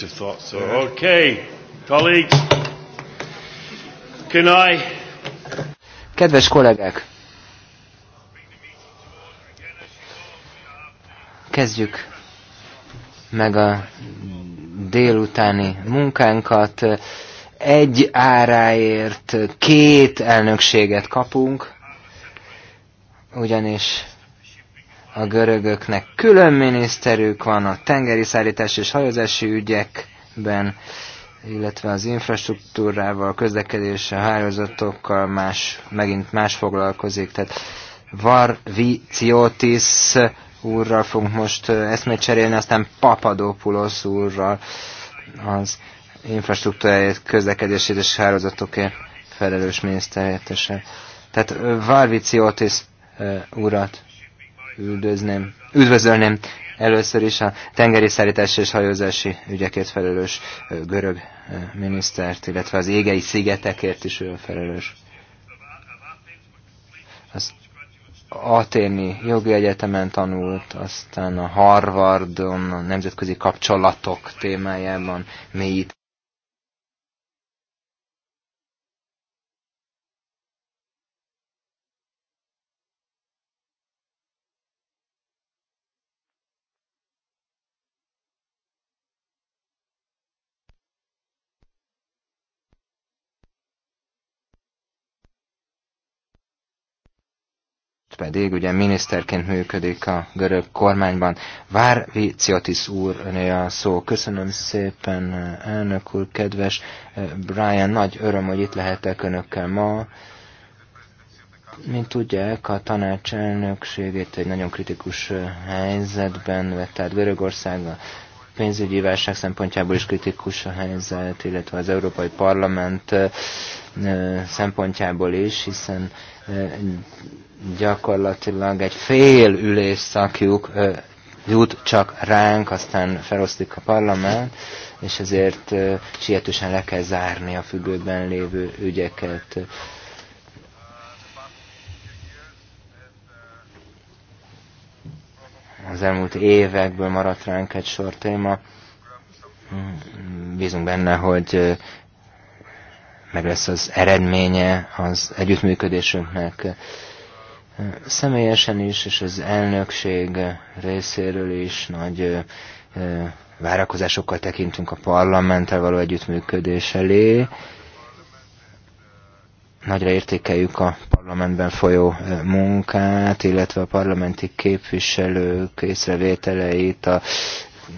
would have thought so. Okay, colleagues, can I... Kedves kollégák! Kezdjük meg a délutáni munkánkat. Egy áráért két elnökséget kapunk, ugyanis a görögöknek külön miniszterük van a tengeri szállítás és hajózási ügyekben, illetve az infrastruktúrával, közlekedéssel, hálózatokkal más, megint más foglalkozik. Tehát Varviciotis úrral fogunk most eszmét cserélni, aztán Papadopoulos úrral az infrastruktúráért, közlekedését és hálózatokért felelős miniszterhelyettese. Tehát Varviciotis urat üldözném, üdvözölném először is a tengeri szállítási és hajózási ügyekért felelős görög minisztert, illetve az égei szigetekért is ő felelős. Az Aténi jogi egyetemen tanult, aztán a Harvardon a nemzetközi kapcsolatok témájában mélyít pedig ugye miniszterként működik a görög kormányban. Vár Viciotis úr, öné a szó. Köszönöm szépen, elnök úr, kedves eh, Brian, nagy öröm, hogy itt lehetek önökkel ma. Mint tudják, a tanács elnökségét egy nagyon kritikus eh, helyzetben vett át Görögország, a pénzügyi válság szempontjából is kritikus a helyzet, illetve az Európai Parlament eh, szempontjából is, hiszen gyakorlatilag egy fél ülés ö, jut csak ránk, aztán felosztik a parlament, és ezért sietősen le kell zárni a függőben lévő ügyeket. Az elmúlt évekből maradt ránk egy sor téma. Bízunk benne, hogy meg lesz az eredménye az együttműködésünknek. Személyesen is, és az elnökség részéről is nagy várakozásokkal tekintünk a parlamenttel való együttműködés elé. Nagyra értékeljük a parlamentben folyó munkát, illetve a parlamenti képviselők észrevételeit a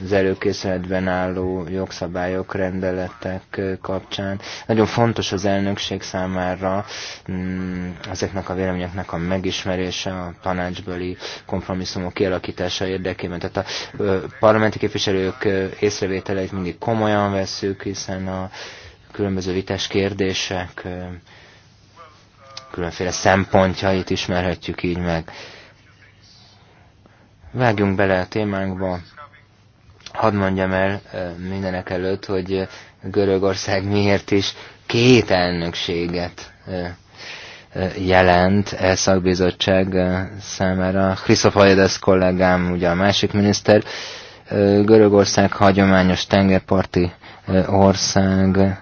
az előkészületben álló jogszabályok, rendeletek kapcsán. Nagyon fontos az elnökség számára mm, ezeknek a véleményeknek a megismerése, a tanácsbeli kompromisszumok kialakítása érdekében. Tehát a parlamenti képviselők észrevételeit mindig komolyan veszük, hiszen a különböző vitás kérdések különféle szempontjait ismerhetjük így meg. Vágjunk bele a témánkba, hadd mondjam el mindenek előtt, hogy Görögország miért is két elnökséget jelent e szakbizottság számára. Chrisopoides kollégám, ugye a másik miniszter, Görögország hagyományos tengerparti ország,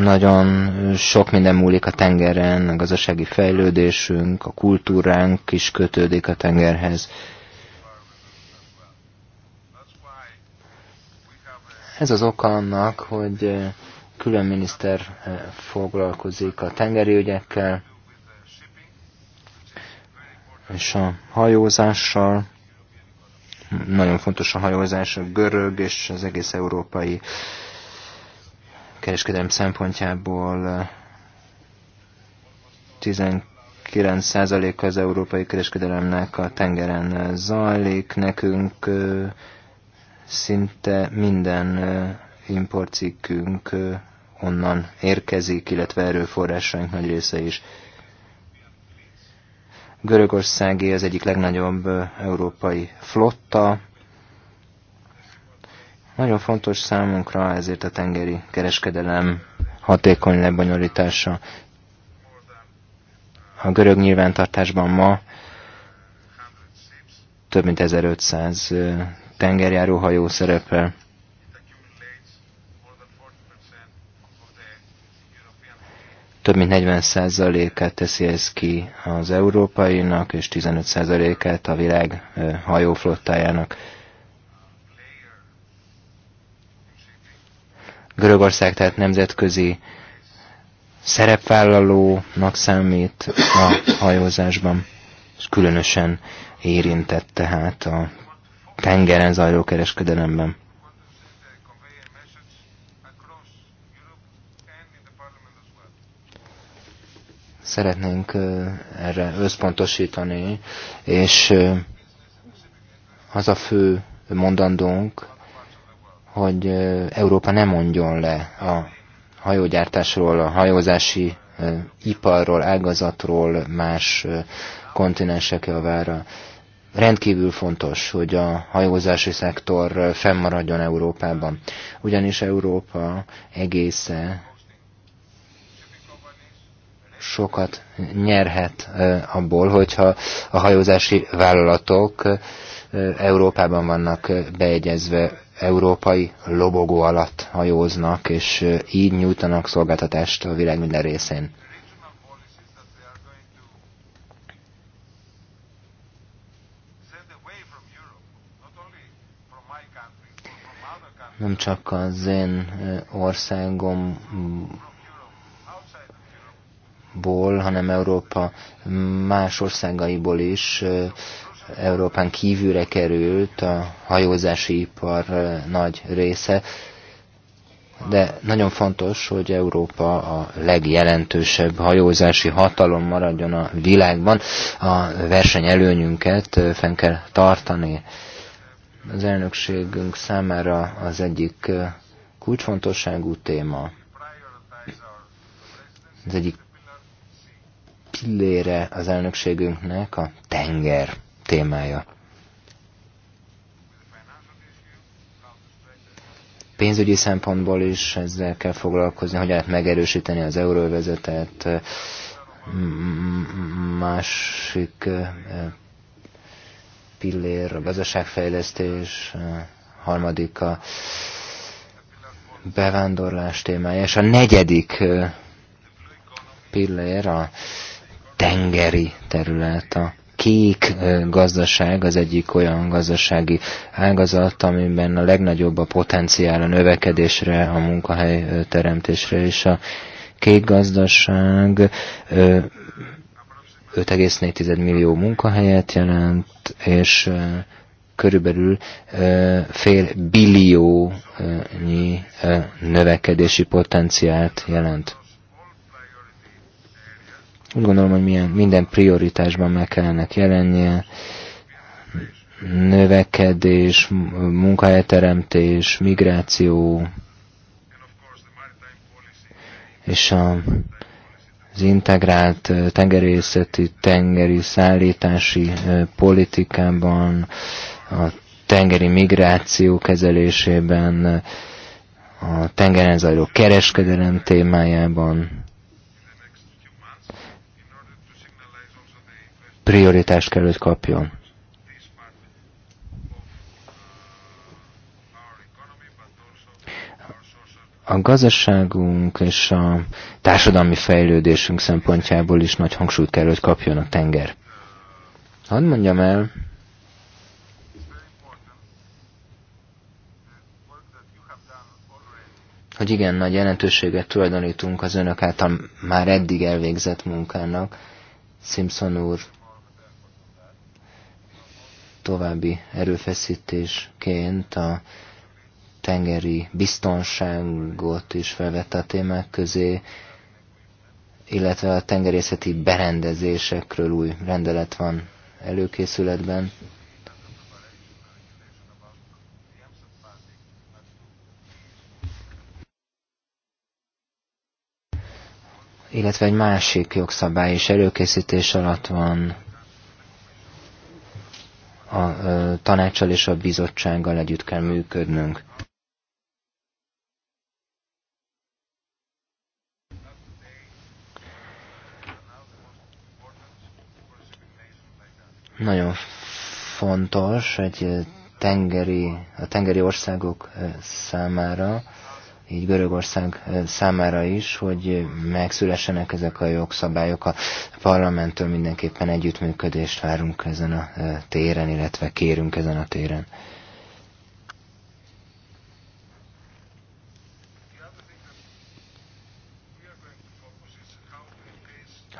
Nagyon sok minden múlik a tengeren, a gazdasági fejlődésünk, a kultúránk is kötődik a tengerhez. Ez az oka annak, hogy eh, külön miniszter eh, foglalkozik a tengeri ügyekkel, és a hajózással. Nagyon fontos a hajózás, a görög és az egész európai kereskedelem szempontjából 19% az európai kereskedelemnek a tengeren zajlik, nekünk szinte minden importcikkünk onnan érkezik, illetve erőforrásaink nagy része is. Görögországi az egyik legnagyobb európai flotta, nagyon fontos számunkra ezért a tengeri kereskedelem hatékony lebonyolítása. A görög nyilvántartásban ma több mint 1500 hajó szerepel. Több mint 40%-át teszi ez ki az európainak, és 15%-át a világ hajóflottájának. Görögország tehát nemzetközi szerepvállalónak számít a hajózásban, és különösen érintett tehát a tengeren zajló kereskedelemben. Szeretnénk erre összpontosítani, és az a fő mondandónk, hogy Európa nem mondjon le a hajógyártásról, a hajózási iparról, ágazatról más kontinensek javára. Rendkívül fontos, hogy a hajózási szektor fennmaradjon Európában, ugyanis Európa egésze sokat nyerhet abból, hogyha a hajózási vállalatok Európában vannak beegyezve európai lobogó alatt hajóznak, és így nyújtanak szolgáltatást a világ minden részén. Nem csak az én országom ból, hanem Európa más országaiból is Európán kívülre került a hajózási ipar nagy része, de nagyon fontos, hogy Európa a legjelentősebb hajózási hatalom maradjon a világban, a versenyelőnyünket fenn kell tartani. Az elnökségünk számára az egyik kulcsfontosságú téma, az egyik pillére az elnökségünknek a tenger témája. Pénzügyi szempontból is ezzel kell foglalkozni, hogy lehet megerősíteni az euróvezetet, másik pillér, a gazdaságfejlesztés, harmadik a bevándorlás témája, és a negyedik pillér a tengeri terület, a kék gazdaság az egyik olyan gazdasági ágazat, amiben a legnagyobb a potenciál a növekedésre, a munkahely teremtésre, és a kék gazdaság 5,4 millió munkahelyet jelent, és körülbelül fél billiónyi növekedési potenciált jelent. Úgy gondolom, hogy milyen, minden prioritásban meg kellene jelennie, növekedés, munkahelyteremtés, migráció, és a, az integrált tengerészeti, tengeri szállítási politikában, a tengeri migráció kezelésében, a tengeren zajló kereskedelem témájában, prioritást kell, hogy kapjon. A gazdaságunk és a társadalmi fejlődésünk szempontjából is nagy hangsúlyt kell, hogy kapjon a tenger. Hadd mondjam el, hogy igen, nagy jelentőséget tulajdonítunk az önök által már eddig elvégzett munkának. Simpson úr további erőfeszítésként a tengeri biztonságot is felvette a témák közé, illetve a tengerészeti berendezésekről új rendelet van előkészületben. illetve egy másik jogszabály is előkészítés alatt van a tanácssal és a bizottsággal együtt kell működnünk. Nagyon fontos egy tengeri, a tengeri országok számára, így Görögország számára is, hogy megszülessenek ezek a jogszabályok. A parlamenttől mindenképpen együttműködést várunk ezen a téren, illetve kérünk ezen a téren.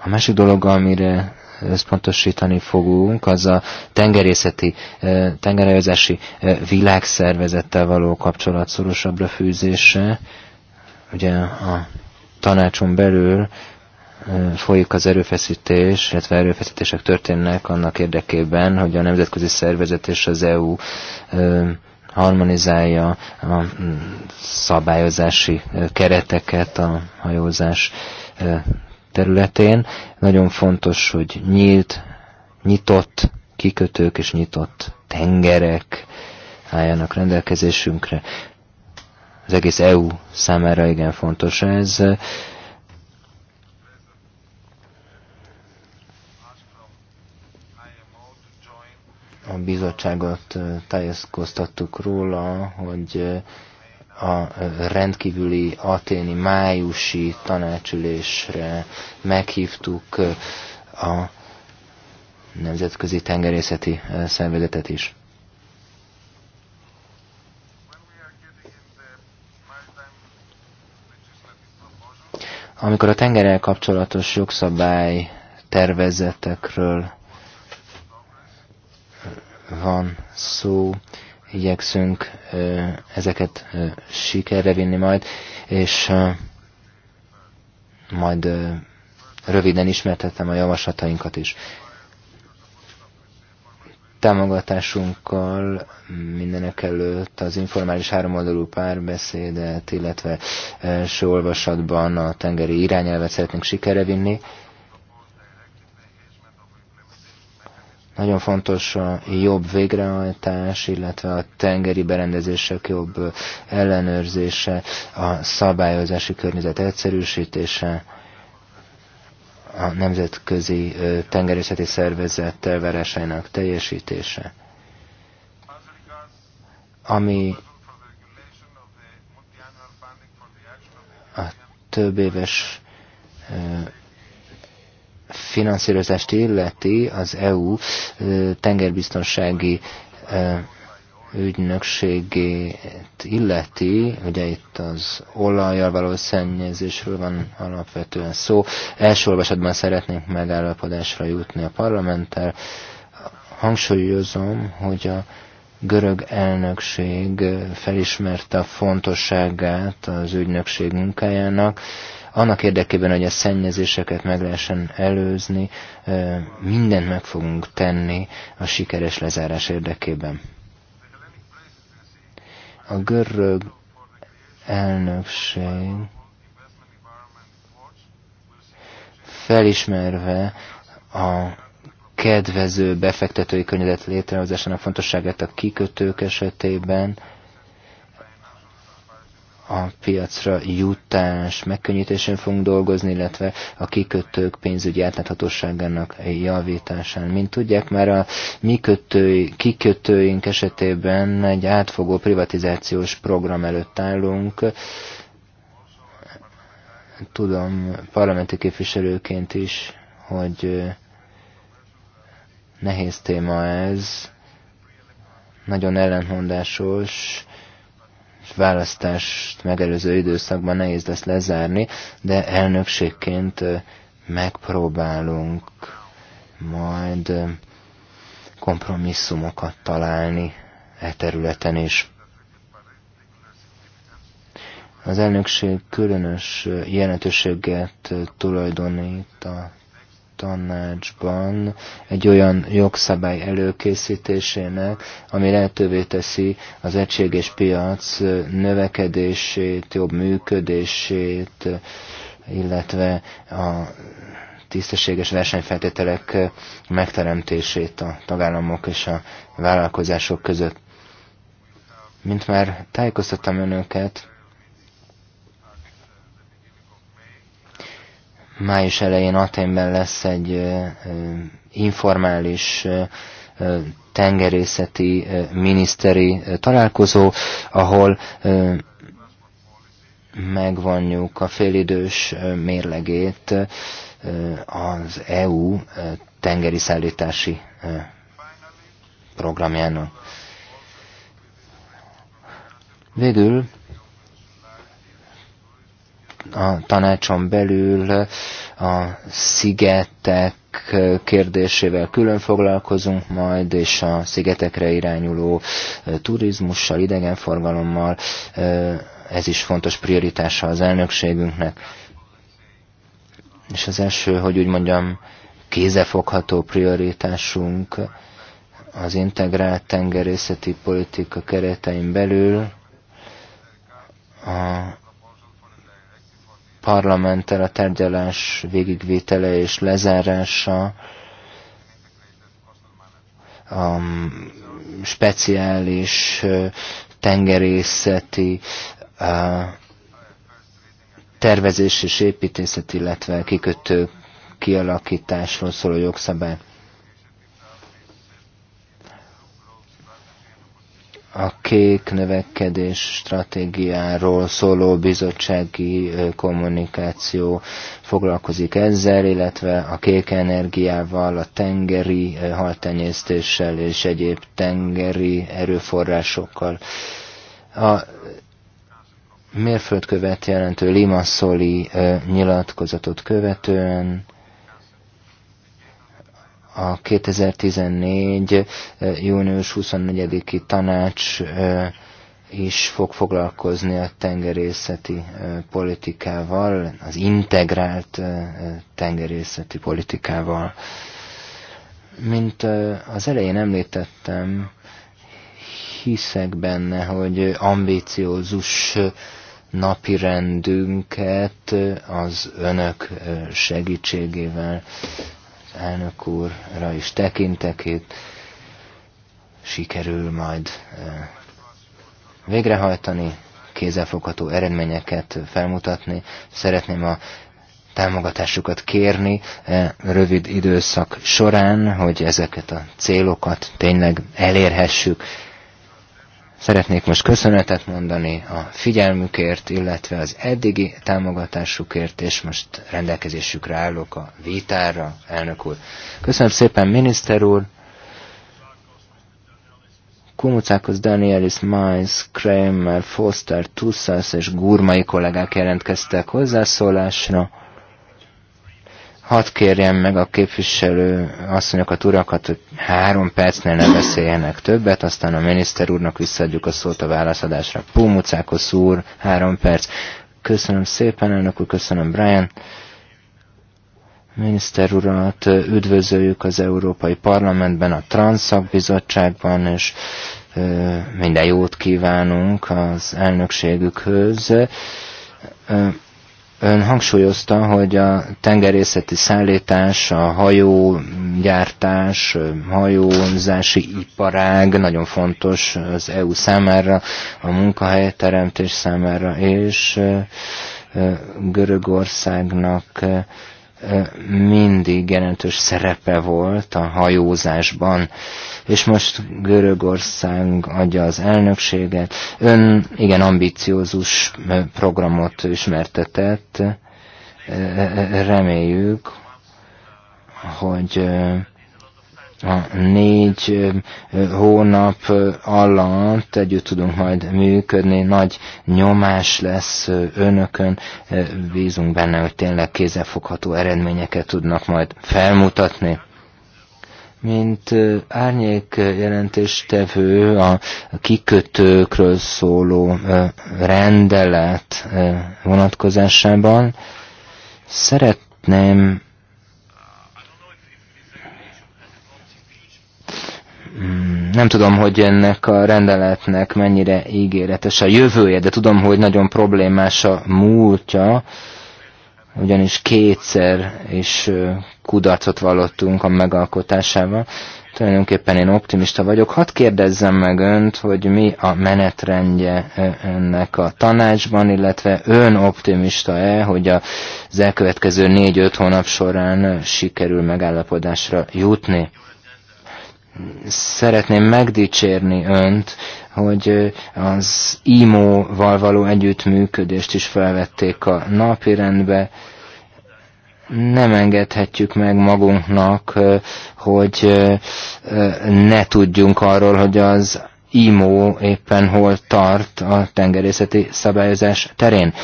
A másik dolog, amire összpontosítani fogunk, az a tengerészeti, tengerelőzési világszervezettel való kapcsolat szorosabbra fűzése. Ugye a tanácson belül folyik az erőfeszítés, illetve erőfeszítések történnek annak érdekében, hogy a nemzetközi szervezet és az EU harmonizálja a szabályozási kereteket a hajózás területén. Nagyon fontos, hogy nyílt, nyitott kikötők és nyitott tengerek álljanak rendelkezésünkre. Az egész EU számára igen fontos ez. A bizottságot tájékoztattuk róla, hogy a rendkívüli aténi májusi tanácsülésre meghívtuk eh, a Nemzetközi Tengerészeti eh, Szervezetet is. Amikor a tengerrel kapcsolatos jogszabály tervezetekről van szó, igyekszünk ezeket sikerre vinni majd, és majd röviden ismertettem a javaslatainkat is. Támogatásunkkal mindenek előtt az informális háromoldalú párbeszédet, illetve első olvasatban a tengeri irányelvet szeretnénk sikerre vinni, Nagyon fontos a jobb végrehajtás, illetve a tengeri berendezések jobb ellenőrzése, a szabályozási környezet egyszerűsítése, a nemzetközi tengerészeti szervezet elvárásainak teljesítése. Ami a több éves finanszírozást illeti, az EU tengerbiztonsági ügynökségét illeti, ugye itt az olajjal való szennyezésről van alapvetően szó. Első olvasatban szeretnénk megállapodásra jutni a parlamenttel. Hangsúlyozom, hogy a görög elnökség felismerte a fontosságát az ügynökség munkájának, annak érdekében, hogy a szennyezéseket meg lehessen előzni, mindent meg fogunk tenni a sikeres lezárás érdekében. A görög elnökség felismerve a kedvező befektetői környezet létrehozásának fontosságát a kikötők esetében a piacra jutás megkönnyítésén fogunk dolgozni, illetve a kikötők pénzügyi átláthatóságának javításán. Mint tudják, már a mi kötői, kikötőink esetében egy átfogó privatizációs program előtt állunk, tudom parlamenti képviselőként is, hogy nehéz téma ez, nagyon ellentmondásos, választást megelőző időszakban nehéz lesz lezárni, de elnökségként megpróbálunk majd kompromisszumokat találni e területen is. Az elnökség különös jelentőséget tulajdonít a tanácsban egy olyan jogszabály előkészítésének, ami lehetővé teszi az egységes piac növekedését, jobb működését, illetve a tisztességes versenyfeltételek megteremtését a tagállamok és a vállalkozások között. Mint már tájékoztattam önöket, Május elején Aténben lesz egy informális tengerészeti miniszteri találkozó, ahol megvonjuk a félidős mérlegét az EU tengeri szállítási programjának. Végül a tanácson belül a szigetek kérdésével külön foglalkozunk majd, és a szigetekre irányuló turizmussal, idegenforgalommal, ez is fontos prioritása az elnökségünknek. És az első, hogy úgy mondjam, kézefogható prioritásunk az integrált tengerészeti politika keretein belül a parlamenttel a tárgyalás végigvétele és lezárása, a speciális tengerészeti tervezés és építészet, illetve kikötő kialakításról szóló jogszabály. a kék növekedés stratégiáról szóló bizottsági kommunikáció foglalkozik ezzel, illetve a kék energiával, a tengeri haltenyésztéssel és egyéb tengeri erőforrásokkal. A mérföldkövet jelentő limaszoli nyilatkozatot követően a 2014. június 24-i tanács is fog foglalkozni a tengerészeti politikával, az integrált tengerészeti politikával. Mint az elején említettem, hiszek benne, hogy ambíciózus napi rendünket az önök segítségével elnök úrra is tekintek itt, sikerül majd eh, végrehajtani, kézzelfogható eredményeket felmutatni. Szeretném a támogatásukat kérni e rövid időszak során, hogy ezeket a célokat tényleg elérhessük. Szeretnék most köszönetet mondani a figyelmükért, illetve az eddigi támogatásukért, és most rendelkezésükre állok a vitára, elnök úr. Köszönöm szépen, miniszter úr! Kumucákos Danielis, Mainz, Kramer, Foster, Tussas és Gurmai kollégák jelentkeztek hozzászólásra hadd kérjem meg a képviselő asszonyokat, urakat, hogy három percnél ne beszéljenek többet, aztán a miniszter úrnak visszaadjuk a szót a válaszadásra. Pumucákos úr, három perc. Köszönöm szépen, elnök úr, köszönöm Brian. Miniszter urat üdvözöljük az Európai Parlamentben, a Transzak Bizottságban, és minden jót kívánunk az elnökségükhöz Ön hangsúlyozta, hogy a tengerészeti szállítás, a hajógyártás, hajózási iparág nagyon fontos az EU számára, a munkahelyteremtés számára, és Görögországnak mindig jelentős szerepe volt a hajózásban, és most Görögország adja az elnökséget. Ön igen ambiciózus programot ismertetett, reméljük, hogy a négy hónap alatt együtt tudunk majd működni, nagy nyomás lesz önökön, bízunk benne, hogy tényleg kézzelfogható eredményeket tudnak majd felmutatni mint árnyék jelentéstevő a kikötőkről szóló rendelet vonatkozásában szeretném Mm, nem tudom, hogy ennek a rendeletnek mennyire ígéretes a jövője, de tudom, hogy nagyon problémás a múltja, ugyanis kétszer is kudarcot vallottunk a megalkotásával. Tulajdonképpen én optimista vagyok. Hadd kérdezzem meg önt, hogy mi a menetrendje ennek a tanácsban, illetve ön optimista-e, hogy az elkövetkező négy-öt hónap során sikerül megállapodásra jutni? szeretném megdicsérni önt, hogy az IMO-val való együttműködést is felvették a napirendbe. Nem engedhetjük meg magunknak, hogy ne tudjunk arról, hogy az IMO éppen hol tart a tengerészeti szabályozás terén.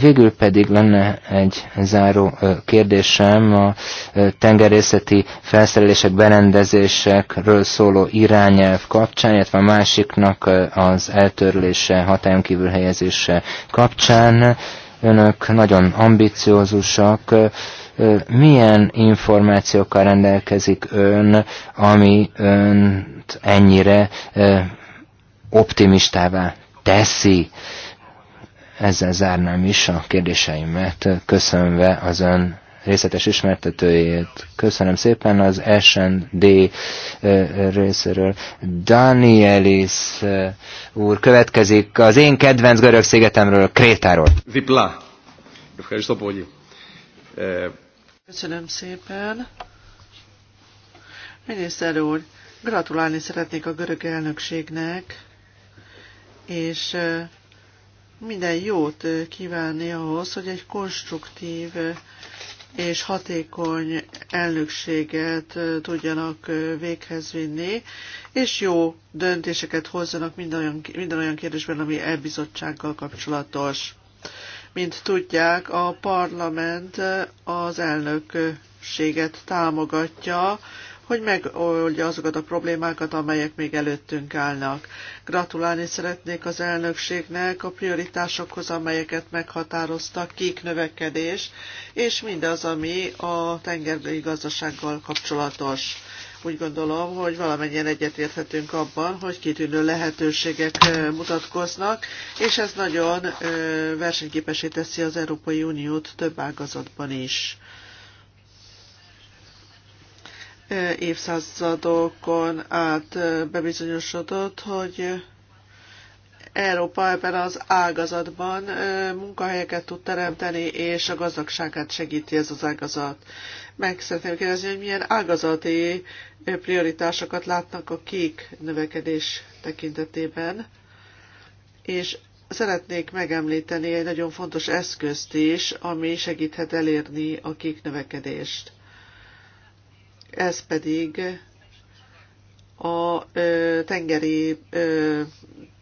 Végül pedig lenne egy záró kérdésem a tengerészeti felszerelések, berendezésekről szóló irányelv kapcsán, illetve a másiknak az eltörlése, hatályon kívül helyezése kapcsán. Önök nagyon ambiciózusak, milyen információkkal rendelkezik ön, ami önt ennyire optimistává teszi? Ezzel zárnám is a kérdéseimet, köszönve az ön részletes ismertetőjét. Köszönöm szépen az S&D részéről. Danielis úr következik az én kedvenc görög szigetemről, Krétáról. Διπλά. Ευχαριστώ πολύ. Köszönöm szépen. Miniszter úr, gratulálni szeretnék a görög elnökségnek, és minden jót kívánni ahhoz, hogy egy konstruktív és hatékony elnökséget tudjanak véghez vinni, és jó döntéseket hozzanak minden olyan, minden olyan kérdésben, ami elbizottsággal kapcsolatos. Mint tudják, a parlament az elnökséget támogatja, hogy megoldja azokat a problémákat, amelyek még előttünk állnak. Gratulálni szeretnék az elnökségnek a prioritásokhoz, amelyeket meghatároztak, kék növekedés, és mindaz, ami a tengeri gazdasággal kapcsolatos úgy gondolom, hogy valamennyien egyetérthetünk abban, hogy kitűnő lehetőségek mutatkoznak, és ez nagyon versenyképesé teszi az Európai Uniót több ágazatban is évszázadokon át bebizonyosodott, hogy Európa ebben az ágazatban munkahelyeket tud teremteni, és a gazdagságát segíti ez az ágazat. Meg szeretném kérdezni, hogy milyen ágazati prioritásokat látnak a kék növekedés tekintetében, és szeretnék megemlíteni egy nagyon fontos eszközt is, ami segíthet elérni a kék növekedést. Ez pedig a ö, tengeri ö,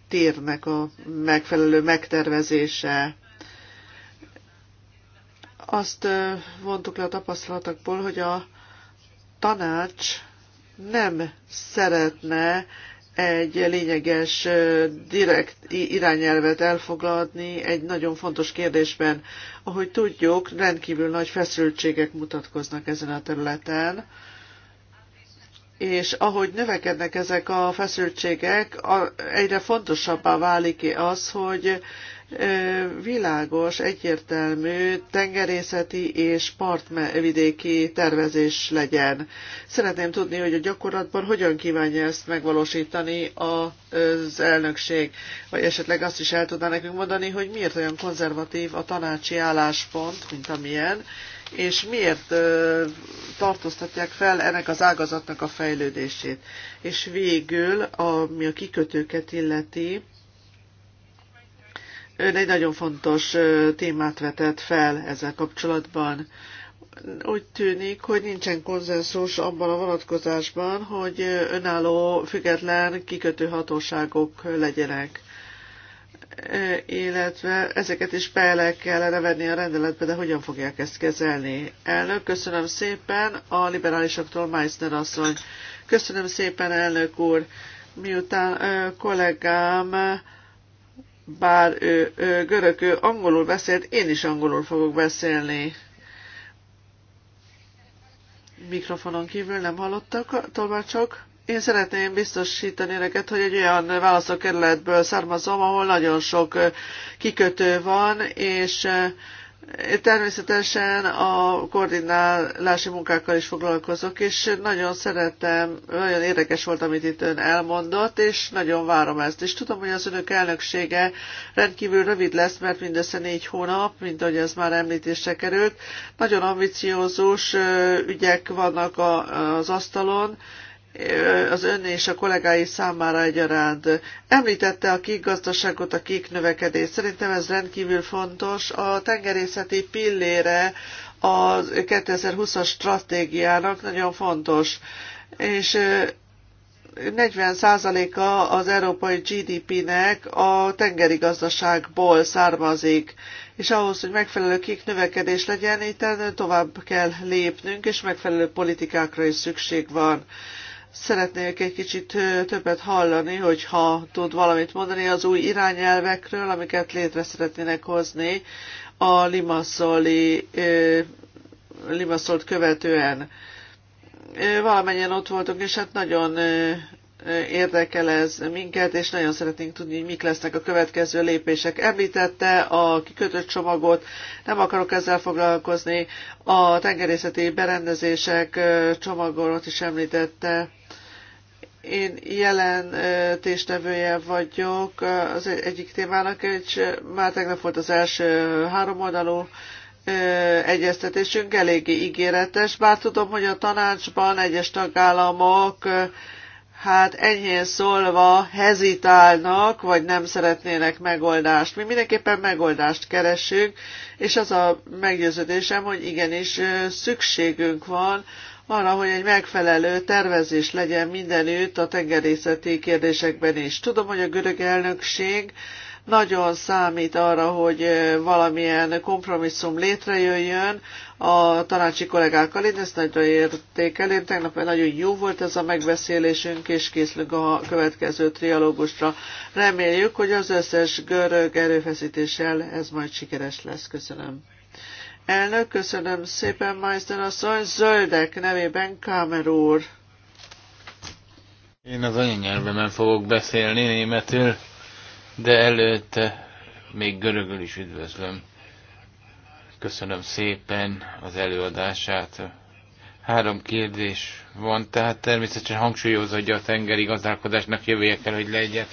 térnek a megfelelő megtervezése. Azt vontuk le a tapasztalatokból, hogy a tanács nem szeretne egy lényeges direkt irányelvet elfoglalni egy nagyon fontos kérdésben. Ahogy tudjuk, rendkívül nagy feszültségek mutatkoznak ezen a területen, és ahogy növekednek ezek a feszültségek, egyre fontosabbá válik az, hogy világos, egyértelmű tengerészeti és partvidéki tervezés legyen. Szeretném tudni, hogy a gyakorlatban hogyan kívánja ezt megvalósítani az elnökség, vagy esetleg azt is el tudná nekünk mondani, hogy miért olyan konzervatív a tanácsi álláspont, mint amilyen, és miért tartóztatják fel ennek az ágazatnak a fejlődését. És végül, ami a kikötőket illeti, Ön egy nagyon fontos témát vetett fel ezzel kapcsolatban. Úgy tűnik, hogy nincsen konzenzus abban a vonatkozásban, hogy önálló, független kikötő hatóságok legyenek illetve ezeket is bele kellene venni a rendeletbe, de hogyan fogják ezt kezelni? Elnök, köszönöm szépen a liberálisoktól Meissner asszony. Köszönöm szépen, elnök úr. Miután ö, kollégám bár ő, ő görög, ő angolul beszélt, én is angolul fogok beszélni. Mikrofonon kívül nem hallottak a tolmácsok. Én szeretném biztosítani önöket, hogy egy olyan választókerületből származom, ahol nagyon sok kikötő van, és Természetesen a koordinálási munkákkal is foglalkozok, és nagyon szeretem, nagyon érdekes volt, amit itt ön elmondott, és nagyon várom ezt. És tudom, hogy az önök elnöksége rendkívül rövid lesz, mert mindössze négy hónap, mint ahogy ez már említésre került. Nagyon ambiciózus ügyek vannak az asztalon, az ön és a kollégái számára egyaránt. Említette a kék gazdaságot, a kék növekedés Szerintem ez rendkívül fontos. A tengerészeti pillére a 2020-as stratégiának nagyon fontos. És 40%-a az európai GDP-nek a tengeri gazdaságból származik, és ahhoz, hogy megfelelő kék növekedés legyen, itt tovább kell lépnünk, és megfelelő politikákra is szükség van. Szeretnék egy kicsit többet hallani, hogyha tud valamit mondani az új irányelvekről, amiket létre szeretnének hozni a limaszoli limaszolt követően. Valamennyien ott voltunk, és hát nagyon érdekel ez minket, és nagyon szeretnénk tudni, hogy mik lesznek a következő lépések. Említette a kikötött csomagot, nem akarok ezzel foglalkozni, a tengerészeti berendezések csomagot is említette. Én jelentéstevője vagyok az e- egyik témának, és már tegnap volt az első háromoldalú egyeztetésünk, eléggé ígéretes, bár tudom, hogy a tanácsban egyes tagállamok hát enyhén szólva hezitálnak, vagy nem szeretnének megoldást. Mi mindenképpen megoldást keresünk, és az a meggyőződésem, hogy igenis szükségünk van arra, hogy egy megfelelő tervezés legyen mindenütt a tengerészeti kérdésekben is. Tudom, hogy a görög elnökség nagyon számít arra, hogy valamilyen kompromisszum létrejöjjön a tanácsi kollégákkal. Én ezt nagyra értékelém. Tegnap nagyon jó volt ez a megbeszélésünk, és készülünk a következő trialógusra. Reméljük, hogy az összes görög erőfeszítéssel ez majd sikeres lesz. Köszönöm. Elnök, köszönöm szépen, Majszter asszony. Zöldek nevében Kámer úr. Én az anyanyelvemen fogok beszélni németül, de előtte még görögül is üdvözlöm. Köszönöm szépen az előadását. Három kérdés van, tehát természetesen hangsúlyozódja a tengeri gazdálkodásnak jövője kell, hogy legyen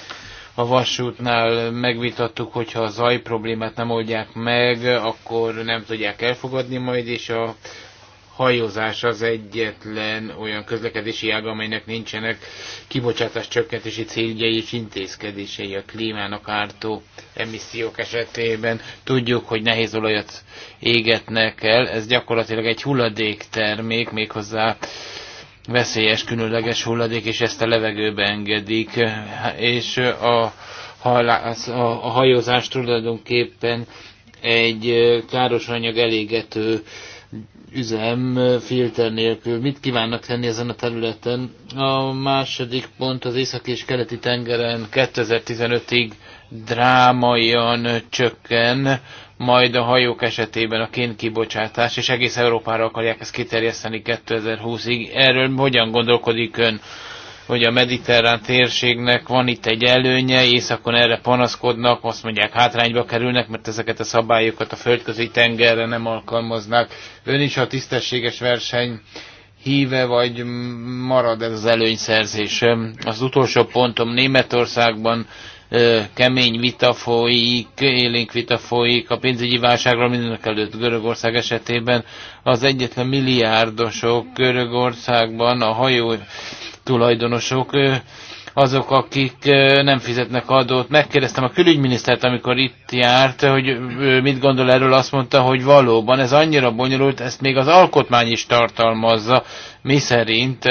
a vasútnál megvitattuk, hogyha a zaj problémát nem oldják meg, akkor nem tudják elfogadni majd, és a hajózás az egyetlen olyan közlekedési ág, amelynek nincsenek kibocsátás csökkentési céljai és intézkedései a klímának ártó emissziók esetében. Tudjuk, hogy nehéz olajat égetnek el, ez gyakorlatilag egy hulladéktermék, méghozzá veszélyes, különleges hulladék, és ezt a levegőbe engedik, és a, halász, a, a hajózás tulajdonképpen egy káros anyag elégető üzem filter nélkül. Mit kívánnak tenni ezen a területen? A második pont az északi és keleti tengeren 2015-ig drámaian csökken majd a hajók esetében a kénkibocsátás, és egész Európára akarják ezt kiterjeszteni 2020-ig. Erről hogyan gondolkodik ön, hogy a mediterrán térségnek van itt egy előnye, északon erre panaszkodnak, azt mondják hátrányba kerülnek, mert ezeket a szabályokat a földközi tengerre nem alkalmaznak. Ön is a tisztességes verseny híve, vagy marad ez az előnyszerzés. Az utolsó pontom Németországban kemény vita folyik, élénk vita folyik a pénzügyi válságról mindenek előtt Görögország esetében. Az egyetlen milliárdosok Görögországban, a hajó tulajdonosok, azok, akik nem fizetnek adót. Megkérdeztem a külügyminisztert, amikor itt járt, hogy mit gondol erről, azt mondta, hogy valóban ez annyira bonyolult, ezt még az alkotmány is tartalmazza, mi szerint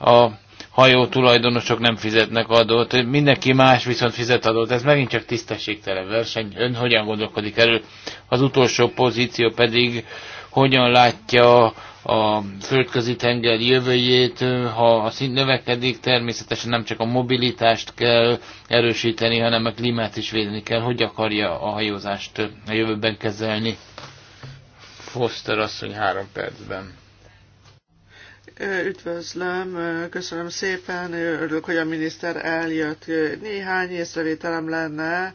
a hajó tulajdonosok nem fizetnek adót, mindenki más viszont fizet adót. Ez megint csak tisztességtelen verseny. Ön hogyan gondolkodik erről? Az utolsó pozíció pedig hogyan látja a földközi tenger jövőjét, ha a szint növekedik, természetesen nem csak a mobilitást kell erősíteni, hanem a klímát is védeni kell. Hogy akarja a hajózást a jövőben kezelni? Foster asszony három percben. Üdvözlöm, köszönöm szépen, örülök, hogy a miniszter eljött. Néhány észrevételem lenne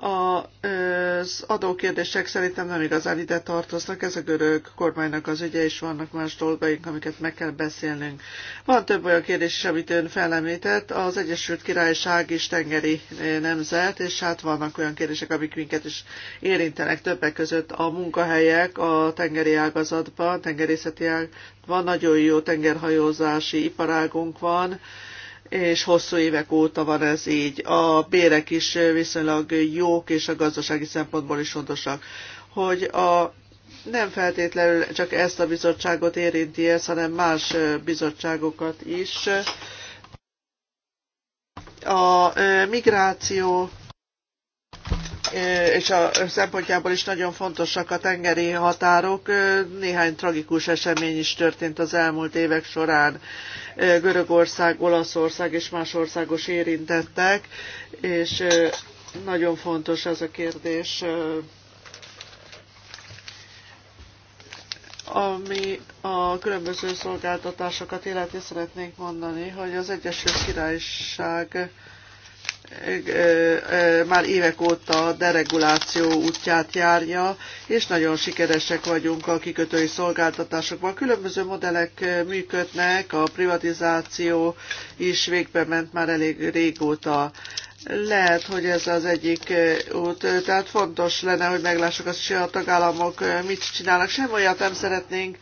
az adókérdések szerintem nem igazán ide tartoznak, ez a görög kormánynak az ügye, és vannak más dolgaink, amiket meg kell beszélnünk. Van több olyan kérdés is, amit ön felemlített, az Egyesült Királyság is tengeri eh, nemzet, és hát vannak olyan kérdések, amik minket is érintenek többek között a munkahelyek a tengeri ágazatban, tengerészeti ágazatban, nagyon jó tengerhajózási iparágunk van, és hosszú évek óta van ez így. A bérek is viszonylag jók, és a gazdasági szempontból is fontosak. Hogy a nem feltétlenül csak ezt a bizottságot érinti ez, hanem más bizottságokat is. A migráció és a szempontjából is nagyon fontosak a tengeri határok. Néhány tragikus esemény is történt az elmúlt évek során. Görögország, Olaszország és más országos érintettek, és nagyon fontos ez a kérdés. Ami a különböző szolgáltatásokat illeti, szeretnénk mondani, hogy az Egyesült Királyság már évek óta a dereguláció útját járja, és nagyon sikeresek vagyunk a kikötői szolgáltatásokban. Különböző modellek működnek, a privatizáció is végbe ment már elég régóta. Lehet, hogy ez az egyik út, tehát fontos lenne, hogy meglássuk azt, hogy a tagállamok mit csinálnak. Sem olyat nem szeretnénk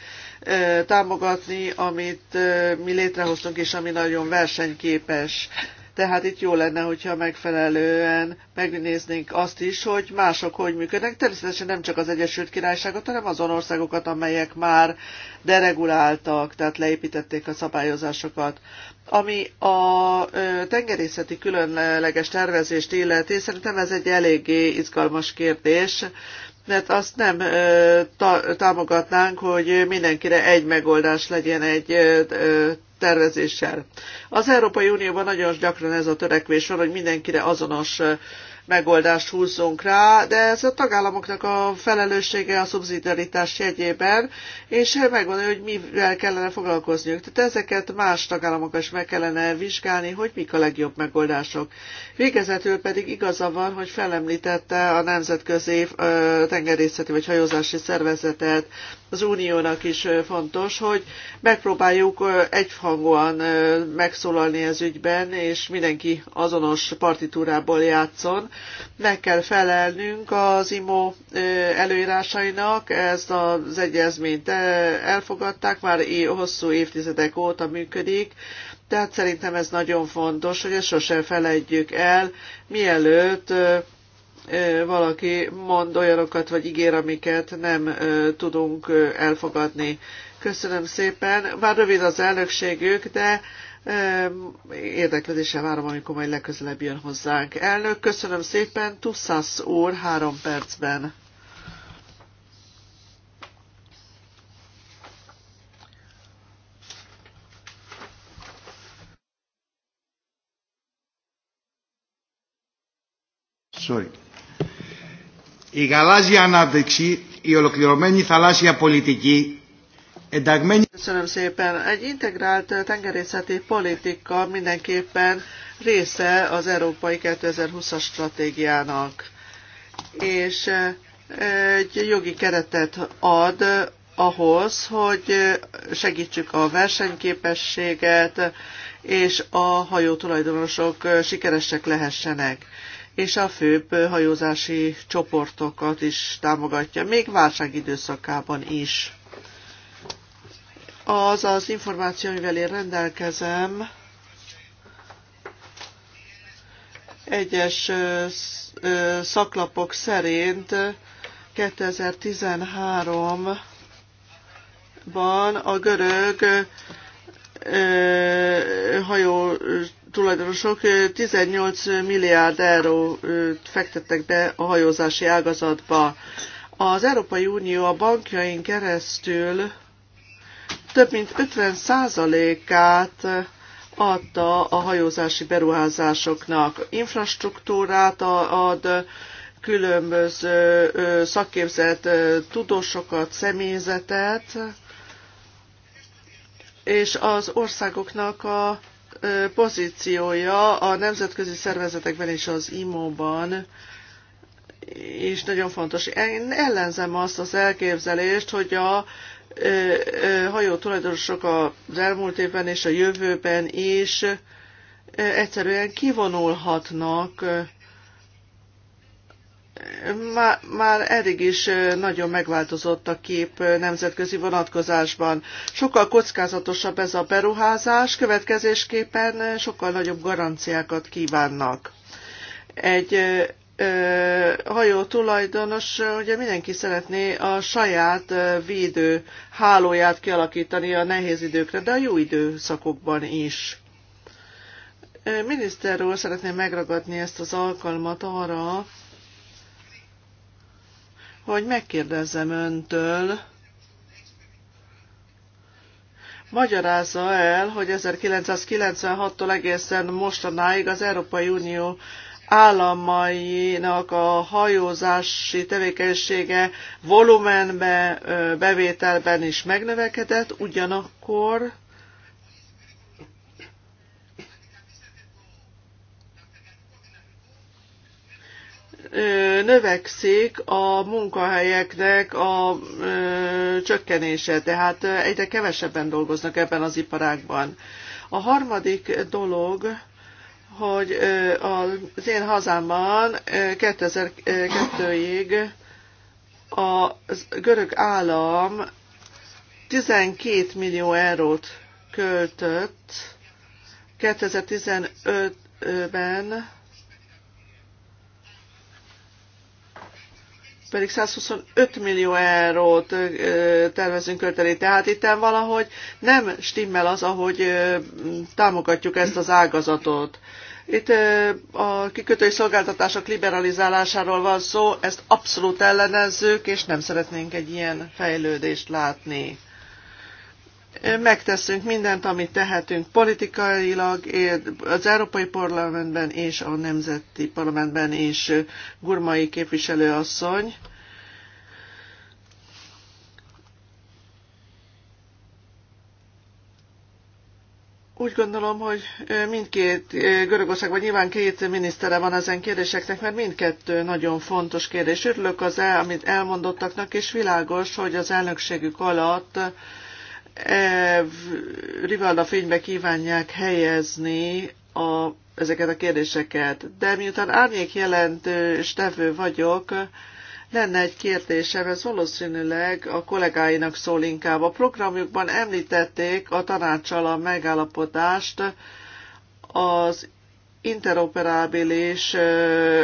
támogatni, amit mi létrehoztunk, és ami nagyon versenyképes tehát itt jó lenne, hogyha megfelelően megnéznénk azt is, hogy mások hogy működnek. Természetesen nem csak az Egyesült Királyságot, hanem azon országokat, amelyek már dereguláltak, tehát leépítették a szabályozásokat. Ami a tengerészeti különleges tervezést illeti, szerintem ez egy eléggé izgalmas kérdés, mert azt nem támogatnánk, hogy mindenkire egy megoldás legyen, egy tervezéssel. Az Európai Unióban nagyon gyakran ez a törekvés van, hogy mindenkire azonos megoldást húzzunk rá, de ez a tagállamoknak a felelőssége a szubszidiaritás jegyében, és megvan, hogy mivel kellene foglalkozniuk. Tehát ezeket más tagállamok is meg kellene vizsgálni, hogy mik a legjobb megoldások. Végezetül pedig igaza van, hogy felemlítette a Nemzetközi Tengerészeti vagy Hajózási Szervezetet az uniónak is fontos, hogy megpróbáljuk egyhangúan megszólalni ez ügyben, és mindenki azonos partitúrából játszon. Meg kell felelnünk az IMO előírásainak, ezt az egyezményt elfogadták, már hosszú évtizedek óta működik, tehát szerintem ez nagyon fontos, hogy ezt sosem felejtjük el, mielőtt valaki mond olyanokat, vagy ígér, amiket nem tudunk elfogadni. Köszönöm szépen. Már rövid az elnökségük, de érdeklődéssel várom, amikor majd legközelebb jön hozzánk. Elnök, köszönöm szépen. Tussas úr, három percben. Sorry η γαλάζια ανάπτυξη, η ολοκληρωμένη θαλάσσια πολιτική, ενταγμένη... Köszönöm szépen. Egy integrált tengerészeti politika mindenképpen része az Európai 2020-as stratégiának, és eh, egy jogi keretet ad ahhoz, hogy segítsük a versenyképességet, és a hajó tulajdonosok sikeresek lehessenek és a főbb hajózási csoportokat is támogatja, még válság időszakában is. Az az információ, amivel én rendelkezem, egyes szaklapok szerint 2013-ban a görög hajó tulajdonosok 18 milliárd euró fektettek be a hajózási ágazatba. Az Európai Unió a bankjain keresztül több mint 50 százalékát adta a hajózási beruházásoknak. Infrastruktúrát ad, különböző szakképzett tudósokat, személyzetet, és az országoknak a pozíciója a nemzetközi szervezetekben és az IMO-ban is nagyon fontos. Én ellenzem azt az elképzelést, hogy a hajó tulajdonosok az elmúlt évben és a jövőben is egyszerűen kivonulhatnak már, már eddig is nagyon megváltozott a kép nemzetközi vonatkozásban. Sokkal kockázatosabb ez a beruházás, következésképpen sokkal nagyobb garanciákat kívánnak. Egy hajó tulajdonos, ugye mindenki szeretné a saját védő hálóját kialakítani a nehéz időkre, de a jó időszakokban is. Miniszter úr, szeretném megragadni ezt az alkalmat arra, hogy megkérdezzem öntől, magyarázza el, hogy 1996-tól egészen mostanáig az Európai Unió államainak a hajózási tevékenysége volumenben, bevételben is megnövekedett, ugyanakkor növekszik a munkahelyeknek a csökkenése, tehát egyre kevesebben dolgoznak ebben az iparágban. A harmadik dolog, hogy az én hazámban 2002-ig a görög állam 12 millió eurót költött 2015-ben pedig 125 millió eurót tervezünk költeni. Tehát itt valahogy nem stimmel az, ahogy támogatjuk ezt az ágazatot. Itt a kikötői szolgáltatások liberalizálásáról van szó, ezt abszolút ellenezzük, és nem szeretnénk egy ilyen fejlődést látni megteszünk mindent, amit tehetünk politikailag, az Európai Parlamentben és a Nemzeti Parlamentben is Gurmai képviselőasszony. Úgy gondolom, hogy mindkét Görögországban nyilván két minisztere van ezen kérdéseknek, mert mindkettő nagyon fontos kérdés. Örülök az el, amit elmondottaknak, és világos, hogy az elnökségük alatt Rivalda fénybe kívánják helyezni a, ezeket a kérdéseket. De miután árnyék jelentős tevő vagyok, lenne egy kérdésem, ez valószínűleg a kollégáinak szól inkább. A programjukban említették a tanácsal a megállapodást az interoperábilis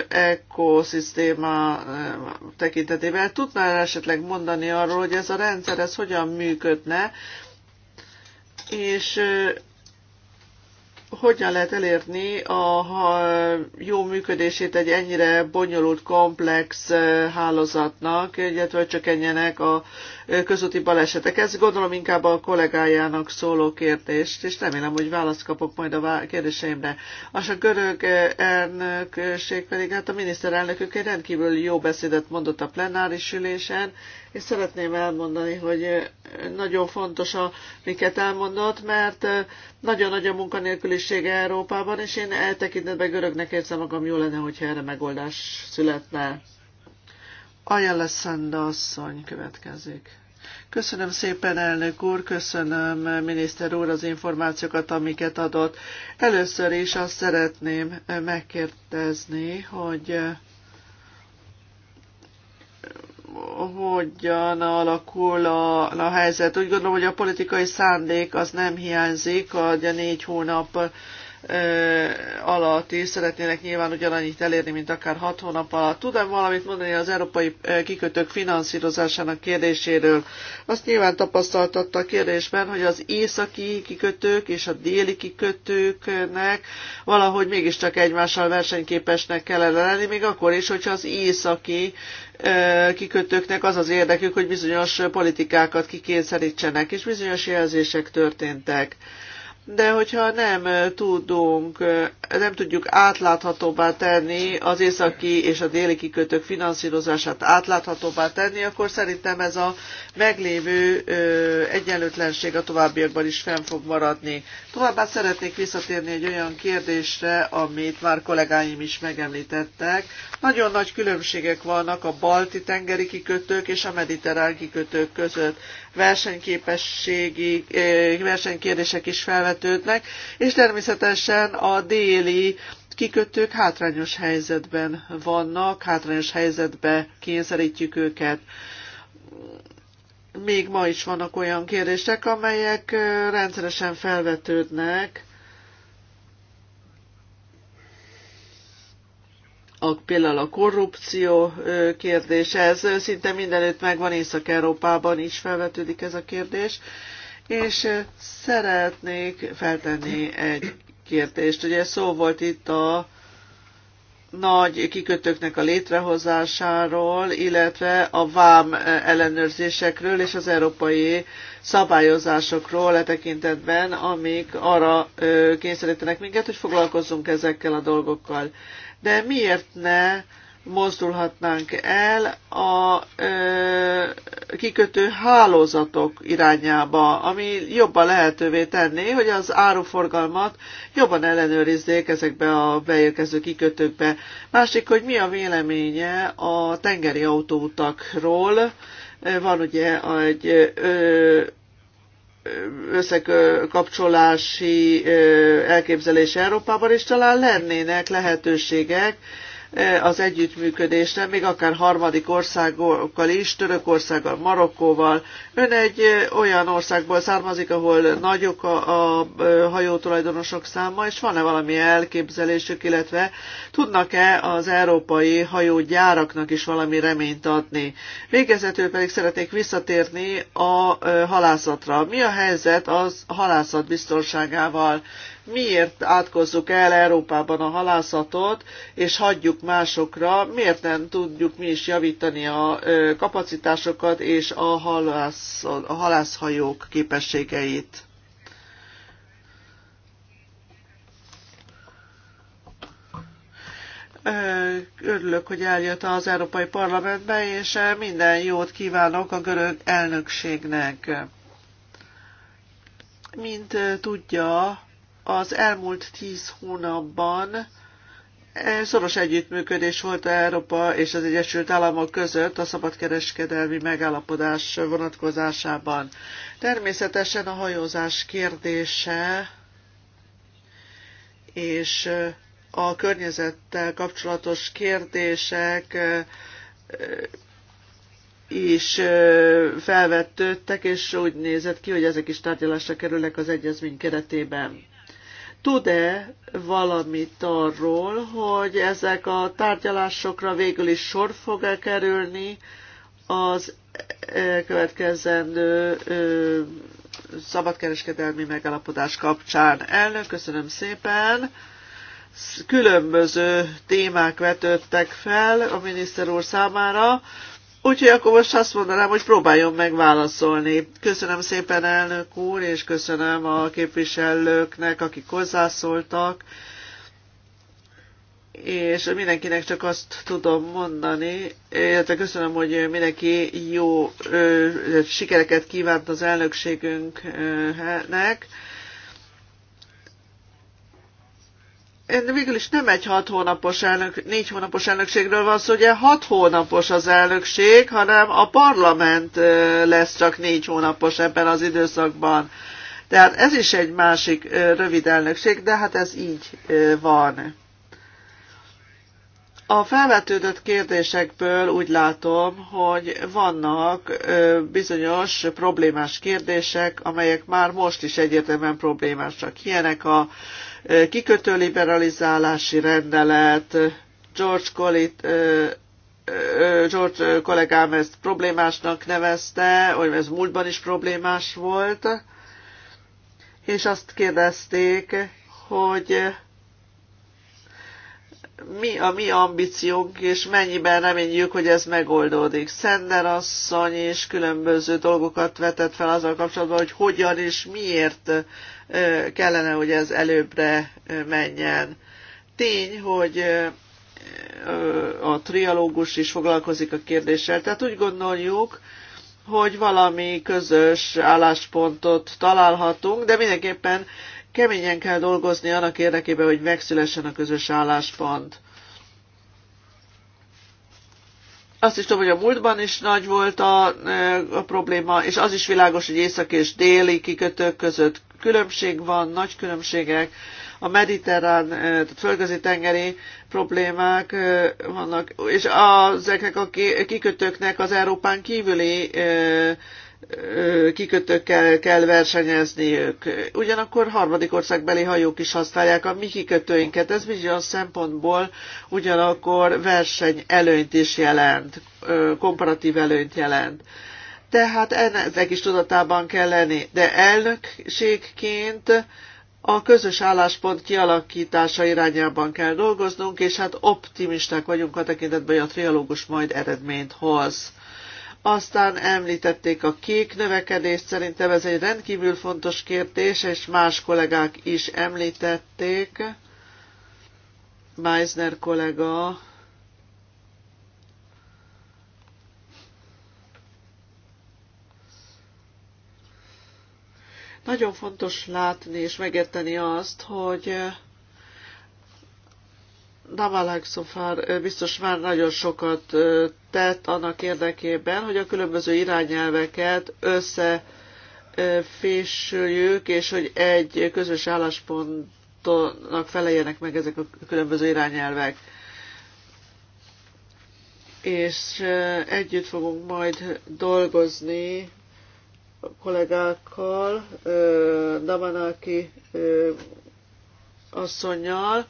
ekoszisztéma tekintetében. Tudná esetleg mondani arról, hogy ez a rendszer ez hogyan működne, és hogyan lehet elérni a jó működését egy ennyire bonyolult, komplex hálózatnak, illetve hogy csökkenjenek a közúti balesetek. Ez gondolom inkább a kollégájának szóló kérdést, és remélem, hogy választ kapok majd a kérdéseimre. Az a görög elnökség pedig, hát a miniszterelnökök egy rendkívül jó beszédet mondott a plenáris ülésen, és szeretném elmondani, hogy nagyon fontos, amiket elmondott, mert nagyon nagy a munkanélküliség Európában, és én eltekintetben görögnek érzem magam, jó lenne, hogyha erre megoldás születne. Ajala Szanda asszony következik. Köszönöm szépen, elnök úr, köszönöm, miniszter úr, az információkat, amiket adott. Először is azt szeretném megkérdezni, hogy hogyan alakul a, a helyzet. Úgy gondolom, hogy a politikai szándék az nem hiányzik, a, a négy hónap alatt is szeretnének nyilván ugyanannyit elérni, mint akár hat hónap alatt. Tudom valamit mondani az európai kikötők finanszírozásának kérdéséről. Azt nyilván tapasztaltatta a kérdésben, hogy az északi kikötők és a déli kikötőknek valahogy mégiscsak egymással versenyképesnek kellene lenni, még akkor is, hogyha az északi kikötőknek az az érdekük, hogy bizonyos politikákat kikényszerítsenek, és bizonyos jelzések történtek de hogyha nem tudunk, nem tudjuk átláthatóbbá tenni az északi és a déli kikötők finanszírozását átláthatóbbá tenni, akkor szerintem ez a meglévő egyenlőtlenség a továbbiakban is fenn fog maradni. Továbbá szeretnék visszatérni egy olyan kérdésre, amit már kollégáim is megemlítettek. Nagyon nagy különbségek vannak a balti tengeri kikötők és a mediterrán kikötők között versenyképességi versenykérdések is felvetődnek, és természetesen a déli kikötők hátrányos helyzetben vannak, hátrányos helyzetbe kényszerítjük őket még ma is vannak olyan kérdések, amelyek rendszeresen felvetődnek a, például a korrupció kérdés, ez szinte mindenütt megvan, Észak-Európában is felvetődik ez a kérdés, és szeretnék feltenni egy kérdést. Ugye szó volt itt a nagy kikötőknek a létrehozásáról, illetve a vám ellenőrzésekről és az európai szabályozásokról e tekintetben, amik arra kényszerítenek minket, hogy foglalkozzunk ezekkel a dolgokkal de miért ne mozdulhatnánk el a ö, kikötő hálózatok irányába, ami jobban lehetővé tenné, hogy az áruforgalmat jobban ellenőrizzék ezekbe a beérkező kikötőkbe. Másik, hogy mi a véleménye a tengeri autóutakról. Van ugye egy ö, összekapcsolási elképzelés Európában, és talán lennének lehetőségek az együttműködésre, még akár harmadik országokkal is, Törökországgal, Marokkóval. Ön egy olyan országból származik, ahol nagyok a, a hajótulajdonosok száma, és van-e valami elképzelésük, illetve tudnak-e az európai hajógyáraknak is valami reményt adni? Végezetül pedig szeretnék visszatérni a halászatra. Mi a helyzet az halászat biztonságával? miért átkozzuk el Európában a halászatot, és hagyjuk másokra, miért nem tudjuk mi is javítani a kapacitásokat és a, halász, a halászhajók képességeit. Örülök, hogy eljött az Európai Parlamentbe, és minden jót kívánok a görög elnökségnek. Mint tudja, az elmúlt tíz hónapban szoros együttműködés volt Európa és az Egyesült Államok között a szabadkereskedelmi megállapodás vonatkozásában. Természetesen a hajózás kérdése és a környezettel kapcsolatos kérdések is felvettődtek, és úgy nézett ki, hogy ezek is tárgyalásra kerülnek az egyezmény keretében tud-e valamit arról, hogy ezek a tárgyalásokra végül is sor fog-e kerülni az következendő szabadkereskedelmi megállapodás kapcsán. Elnök, köszönöm szépen! Különböző témák vetődtek fel a miniszter úr számára. Úgyhogy akkor most azt mondanám, hogy próbáljon meg válaszolni. Köszönöm szépen elnök úr, és köszönöm a képviselőknek, akik hozzászóltak. És mindenkinek csak azt tudom mondani, illetve köszönöm, hogy mindenki jó ö, sikereket kívánt az elnökségünknek. Ö, végül is nem egy hat hónapos elnök, négy hónapos elnökségről van szó, ugye hat hónapos az elnökség, hanem a parlament lesz csak négy hónapos ebben az időszakban. Tehát ez is egy másik rövid elnökség, de hát ez így van. A felvetődött kérdésekből úgy látom, hogy vannak bizonyos problémás kérdések, amelyek már most is egyértelműen problémásak. Ilyenek a kikötő liberalizálási rendelet, George Collit, George kollégám ezt problémásnak nevezte, hogy ez múltban is problémás volt, és azt kérdezték, hogy mi a mi ambíciónk, és mennyiben reményjük, hogy ez megoldódik. Szender asszony is különböző dolgokat vetett fel azzal kapcsolatban, hogy hogyan és miért kellene, hogy ez előbbre menjen. Tény, hogy a trialógus is foglalkozik a kérdéssel, tehát úgy gondoljuk, hogy valami közös álláspontot találhatunk, de mindenképpen keményen kell dolgozni annak érdekében, hogy megszülessen a közös álláspont. azt is tudom, hogy a múltban is nagy volt a, eh, a probléma, és az is világos, hogy észak és déli kikötők között különbség van, nagy különbségek. A mediterrán, eh, tehát földközi tengeri problémák eh, vannak, és ezeknek a kikötőknek az Európán kívüli kikötőkkel kell versenyezniük. Ugyanakkor harmadik országbeli hajók is használják a mi kikötőinket. Ez bizonyos szempontból ugyanakkor verseny előnyt is jelent, komparatív előnyt jelent. Tehát ennek is tudatában kell lenni. De elnökségként a közös álláspont kialakítása irányában kell dolgoznunk, és hát optimisták vagyunk a tekintetben, hogy a trialógus majd eredményt hoz. Aztán említették a kék növekedést, szerintem ez egy rendkívül fontos kérdés, és más kollégák is említették. Meisner kollega nagyon fontos látni és megérteni azt, hogy Navalak Szofár biztos már nagyon sokat tett annak érdekében, hogy a különböző irányelveket összefésüljük, és hogy egy közös álláspontnak feleljenek meg ezek a különböző irányelvek. És együtt fogunk majd dolgozni a kollégákkal, Damanaki asszonynal,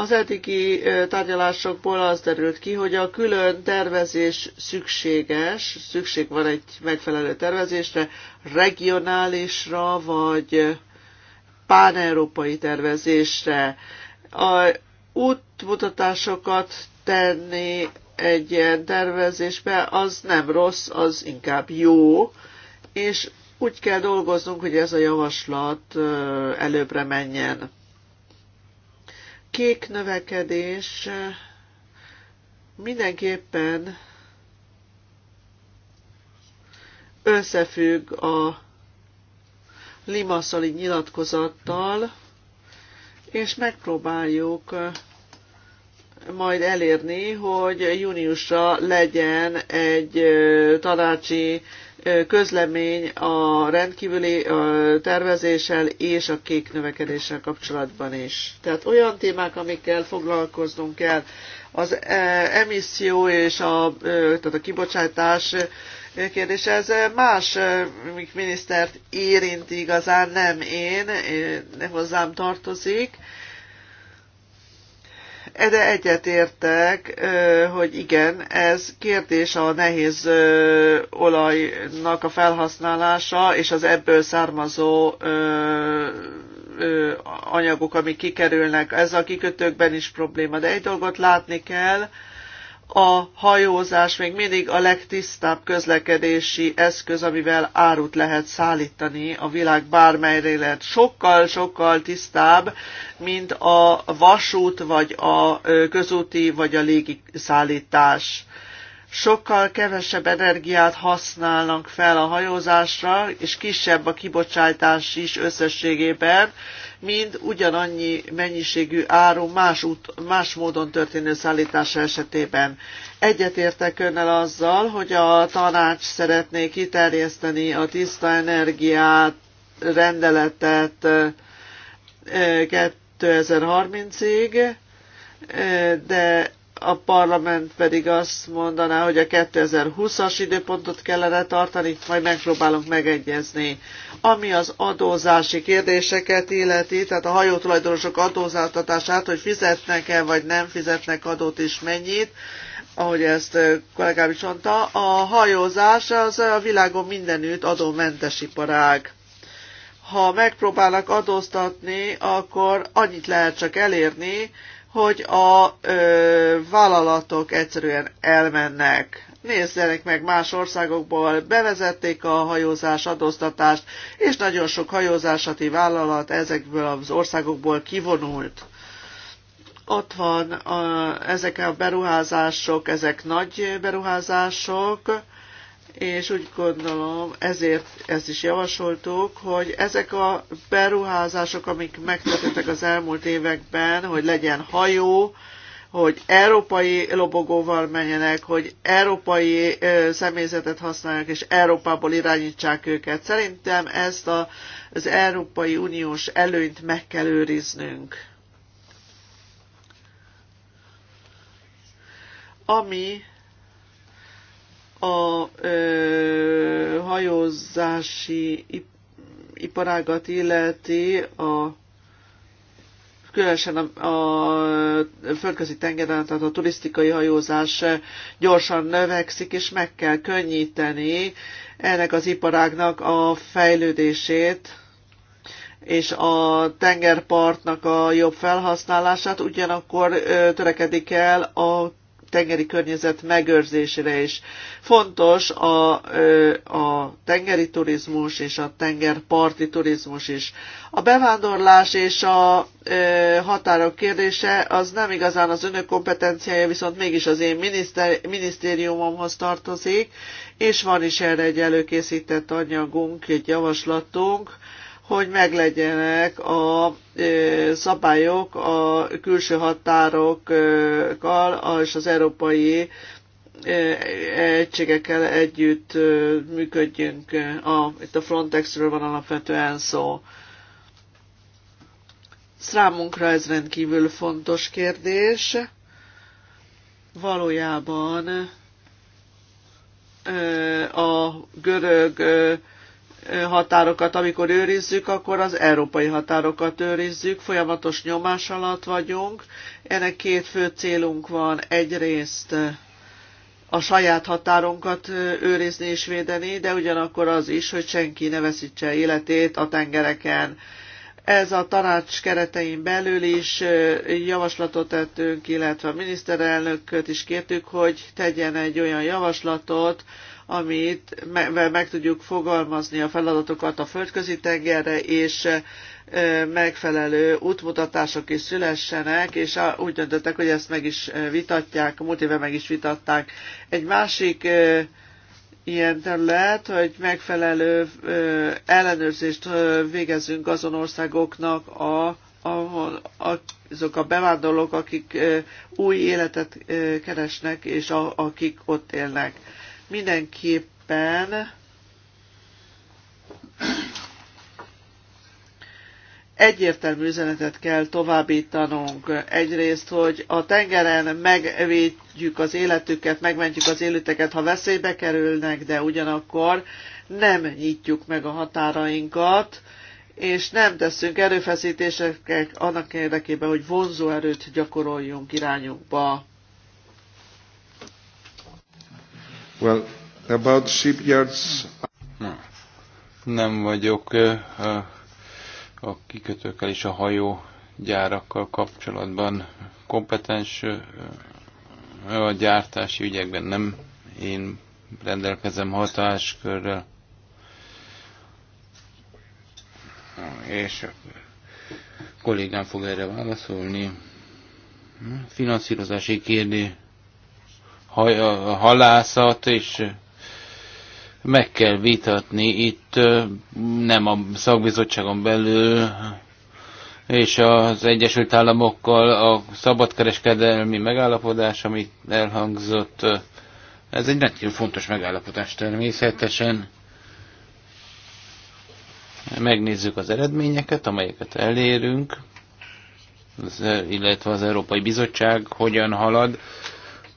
az eddigi tárgyalásokból az derült ki, hogy a külön tervezés szükséges, szükség van egy megfelelő tervezésre, regionálisra vagy páneurópai tervezésre. A útmutatásokat tenni egy ilyen tervezésbe, az nem rossz, az inkább jó, és úgy kell dolgoznunk, hogy ez a javaslat előbbre menjen kék növekedés mindenképpen összefügg a limaszali nyilatkozattal, és megpróbáljuk majd elérni, hogy júniusra legyen egy tanácsi közlemény a rendkívüli tervezéssel és a kék növekedéssel kapcsolatban is. Tehát olyan témák, amikkel foglalkoznunk kell, az emisszió és a, tehát a kibocsátás kérdés, ez más minisztert érint igazán, nem én, hozzám tartozik, de egyetértek, hogy igen, ez kérdés a nehéz olajnak a felhasználása és az ebből származó anyagok, amik kikerülnek. Ez a kikötőkben is probléma, de egy dolgot látni kell, a hajózás még mindig a legtisztább közlekedési eszköz, amivel árut lehet szállítani a világ bármelyre lehet. Sokkal-sokkal tisztább, mint a vasút, vagy a közúti, vagy a légi szállítás sokkal kevesebb energiát használnak fel a hajózásra, és kisebb a kibocsátás is összességében, mint ugyanannyi mennyiségű áru más, út, más módon történő szállítása esetében. Egyetértek önnel azzal, hogy a tanács szeretné kiterjeszteni a tiszta energiát rendeletet 2030-ig, de a parlament pedig azt mondaná, hogy a 2020-as időpontot kellene tartani, majd megpróbálunk megegyezni. Ami az adózási kérdéseket illeti, tehát a hajótulajdonosok adózáltatását, hogy fizetnek-e vagy nem fizetnek adót is mennyit, ahogy ezt kollégám is mondta, a hajózás az a világon mindenütt adómentes iparág ha megpróbálnak adóztatni, akkor annyit lehet csak elérni, hogy a ö, vállalatok egyszerűen elmennek. Nézzenek meg más országokból, bevezették a hajózás adóztatást, és nagyon sok hajózásati vállalat ezekből az országokból kivonult. Ott van a, ezek a beruházások, ezek nagy beruházások, és úgy gondolom, ezért ezt is javasoltuk, hogy ezek a beruházások, amik megtörténtek az elmúlt években, hogy legyen hajó, hogy európai lobogóval menjenek, hogy európai ö, személyzetet használjanak, és Európából irányítsák őket. Szerintem ezt a, az Európai Uniós előnyt meg kell őriznünk. Ami a ö, hajózási iparágat illeti, a, különösen a, a földközi tengeren, tehát a turisztikai hajózás gyorsan növekszik, és meg kell könnyíteni ennek az iparágnak a fejlődését és a tengerpartnak a jobb felhasználását, ugyanakkor törekedik el a tengeri környezet megőrzésére is. Fontos a, a tengeri turizmus és a tengerparti turizmus is. A bevándorlás és a határok kérdése az nem igazán az önök kompetenciája, viszont mégis az én miniszter, minisztériumomhoz tartozik, és van is erre egy előkészített anyagunk, egy javaslatunk, hogy meglegyenek a szabályok a külső határokkal és az európai egységekkel együtt működjünk. A, itt a Frontexről van alapvetően szó. Számunkra ez rendkívül fontos kérdés. Valójában a görög határokat, amikor őrizzük, akkor az európai határokat őrizzük, folyamatos nyomás alatt vagyunk. Ennek két fő célunk van. Egyrészt a saját határunkat őrizni és védeni, de ugyanakkor az is, hogy senki ne veszítse életét a tengereken. Ez a tanács keretein belül is javaslatot tettünk, illetve a miniszterelnököt is kértük, hogy tegyen egy olyan javaslatot, amit meg, meg tudjuk fogalmazni a feladatokat a földközi tengerre, és megfelelő útmutatások is szülessenek, és úgy döntöttek, hogy ezt meg is vitatják, múlt éve meg is vitatták. Egy másik ilyen terület, hogy megfelelő ellenőrzést végezünk azon országoknak, a, ahol a, azok a bevándorlók, akik új életet keresnek, és a, akik ott élnek mindenképpen egyértelmű üzenetet kell továbbítanunk. Egyrészt, hogy a tengeren megvédjük az életüket, megmentjük az életeket, ha veszélybe kerülnek, de ugyanakkor nem nyitjuk meg a határainkat, és nem teszünk erőfeszítéseket annak érdekében, hogy vonzó erőt gyakoroljunk irányukba. Well, about shipyards... Nem vagyok a kikötőkkel és a hajó gyárakkal kapcsolatban kompetens a gyártási ügyekben nem én rendelkezem hatáskörrel. És a kollégám fog erre válaszolni. Finanszírozási kérdés halászat, és meg kell vitatni itt, nem a szakbizottságon belül, és az Egyesült Államokkal a szabadkereskedelmi megállapodás, amit elhangzott, ez egy nagyon fontos megállapodás természetesen. Megnézzük az eredményeket, amelyeket elérünk, illetve az Európai Bizottság hogyan halad,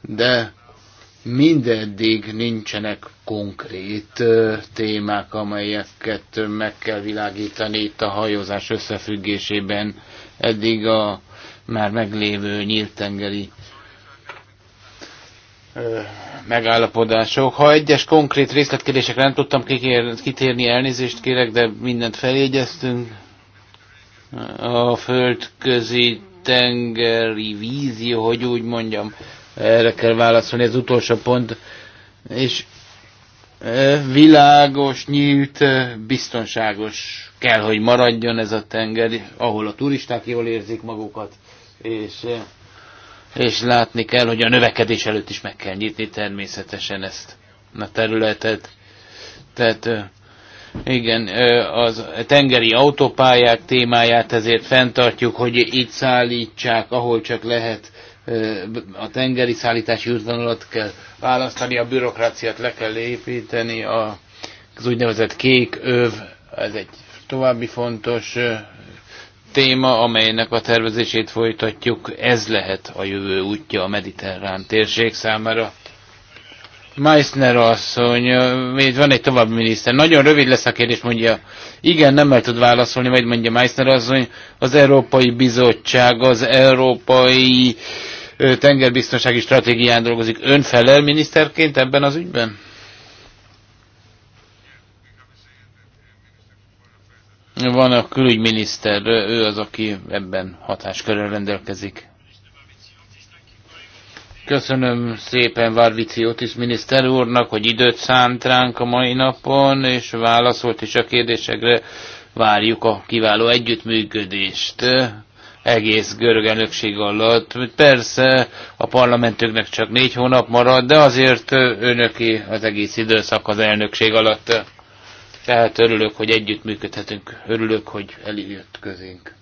de mindeddig nincsenek konkrét témák, amelyeket meg kell világítani itt a hajózás összefüggésében. Eddig a már meglévő nyíltengeri megállapodások. Ha egyes konkrét részletkérdésekre nem tudtam kitérni, elnézést kérek, de mindent feljegyeztünk. A földközi tengeri vízió, hogy úgy mondjam, erre kell válaszolni, ez utolsó pont. És világos, nyílt, biztonságos kell, hogy maradjon ez a tenger, ahol a turisták jól érzik magukat, és, és látni kell, hogy a növekedés előtt is meg kell nyitni természetesen ezt a területet. Tehát igen, az tengeri autópályák témáját ezért fenntartjuk, hogy itt szállítsák, ahol csak lehet a tengeri szállítási útvonalat kell választani, a bürokráciát le kell építeni, a, az úgynevezett kék öv, ez egy további fontos téma, amelynek a tervezését folytatjuk, ez lehet a jövő útja a mediterrán térség számára. Meissner asszony, még van egy további miniszter. Nagyon rövid lesz a kérdés, mondja. Igen, nem el tud válaszolni, vagy mondja Meissner asszony. Az Európai Bizottság, az Európai tengerbiztonsági stratégián dolgozik. Ön felel miniszterként ebben az ügyben? Van a külügyminiszter, ő az, aki ebben hatáskörrel rendelkezik. Köszönöm szépen Várvici Otis miniszter úrnak, hogy időt szánt ránk a mai napon, és válaszolt is a kérdésekre. Várjuk a kiváló együttműködést egész görög elnökség alatt. Persze a parlamentőknek csak négy hónap marad, de azért önöki az egész időszak az elnökség alatt. Tehát örülök, hogy együtt működhetünk, örülök, hogy eljött közénk.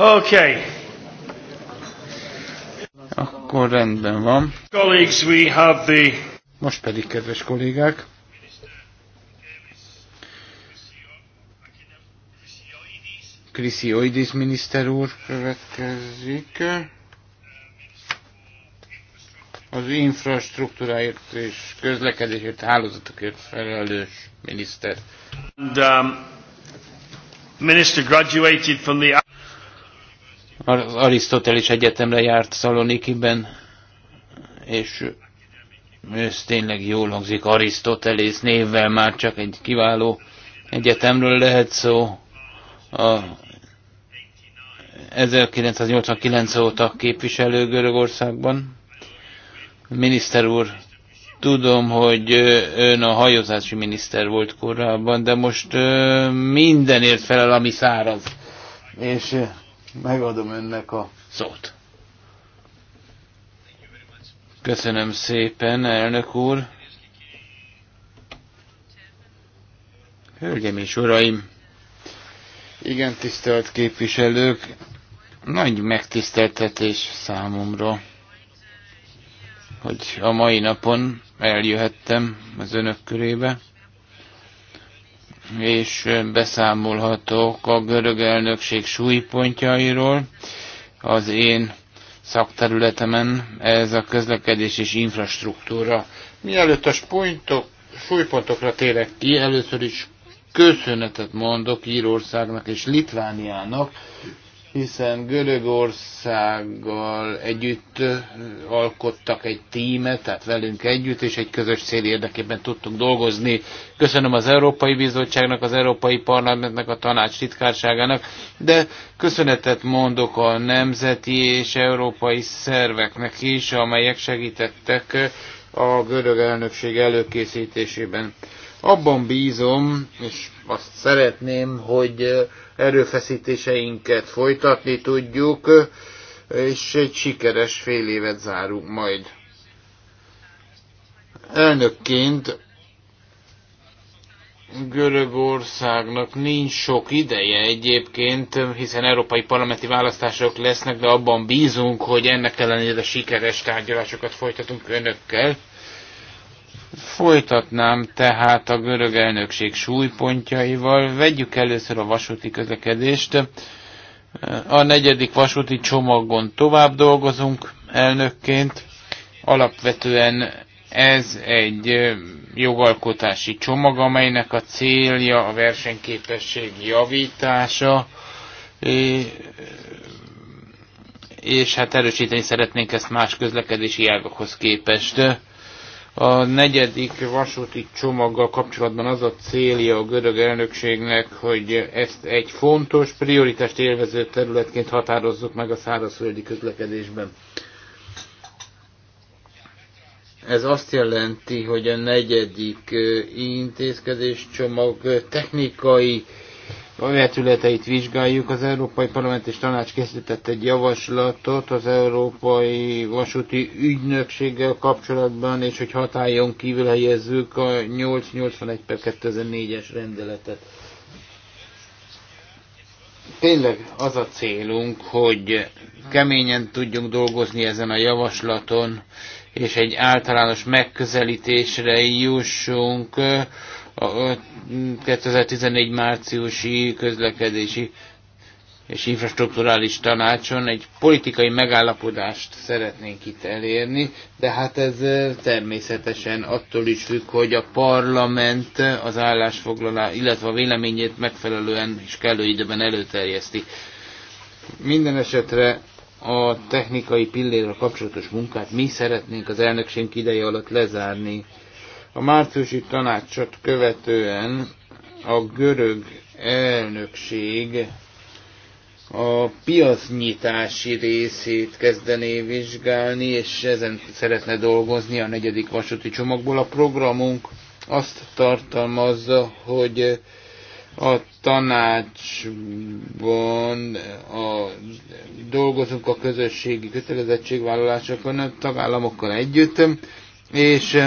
Okay. Akkor rendben van. Colleagues, we have the... Most pedig, kedves kollégák, Kriszi Oidis miniszter úr következik. Az infrastruktúráért és közlekedésért, hálózatokért felelős miniszter. And, um, minister graduated from the az Arisztotelis Egyetemre járt Szalonikiben, és ő tényleg jól hangzik, Arisztotelész névvel már csak egy kiváló egyetemről lehet szó. A 1989 óta képviselő Görögországban. Miniszter úr, tudom, hogy ön a hajózási miniszter volt korábban, de most mindenért felel, ami száraz. És Megadom önnek a szót. Köszönöm szépen, elnök úr. Hölgyeim és uraim! Igen, tisztelt képviselők! Nagy megtiszteltetés számomra, hogy a mai napon eljöhettem az önök körébe és beszámolhatok a görög elnökség súlypontjairól. Az én szakterületemen ez a közlekedés és infrastruktúra. Mielőtt a pontok, súlypontokra térek ki, először is köszönetet mondok Írországnak és Litvániának, hiszen Görögországgal együtt alkottak egy tímet, tehát velünk együtt, és egy közös cél érdekében tudtunk dolgozni. Köszönöm az Európai Bizottságnak, az Európai Parlamentnek, a tanács titkárságának, de köszönetet mondok a nemzeti és európai szerveknek is, amelyek segítettek a görög elnökség előkészítésében. Abban bízom, és azt szeretném, hogy erőfeszítéseinket folytatni tudjuk, és egy sikeres fél évet zárunk majd. Elnökként Görögországnak nincs sok ideje egyébként, hiszen európai parlamenti választások lesznek, de abban bízunk, hogy ennek ellenére sikeres tárgyalásokat folytatunk önökkel. Folytatnám tehát a görög elnökség súlypontjaival. Vegyük először a vasúti közlekedést. A negyedik vasúti csomagon tovább dolgozunk elnökként. Alapvetően ez egy jogalkotási csomag, amelynek a célja a versenyképesség javítása, és hát erősíteni szeretnénk ezt más közlekedési ágakhoz képest. A negyedik vasúti csomaggal kapcsolatban az a célja a görög elnökségnek, hogy ezt egy fontos, prioritást élvező területként határozzuk meg a szárazföldi közlekedésben. Ez azt jelenti, hogy a negyedik intézkedés csomag technikai a vetületeit vizsgáljuk. Az Európai Parlament és Tanács készített egy javaslatot az Európai Vasúti Ügynökséggel kapcsolatban, és hogy hatályon kívül helyezzük a 881 per 2004-es rendeletet. Tényleg az a célunk, hogy keményen tudjunk dolgozni ezen a javaslaton, és egy általános megközelítésre jussunk a 2014 márciusi közlekedési és infrastruktúrális tanácson egy politikai megállapodást szeretnénk itt elérni, de hát ez természetesen attól is függ, hogy a parlament az állásfoglalás, illetve a véleményét megfelelően és kellő időben előterjeszti. Minden esetre a technikai pillérrel kapcsolatos munkát mi szeretnénk az elnökség ideje alatt lezárni. A márciusi tanácsot követően a görög elnökség a piacnyitási részét kezdené vizsgálni, és ezen szeretne dolgozni a negyedik vasúti csomagból. A programunk azt tartalmazza, hogy a tanácsban a, dolgozunk a közösségi kötelezettségvállalásokon, a tagállamokkal együtt, és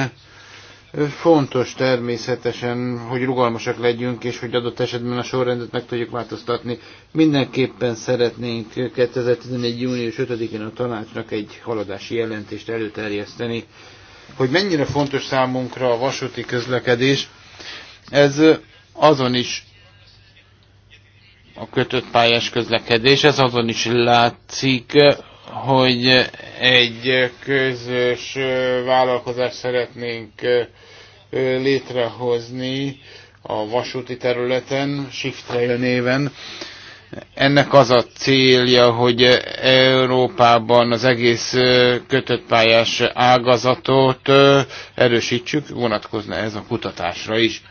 Fontos természetesen, hogy rugalmasak legyünk, és hogy adott esetben a sorrendet meg tudjuk változtatni. Mindenképpen szeretnénk 2011. június 5-én a tanácsnak egy haladási jelentést előterjeszteni, hogy mennyire fontos számunkra a vasúti közlekedés. Ez azon is a kötött pályás közlekedés, ez azon is látszik, hogy egy közös vállalkozást szeretnénk létrehozni a vasúti területen, Shift Rail néven. Ennek az a célja, hogy Európában az egész kötött pályás ágazatot erősítsük, vonatkozna ez a kutatásra is.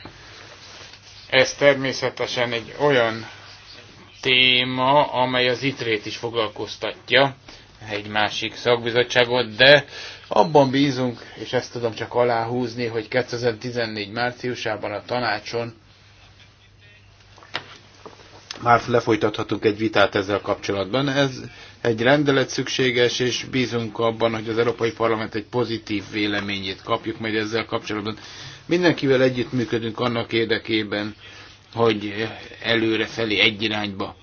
Ez természetesen egy olyan téma, amely az itrét is foglalkoztatja egy másik szakbizottságot, de abban bízunk, és ezt tudom csak aláhúzni, hogy 2014 márciusában a tanácson már lefolytathatunk egy vitát ezzel kapcsolatban. Ez egy rendelet szükséges, és bízunk abban, hogy az Európai Parlament egy pozitív véleményét kapjuk majd ezzel kapcsolatban. Mindenkivel együttműködünk annak érdekében, hogy előre felé egy irányba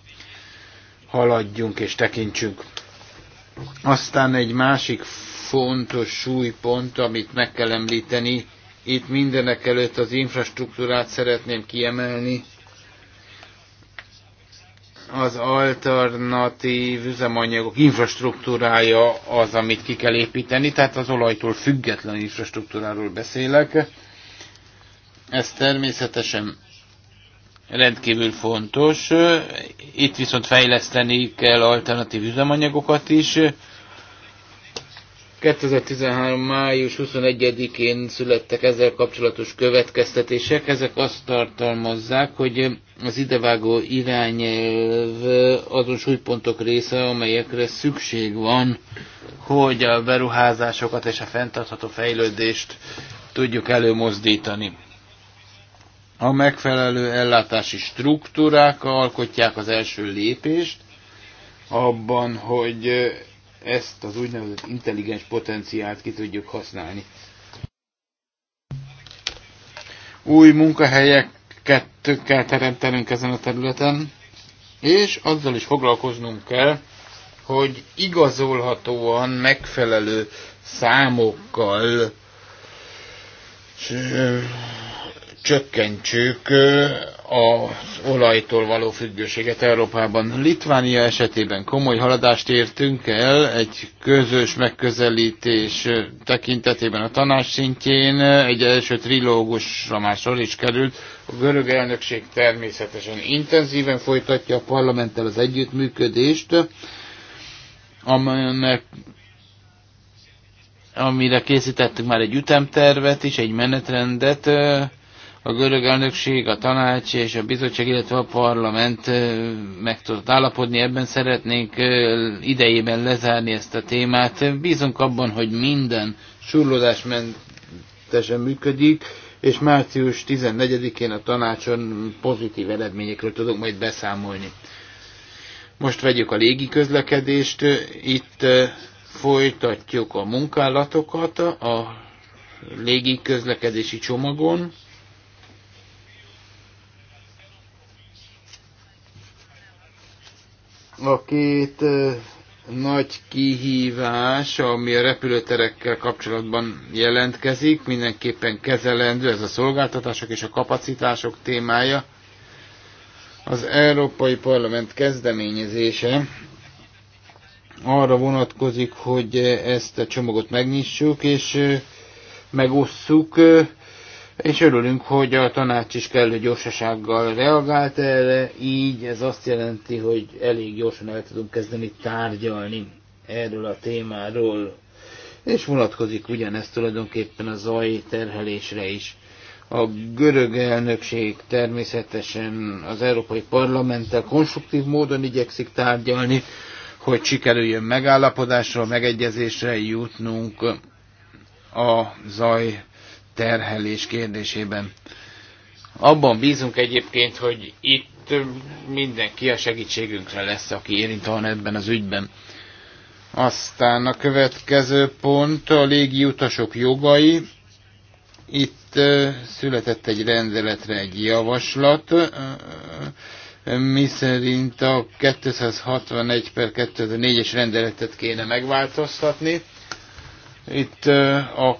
haladjunk és tekintsünk. Aztán egy másik fontos súlypont, amit meg kell említeni, itt mindenek előtt az infrastruktúrát szeretném kiemelni. Az alternatív üzemanyagok infrastruktúrája az, amit ki kell építeni, tehát az olajtól független infrastruktúráról beszélek. Ez természetesen rendkívül fontos. Itt viszont fejleszteni kell alternatív üzemanyagokat is. 2013. május 21-én születtek ezzel kapcsolatos következtetések. Ezek azt tartalmazzák, hogy az idevágó irányelv azon súlypontok része, amelyekre szükség van, hogy a beruházásokat és a fenntartható fejlődést tudjuk előmozdítani. A megfelelő ellátási struktúrák alkotják az első lépést abban, hogy ezt az úgynevezett intelligens potenciált ki tudjuk használni. Új munkahelyeket kell teremtenünk ezen a területen, és azzal is foglalkoznunk kell, hogy igazolhatóan megfelelő számokkal csökkentsük az olajtól való függőséget Európában. Litvánia esetében komoly haladást értünk el egy közös megközelítés tekintetében a tanács szintjén. Egy első trilógusra már sor is került. A görög elnökség természetesen intenzíven folytatja a parlamenttel az együttműködést, amelynek amire készítettünk már egy ütemtervet is, egy menetrendet, a görög elnökség, a tanács és a bizottság, illetve a parlament meg tudott állapodni. Ebben szeretnénk idejében lezárni ezt a témát. Bízunk abban, hogy minden surlódásmentesen működik, és március 14-én a tanácson pozitív eredményekről tudunk majd beszámolni. Most vegyük a légi közlekedést. Itt folytatjuk a munkálatokat a légi közlekedési csomagon. A két nagy kihívás, ami a repülőterekkel kapcsolatban jelentkezik, mindenképpen kezelendő, ez a szolgáltatások és a kapacitások témája. Az Európai Parlament kezdeményezése arra vonatkozik, hogy ezt a csomagot megnyissuk és megosszuk és örülünk, hogy a tanács is kellő gyorsasággal reagált erre, így ez azt jelenti, hogy elég gyorsan el tudunk kezdeni tárgyalni erről a témáról, és vonatkozik ugyanezt tulajdonképpen a zaj terhelésre is. A görög elnökség természetesen az Európai Parlamenttel konstruktív módon igyekszik tárgyalni, hogy sikerüljön megállapodásra, megegyezésre jutnunk a zaj terhelés kérdésében. Abban bízunk egyébként, hogy itt mindenki a segítségünkre lesz, aki érint van ebben az ügyben. Aztán a következő pont a légi utasok jogai. Itt született egy rendeletre egy javaslat, mi szerint a 261 per 2004-es rendeletet kéne megváltoztatni. Itt a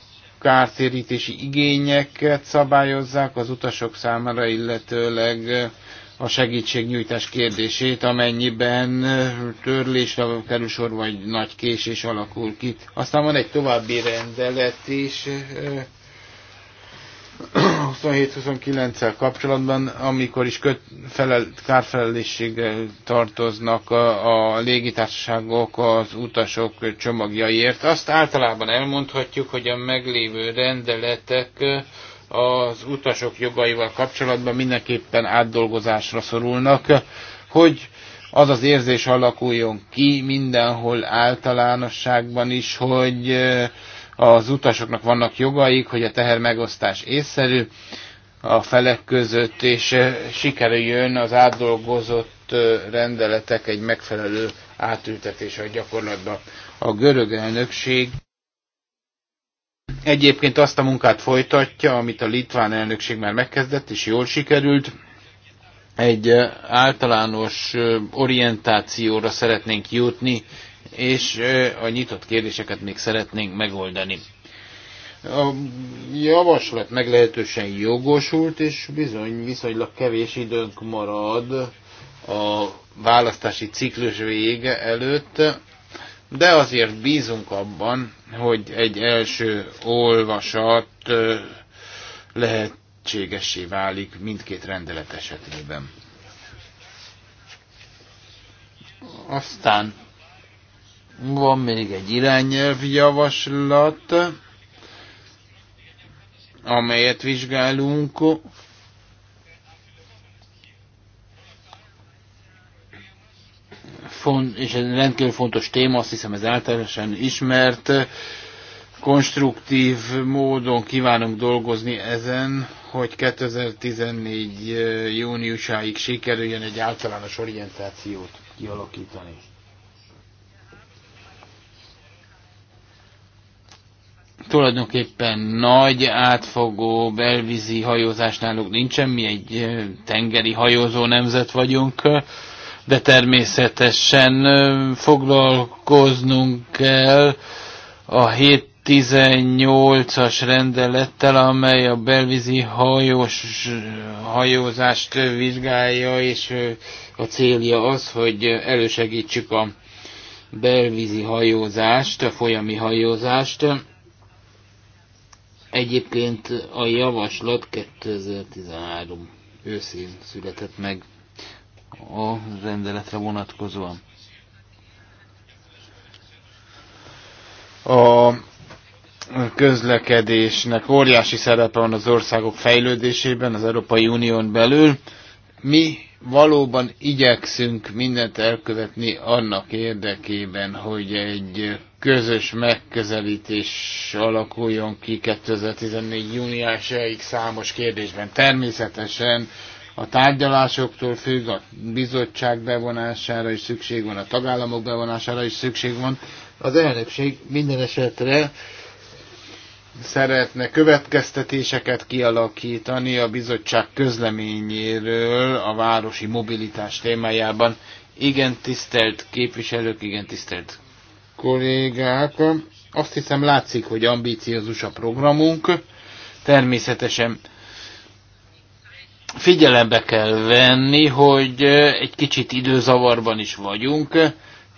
kártérítési igényeket szabályozzák az utasok számára, illetőleg a segítségnyújtás kérdését, amennyiben törlésre kerül sor, vagy nagy késés alakul ki. Aztán van egy további rendelet is, 27-29-el kapcsolatban, amikor is köt, felel, kárfelelősséggel tartoznak a, a légitársaságok az utasok csomagjaiért. Azt általában elmondhatjuk, hogy a meglévő rendeletek az utasok jogaival kapcsolatban mindenképpen átdolgozásra szorulnak, hogy az az érzés alakuljon ki mindenhol általánosságban is, hogy az utasoknak vannak jogaik, hogy a teher megosztás észszerű a felek között, és eh, sikerüljön az átdolgozott eh, rendeletek egy megfelelő átültetése a gyakorlatban. A görög elnökség egyébként azt a munkát folytatja, amit a litván elnökség már megkezdett, és jól sikerült. Egy eh, általános orientációra szeretnénk jutni és a nyitott kérdéseket még szeretnénk megoldani. A javaslat meglehetősen jogosult, és bizony viszonylag kevés időnk marad a választási ciklus vége előtt, de azért bízunk abban, hogy egy első olvasat lehetségessé válik mindkét rendelet esetében. Aztán van még egy irányelvi javaslat, amelyet vizsgálunk. Font, és ez rendkívül fontos téma, azt hiszem ez általánosan ismert. Konstruktív módon kívánunk dolgozni ezen, hogy 2014. júniusáig sikerüljön egy általános orientációt kialakítani. Tulajdonképpen nagy, átfogó belvízi hajózás náluk nincsen, mi egy tengeri hajózó nemzet vagyunk, de természetesen foglalkoznunk kell a 718-as rendelettel, amely a belvízi hajós, hajózást vizsgálja, és a célja az, hogy elősegítsük a belvízi hajózást, a folyami hajózást. Egyébként a javaslat 2013 őszén született meg a rendeletre vonatkozóan. A közlekedésnek óriási szerepe van az országok fejlődésében, az Európai Unión belül. Mi valóban igyekszünk mindent elkövetni annak érdekében, hogy egy közös megközelítés alakuljon ki 2014. júniusáig számos kérdésben. Természetesen a tárgyalásoktól függ, a bizottság bevonására is szükség van, a tagállamok bevonására is szükség van. Az elnökség minden esetre szeretne következtetéseket kialakítani a bizottság közleményéről a városi mobilitás témájában. Igen, tisztelt képviselők, igen, tisztelt kollégák. Azt hiszem látszik, hogy ambíciózus a programunk. Természetesen figyelembe kell venni, hogy egy kicsit időzavarban is vagyunk,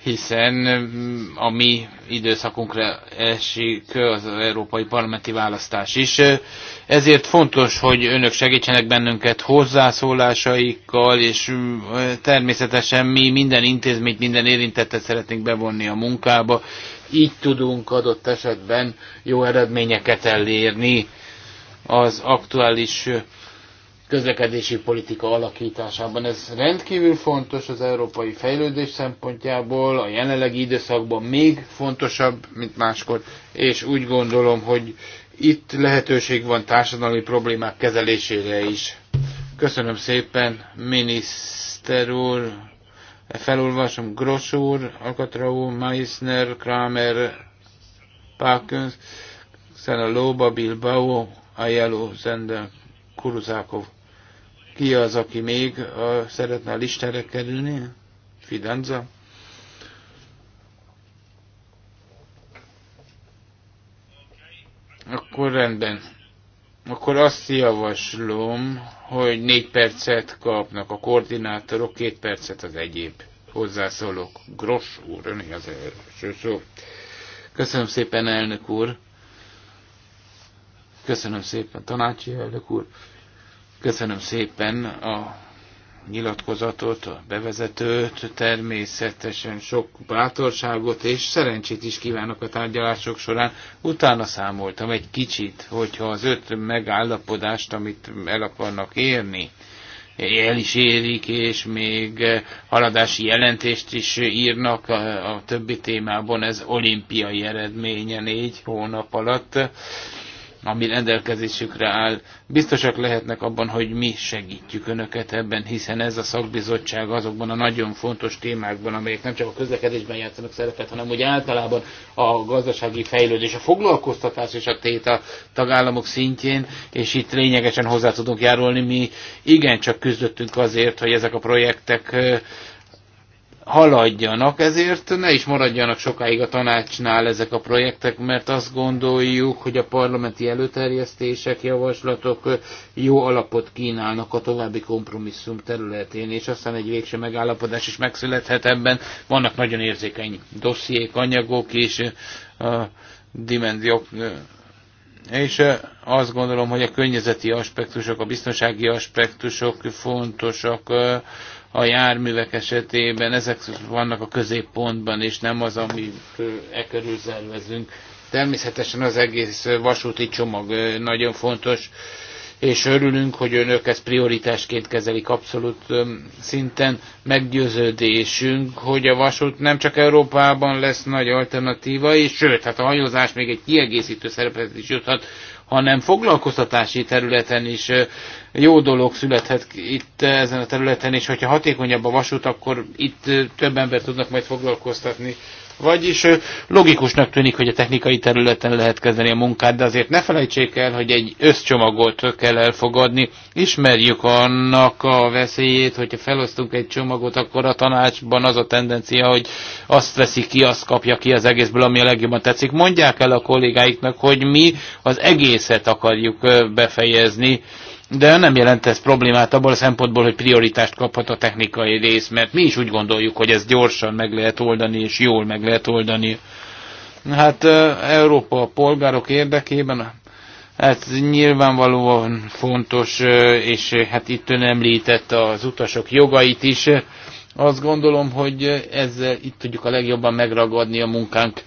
hiszen mm, a mi időszakunkra esik az európai parlamenti választás is. Ezért fontos, hogy önök segítsenek bennünket hozzászólásaikkal, és mm, természetesen mi minden intézményt, minden érintettet szeretnénk bevonni a munkába. Így tudunk adott esetben jó eredményeket elérni az aktuális közlekedési politika alakításában. Ez rendkívül fontos az európai fejlődés szempontjából, a jelenlegi időszakban még fontosabb, mint máskor, és úgy gondolom, hogy itt lehetőség van társadalmi problémák kezelésére is. Köszönöm szépen, miniszter úr, felolvasom Gross úr, Alcatrau, Meissner, Kramer, Parkins, Szenelóba, Bilbao, Ajeló, Zende, Kuruzákov. Ki az, aki még a, szeretne a listára kerülni? Fidanza? Akkor rendben. Akkor azt javaslom, hogy négy percet kapnak a koordinátorok, két percet az egyéb hozzászólók. Gross úr, ön az első szó. Köszönöm szépen, elnök úr. Köszönöm szépen, tanácsi elnök úr. Köszönöm szépen a nyilatkozatot, a bevezetőt, természetesen sok bátorságot és szerencsét is kívánok a tárgyalások során. Utána számoltam egy kicsit, hogyha az öt megállapodást, amit el akarnak érni, el is érik, és még haladási jelentést is írnak a, a többi témában, ez olimpiai eredménye négy hónap alatt ami rendelkezésükre áll. Biztosak lehetnek abban, hogy mi segítjük Önöket ebben, hiszen ez a szakbizottság azokban a nagyon fontos témákban, amelyek nem csak a közlekedésben játszanak szerepet, hanem úgy általában a gazdasági fejlődés, a foglalkoztatás és a tét a tagállamok szintjén, és itt lényegesen hozzá tudunk járulni. Mi igencsak küzdöttünk azért, hogy ezek a projektek haladjanak, ezért ne is maradjanak sokáig a tanácsnál ezek a projektek, mert azt gondoljuk, hogy a parlamenti előterjesztések, javaslatok jó alapot kínálnak a további kompromisszum területén, és aztán egy végső megállapodás is megszülethet ebben. Vannak nagyon érzékeny dossziék, anyagok és a dimenziók és azt gondolom, hogy a környezeti aspektusok, a biztonsági aspektusok fontosak, a járművek esetében, ezek vannak a középpontban, és nem az, amit e körül szervezünk. Természetesen az egész vasúti csomag nagyon fontos, és örülünk, hogy önök ezt prioritásként kezelik abszolút szinten. Meggyőződésünk, hogy a vasút nem csak Európában lesz nagy alternatíva, és sőt, hát a hajózás még egy kiegészítő szerepet is juthat, hanem foglalkoztatási területen is jó dolog születhet itt ezen a területen, és hogyha hatékonyabb a vasút, akkor itt több ember tudnak majd foglalkoztatni. Vagyis logikusnak tűnik, hogy a technikai területen lehet kezdeni a munkát, de azért ne felejtsék el, hogy egy összcsomagot kell elfogadni. Ismerjük annak a veszélyét, hogyha felosztunk egy csomagot, akkor a tanácsban az a tendencia, hogy azt veszi ki, azt kapja ki az egészből, ami a legjobban tetszik. Mondják el a kollégáiknak, hogy mi az egészet akarjuk befejezni, de nem jelent ez problémát abból a szempontból, hogy prioritást kaphat a technikai rész, mert mi is úgy gondoljuk, hogy ez gyorsan meg lehet oldani, és jól meg lehet oldani. Hát Európa a polgárok érdekében, Hát nyilvánvalóan fontos, és hát itt ön említett az utasok jogait is. Azt gondolom, hogy ezzel itt tudjuk a legjobban megragadni a munkánk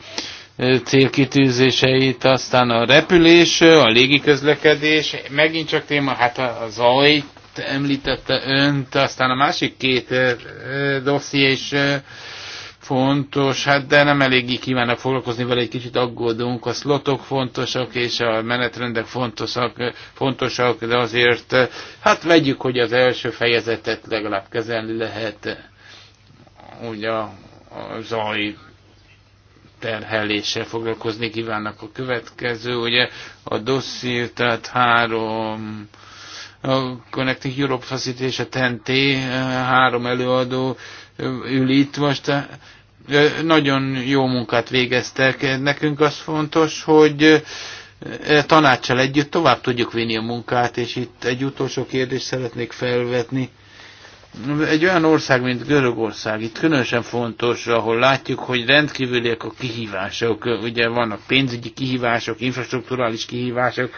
célkitűzéseit, aztán a repülés, a légiközlekedés, megint csak téma, hát a zajt említette önt, aztán a másik két dosszié is fontos, hát de nem eléggé kívánnak foglalkozni vele, egy kicsit aggódunk. A szlotok fontosak, és a menetrendek fontosak, fontosak de azért hát vegyük, hogy az első fejezetet legalább kezelni lehet. Ugye a zaj terheléssel foglalkozni kívánnak. A következő, ugye a dosszír, tehát három a Connecting Europe Facility és a TNT, eh, három előadó eh, ül itt most. Eh, nagyon jó munkát végeztek. Nekünk az fontos, hogy tanácssal együtt tovább tudjuk vinni a munkát, és itt egy utolsó kérdést szeretnék felvetni. Egy olyan ország, mint Görögország, itt különösen fontos, ahol látjuk, hogy rendkívüliek a kihívások. Ugye vannak pénzügyi kihívások, infrastruktúrális kihívások.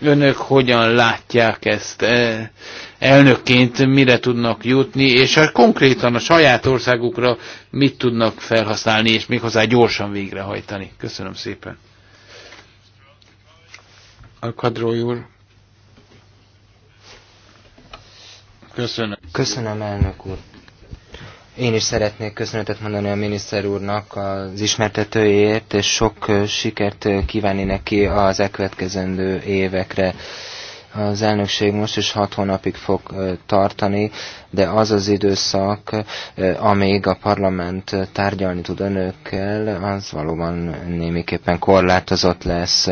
Önök hogyan látják ezt e, elnökként, mire tudnak jutni, és a konkrétan a saját országukra mit tudnak felhasználni, és méghozzá gyorsan végrehajtani. Köszönöm szépen. A úr. Köszönöm. Köszönöm, elnök úr. Én is szeretnék köszönetet mondani a miniszter úrnak az ismertetőjét, és sok sikert kívánni neki az elkövetkezendő évekre. Az elnökség most is hat hónapig fog tartani, de az az időszak, amíg a parlament tárgyalni tud önökkel, az valóban némiképpen korlátozott lesz.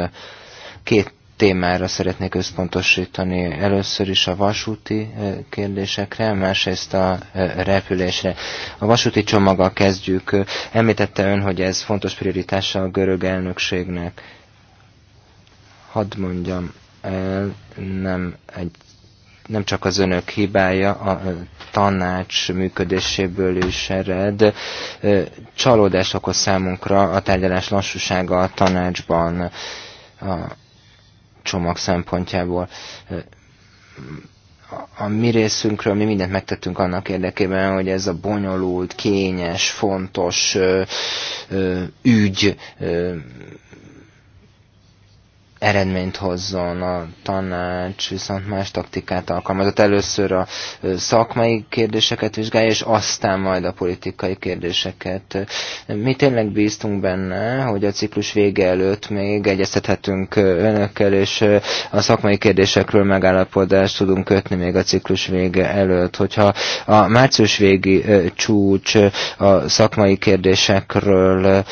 Két témára szeretnék összpontosítani. Először is a vasúti kérdésekre, másrészt a repülésre. A vasúti csomaggal kezdjük. Említette ön, hogy ez fontos prioritása a görög elnökségnek. Hadd mondjam el, nem egy nem csak az önök hibája, a tanács működéséből is ered. Csalódás okoz számunkra a tárgyalás lassúsága a tanácsban. A csomag szempontjából a mi részünkről mi mindent megtettünk annak érdekében, hogy ez a bonyolult, kényes, fontos ö, ö, ügy ö, eredményt hozzon a tanács, viszont más taktikát alkalmazott. Először a szakmai kérdéseket vizsgálja, és aztán majd a politikai kérdéseket. Mi tényleg bíztunk benne, hogy a ciklus vége előtt még egyeztethetünk önökkel, és a szakmai kérdésekről megállapodást tudunk kötni még a ciklus vége előtt. Hogyha a március végi csúcs a szakmai kérdésekről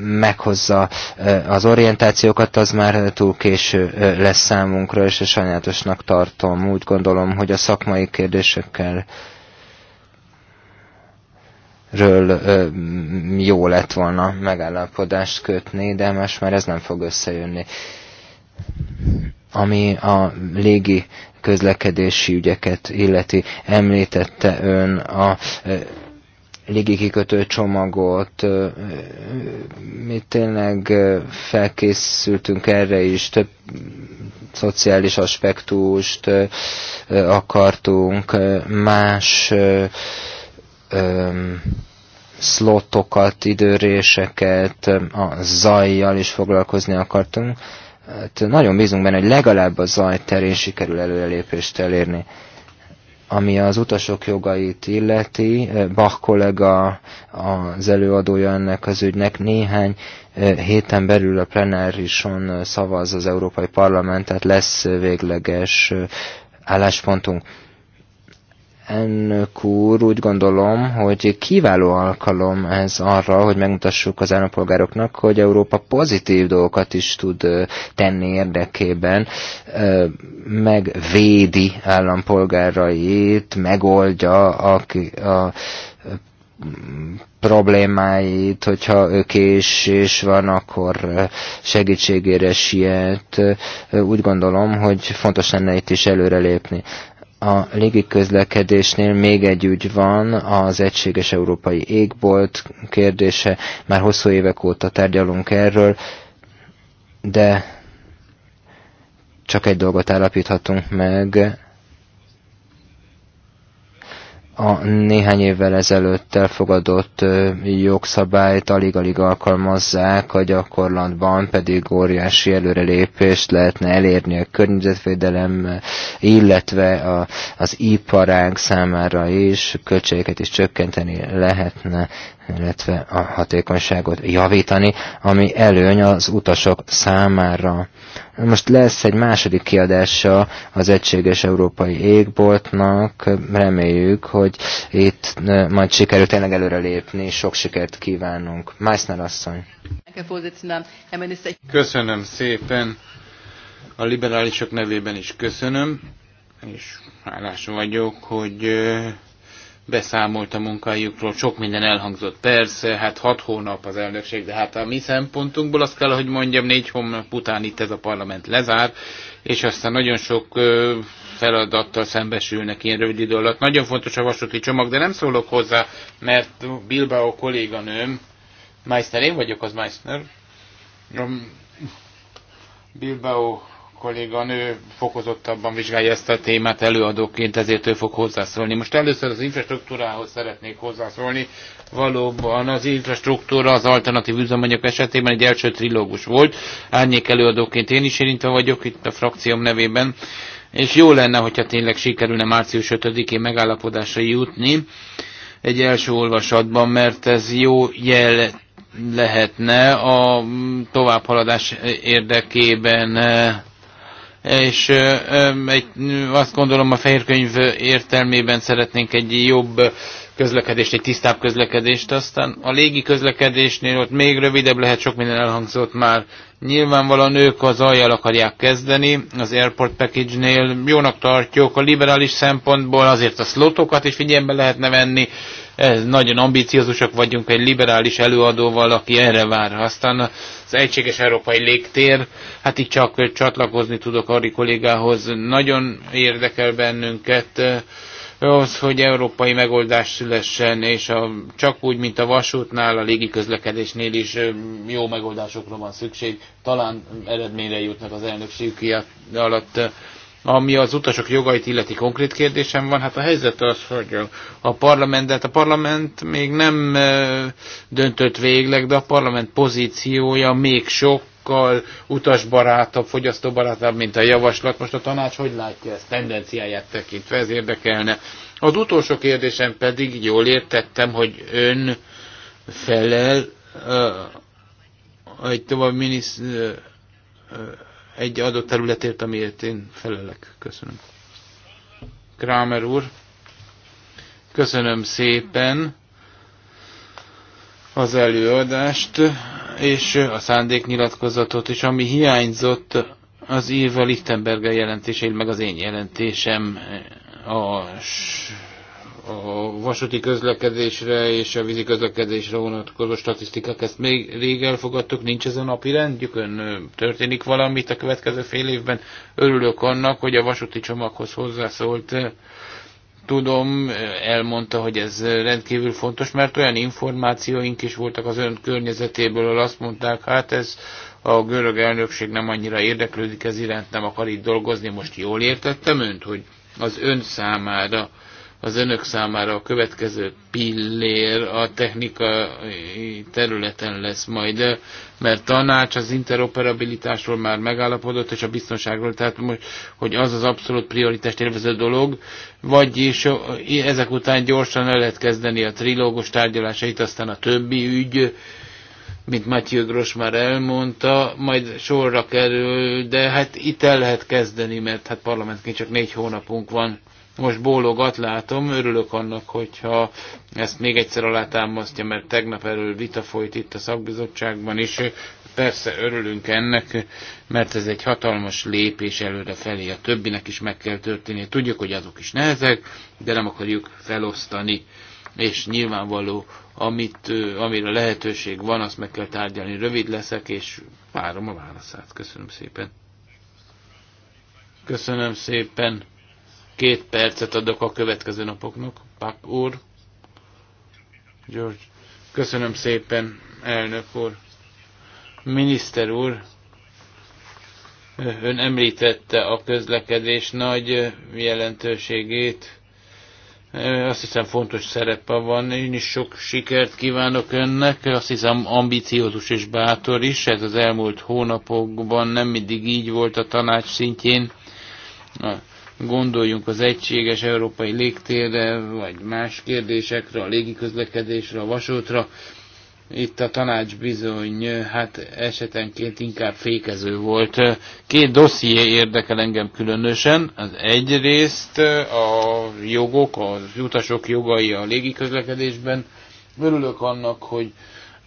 meghozza az orientációkat, hát az már túl késő lesz számunkra, és sajnálatosnak tartom. Úgy gondolom, hogy a szakmai kérdésekkel ről jó lett volna megállapodást kötni, de most már ez nem fog összejönni. Ami a légi közlekedési ügyeket illeti, említette ön a légikikötő csomagot. Mi tényleg felkészültünk erre is, több szociális aspektust akartunk, más szlotokat, időréseket, a zajjal is foglalkozni akartunk. Hát nagyon bízunk benne, hogy legalább a zaj terén sikerül előrelépést elérni. Ami az utasok jogait illeti, Bach kollega az előadója ennek az ügynek néhány eh, héten belül a plenárison eh, szavaz az Európai Parlament, tehát lesz végleges eh, álláspontunk. Elnök úr, úgy gondolom, hogy kiváló alkalom ez arra, hogy megmutassuk az állampolgároknak, hogy Európa pozitív dolgokat is tud tenni érdekében, megvédi állampolgárait, megoldja a, a problémáit, hogyha is, is van, akkor segítségére siet. Úgy gondolom, hogy fontos lenne itt is előrelépni. A légiközlekedésnél még egy ügy van, az egységes európai égbolt kérdése. Már hosszú évek óta tárgyalunk erről, de csak egy dolgot állapíthatunk meg, a néhány évvel ezelőtt elfogadott jogszabályt alig-alig alkalmazzák, a gyakorlatban pedig óriási előrelépést lehetne elérni a környezetvédelem, illetve a, az iparág számára is, költségeket is csökkenteni lehetne illetve a hatékonyságot javítani, ami előny az utasok számára. Most lesz egy második kiadása az Egységes Európai Égboltnak, reméljük, hogy itt majd sikerül tényleg előrelépni, sok sikert kívánunk. Meissner asszony. Köszönöm szépen. A liberálisok nevében is köszönöm, és hálás vagyok, hogy beszámolt a munkájukról, sok minden elhangzott. Persze, hát hat hónap az elnökség, de hát a mi szempontunkból azt kell, hogy mondjam, négy hónap után itt ez a parlament lezár, és aztán nagyon sok feladattal szembesülnek ilyen rövid idő alatt. Nagyon fontos a vasúti csomag, de nem szólok hozzá, mert Bilbao kolléganőm, Meister, én vagyok az Meister, Bilbao kolléganő fokozottabban vizsgálja ezt a témát előadóként, ezért ő fog hozzászólni. Most először az infrastruktúrához szeretnék hozzászólni. Valóban az infrastruktúra az alternatív üzemanyag esetében egy első trilógus volt. Árnyék előadóként én is érintve vagyok itt a frakcióm nevében. És jó lenne, hogyha tényleg sikerülne március 5-én megállapodásra jutni egy első olvasatban, mert ez jó jel lehetne a továbbhaladás érdekében és egy, azt gondolom a fehér könyv értelmében szeretnénk egy jobb közlekedést, egy tisztább közlekedést. Aztán a légi közlekedésnél ott még rövidebb lehet, sok minden elhangzott már. Nyilvánvalóan ők az aljjal akarják kezdeni, az Airport Package-nél jónak tartjuk, a liberális szempontból azért a slotokat is figyelembe lehetne venni, ez, nagyon ambiciózusak vagyunk egy liberális előadóval, aki erre vár. Aztán az egységes európai légtér, hát itt csak csatlakozni tudok Ari kollégához, nagyon érdekel bennünket az, hogy európai megoldás szülessen, és a, csak úgy, mint a vasútnál, a légiközlekedésnél is jó megoldásokra van szükség. Talán eredményre jutnak az elnökség alatt. Ami az utasok jogait illeti konkrét kérdésem van, hát a helyzet az, hogy a parlament, de hát a parlament még nem döntött végleg, de a parlament pozíciója még sokkal utasbarátabb, fogyasztóbarátabb, mint a javaslat. Most a tanács hogy látja ezt tendenciáját tekintve, ez érdekelne. Az utolsó kérdésem pedig, jól értettem, hogy ön felel egy tovább minisz, egy adott területért, amiért én felelek. Köszönöm. Krámer úr, köszönöm szépen az előadást és a szándéknyilatkozatot is, ami hiányzott az írva Lichtenberger jelentésén, meg az én jelentésem a a vasúti közlekedésre és a vízi közlekedésre vonatkozó statisztikák, ezt még rég elfogadtuk, nincs ez a napi ön történik valamit a következő fél évben. Örülök annak, hogy a vasúti csomaghoz hozzászólt tudom, elmondta, hogy ez rendkívül fontos, mert olyan információink is voltak az ön környezetéből, ahol azt mondták, hát ez a görög elnökség nem annyira érdeklődik ez iránt, nem akar itt dolgozni. Most jól értettem önt, hogy az ön számára az önök számára a következő pillér a technikai területen lesz majd, mert tanács az interoperabilitásról már megállapodott, és a biztonságról, tehát most, hogy az az abszolút prioritást élvező dolog, vagyis ezek után gyorsan el lehet kezdeni a trilógos tárgyalásait, aztán a többi ügy, mint Matyő Gros már elmondta, majd sorra kerül, de hát itt el lehet kezdeni, mert hát parlamentként csak négy hónapunk van most bólogat, látom, örülök annak, hogyha ezt még egyszer alátámasztja, mert tegnap erről vita folyt itt a szakbizottságban is. Persze örülünk ennek, mert ez egy hatalmas lépés előre felé, a többinek is meg kell történnie. Tudjuk, hogy azok is nehezek, de nem akarjuk felosztani és nyilvánvaló, amit, amire lehetőség van, azt meg kell tárgyalni. Rövid leszek, és várom a válaszát. Köszönöm szépen. Köszönöm szépen. Két percet adok a következő napoknak. Pak úr. George. Köszönöm szépen, elnök úr. Miniszter úr, ön említette a közlekedés nagy jelentőségét. Azt hiszem fontos szerepe van. Én is sok sikert kívánok önnek. Azt hiszem ambiciózus és bátor is. Ez az elmúlt hónapokban nem mindig így volt a tanács szintjén. Gondoljunk az egységes európai légtérre, vagy más kérdésekre, a légiközlekedésre, a vasútra. Itt a tanács bizony, hát esetenként inkább fékező volt. Két dosszié érdekel engem különösen. Az egyrészt a jogok, az utasok jogai a légiközlekedésben. Örülök annak, hogy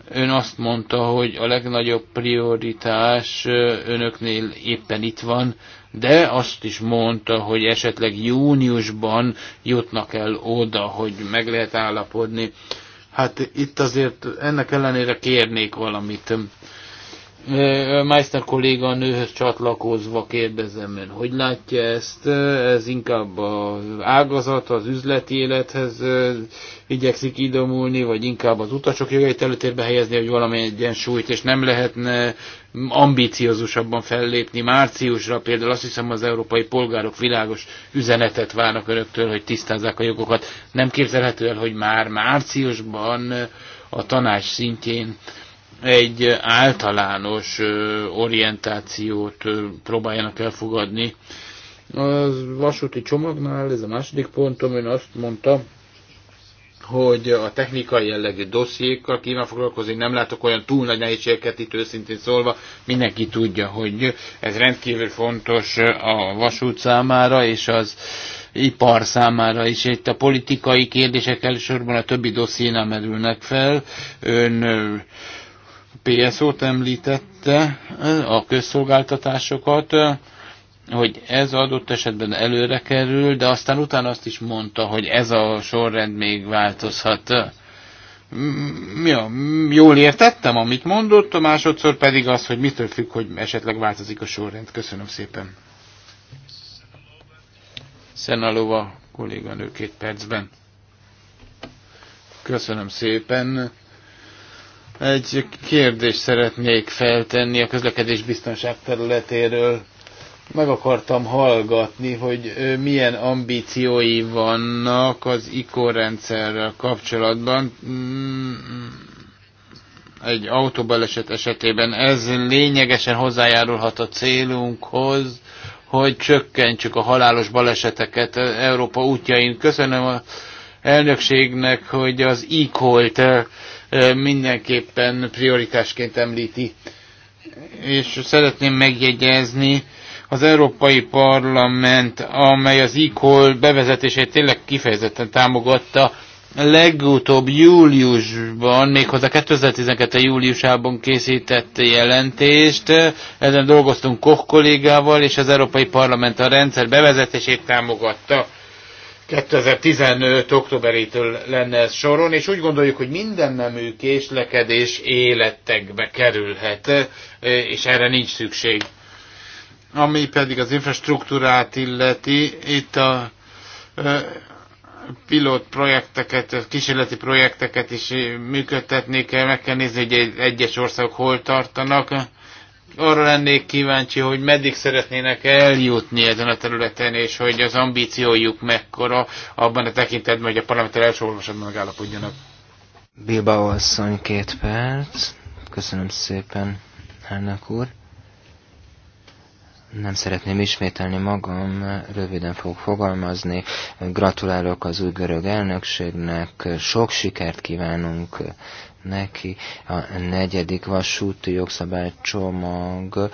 ön azt mondta, hogy a legnagyobb prioritás önöknél éppen itt van, de azt is mondta, hogy esetleg júniusban jutnak el oda, hogy meg lehet állapodni. Hát itt azért ennek ellenére kérnék valamit. Meister kolléga a nőhöz csatlakozva kérdezem ön, hogy látja ezt, ez inkább az ágazat, az üzleti élethez igyekszik idomulni, vagy inkább az utasok jogait előtérbe helyezni, hogy valami egyensúlyt, és nem lehetne ambíciózusabban fellépni. Márciusra például azt hiszem az európai polgárok világos üzenetet várnak önöktől, hogy tisztázzák a jogokat. Nem képzelhető el, hogy már márciusban a tanács szintjén egy általános orientációt próbáljanak elfogadni. A vasúti csomagnál, ez a második pontom, én azt mondtam, hogy a technikai jellegű dossziékkal kíván foglalkozni, nem látok olyan túl nagy nehézségeket itt őszintén szólva, mindenki tudja, hogy ez rendkívül fontos a vasút számára, és az ipar számára is. Itt a politikai kérdések elsősorban a többi dossziénál merülnek fel. Ön PSO-t említette, a közszolgáltatásokat, hogy ez adott esetben előre kerül, de aztán utána azt is mondta, hogy ez a sorrend még változhat. Ja, jól értettem, amit mondott, a másodszor pedig az, hogy mitől függ, hogy esetleg változik a sorrend. Köszönöm szépen. Szenalova kolléganő két percben. Köszönöm szépen. Egy kérdést szeretnék feltenni a közlekedés biztonság területéről. Meg akartam hallgatni, hogy milyen ambíciói vannak az ICO rendszerrel kapcsolatban. Mm, egy autóbaleset esetében ez lényegesen hozzájárulhat a célunkhoz, hogy csökkentsük a halálos baleseteket Európa útjain. Köszönöm a elnökségnek, hogy az ICO-t mindenképpen prioritásként említi. És szeretném megjegyezni, az Európai Parlament, amely az e bevezetését tényleg kifejezetten támogatta, legutóbb júliusban, méghozzá 2012. júliusában készített jelentést. Ezen dolgoztunk Koch kollégával, és az Európai Parlament a rendszer bevezetését támogatta. 2015. októberétől lenne ez soron, és úgy gondoljuk, hogy minden nemű késlekedés életekbe kerülhet, és erre nincs szükség. Ami pedig az infrastruktúrát illeti, itt a pilot projekteket, kísérleti projekteket is működtetni kell, meg kell nézni, hogy egyes országok hol tartanak arra lennék kíváncsi, hogy meddig szeretnének eljutni ezen a területen, és hogy az ambíciójuk mekkora abban a tekintetben, hogy a parlamenter első olvasatban megállapodjanak. Bilbao asszony, két perc. Köszönöm szépen, elnök úr. Nem szeretném ismételni magam, röviden fogok fogalmazni. Gratulálok az új görög elnökségnek, sok sikert kívánunk neki. A negyedik vasúti jogszabálycsomag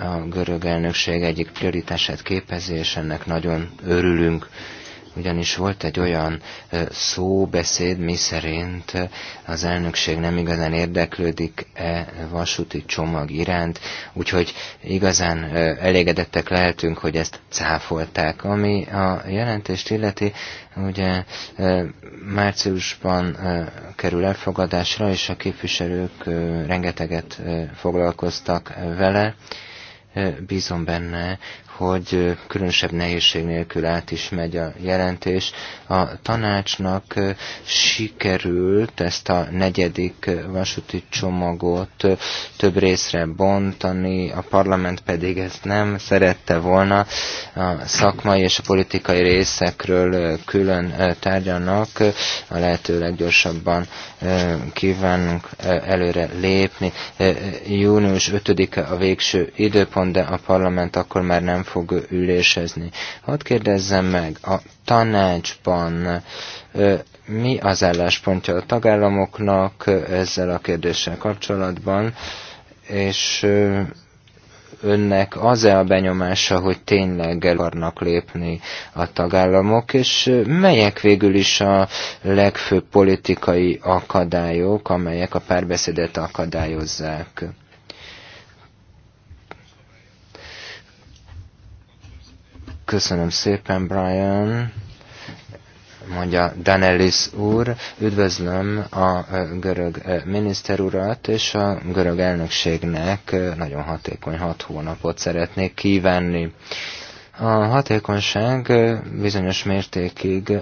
a görög elnökség egyik prioritását képezi, és ennek nagyon örülünk ugyanis volt egy olyan szóbeszéd, mi szerint az elnökség nem igazán érdeklődik-e vasúti csomag iránt, úgyhogy igazán elégedettek lehetünk, hogy ezt cáfolták. Ami a jelentést illeti, ugye márciusban kerül elfogadásra, és a képviselők rengeteget foglalkoztak vele, bízom benne, hogy különösebb nehézség nélkül át is megy a jelentés. A tanácsnak sikerült ezt a negyedik vasúti csomagot több részre bontani, a parlament pedig ezt nem szerette volna. A szakmai és a politikai részekről külön tárgyalnak, a lehető leggyorsabban kívánunk előre lépni. Június 5-e a végső időpont, de a parlament akkor már nem fog ülésezni. Hadd kérdezzem meg, a tanácsban mi az álláspontja a tagállamoknak ezzel a kérdéssel kapcsolatban, és önnek az-e a benyomása, hogy tényleg el akarnak lépni a tagállamok, és melyek végül is a legfőbb politikai akadályok, amelyek a párbeszédet akadályozzák? Köszönöm szépen, Brian, mondja Danelis úr. Üdvözlöm a görög miniszter urat, és a görög elnökségnek nagyon hatékony hat hónapot szeretnék kívánni. A hatékonyság bizonyos mértékig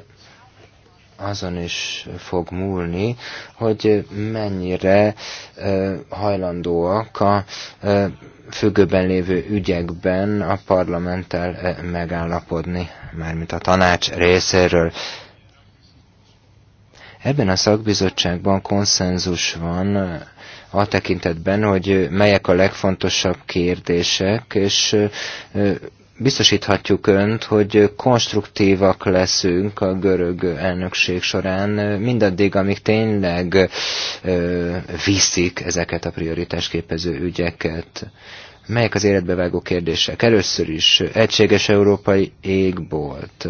azon is fog múlni, hogy mennyire hajlandóak a függőben lévő ügyekben a parlamenttel megállapodni, mármint a tanács részéről. Ebben a szakbizottságban konszenzus van a tekintetben, hogy melyek a legfontosabb kérdések, és biztosíthatjuk önt, hogy konstruktívak leszünk a görög elnökség során, mindaddig, amíg tényleg viszik ezeket a prioritásképező ügyeket. Melyek az életbevágó kérdések? Először is egységes európai égbolt.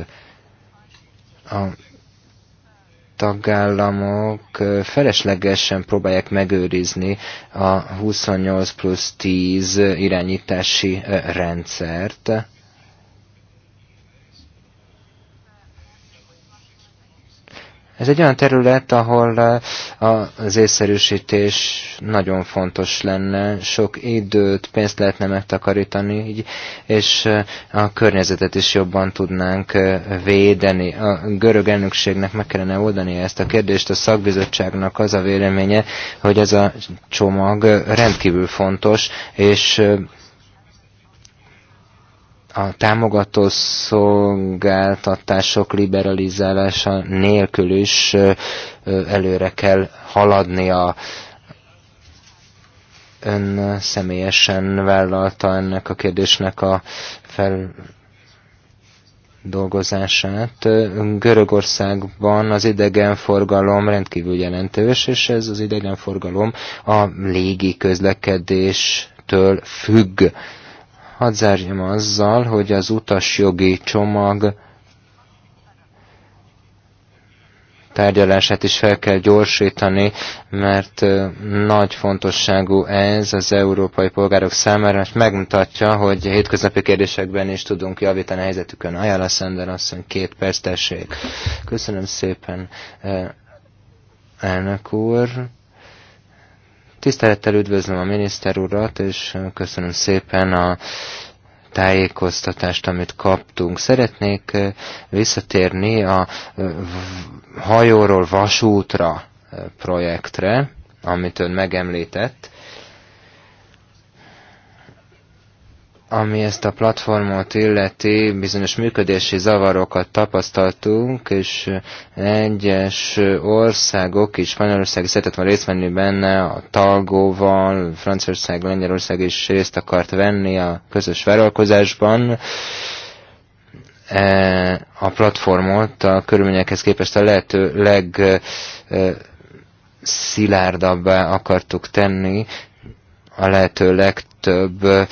A tagállamok feleslegesen próbálják megőrizni a 28 plusz 10 irányítási rendszert, Ez egy olyan terület, ahol eh, az észszerűsítés nagyon fontos lenne, sok időt, pénzt lehetne megtakarítani, így, és eh, a környezetet is jobban tudnánk eh, védeni. A görög elnökségnek meg kellene oldani ezt a kérdést, a szakbizottságnak az a véleménye, hogy ez a csomag rendkívül fontos, és a támogató szolgáltatások liberalizálása nélkül is előre kell haladni a ön személyesen vállalta ennek a kérdésnek a fel, dolgozását. Görögországban az idegenforgalom rendkívül jelentős, és ez az idegenforgalom a légi közlekedéstől függ. Hadd zárjam azzal, hogy az utasjogi csomag tárgyalását is fel kell gyorsítani, mert nagy fontosságú ez az európai polgárok számára, és megmutatja, hogy hétköznapi kérdésekben is tudunk javítani a helyzetükön. Ajala Szender asszony, két perc tessék. Köszönöm szépen, elnök úr. Tisztelettel üdvözlöm a miniszter urat, és köszönöm szépen a tájékoztatást, amit kaptunk. Szeretnék visszatérni a hajóról vasútra projektre, amit ön megemlített. Ami ezt a platformot illeti, bizonyos működési zavarokat tapasztaltunk, és egyes országok is, Spanyolország szeretett volna részt venni benne, a Talgóval, Franciaország, Lengyelország is részt akart venni a közös vállalkozásban e, a platformot a körülményekhez képest a lehető legszilárdabbá e, akartuk tenni, a lehető legtöbb e,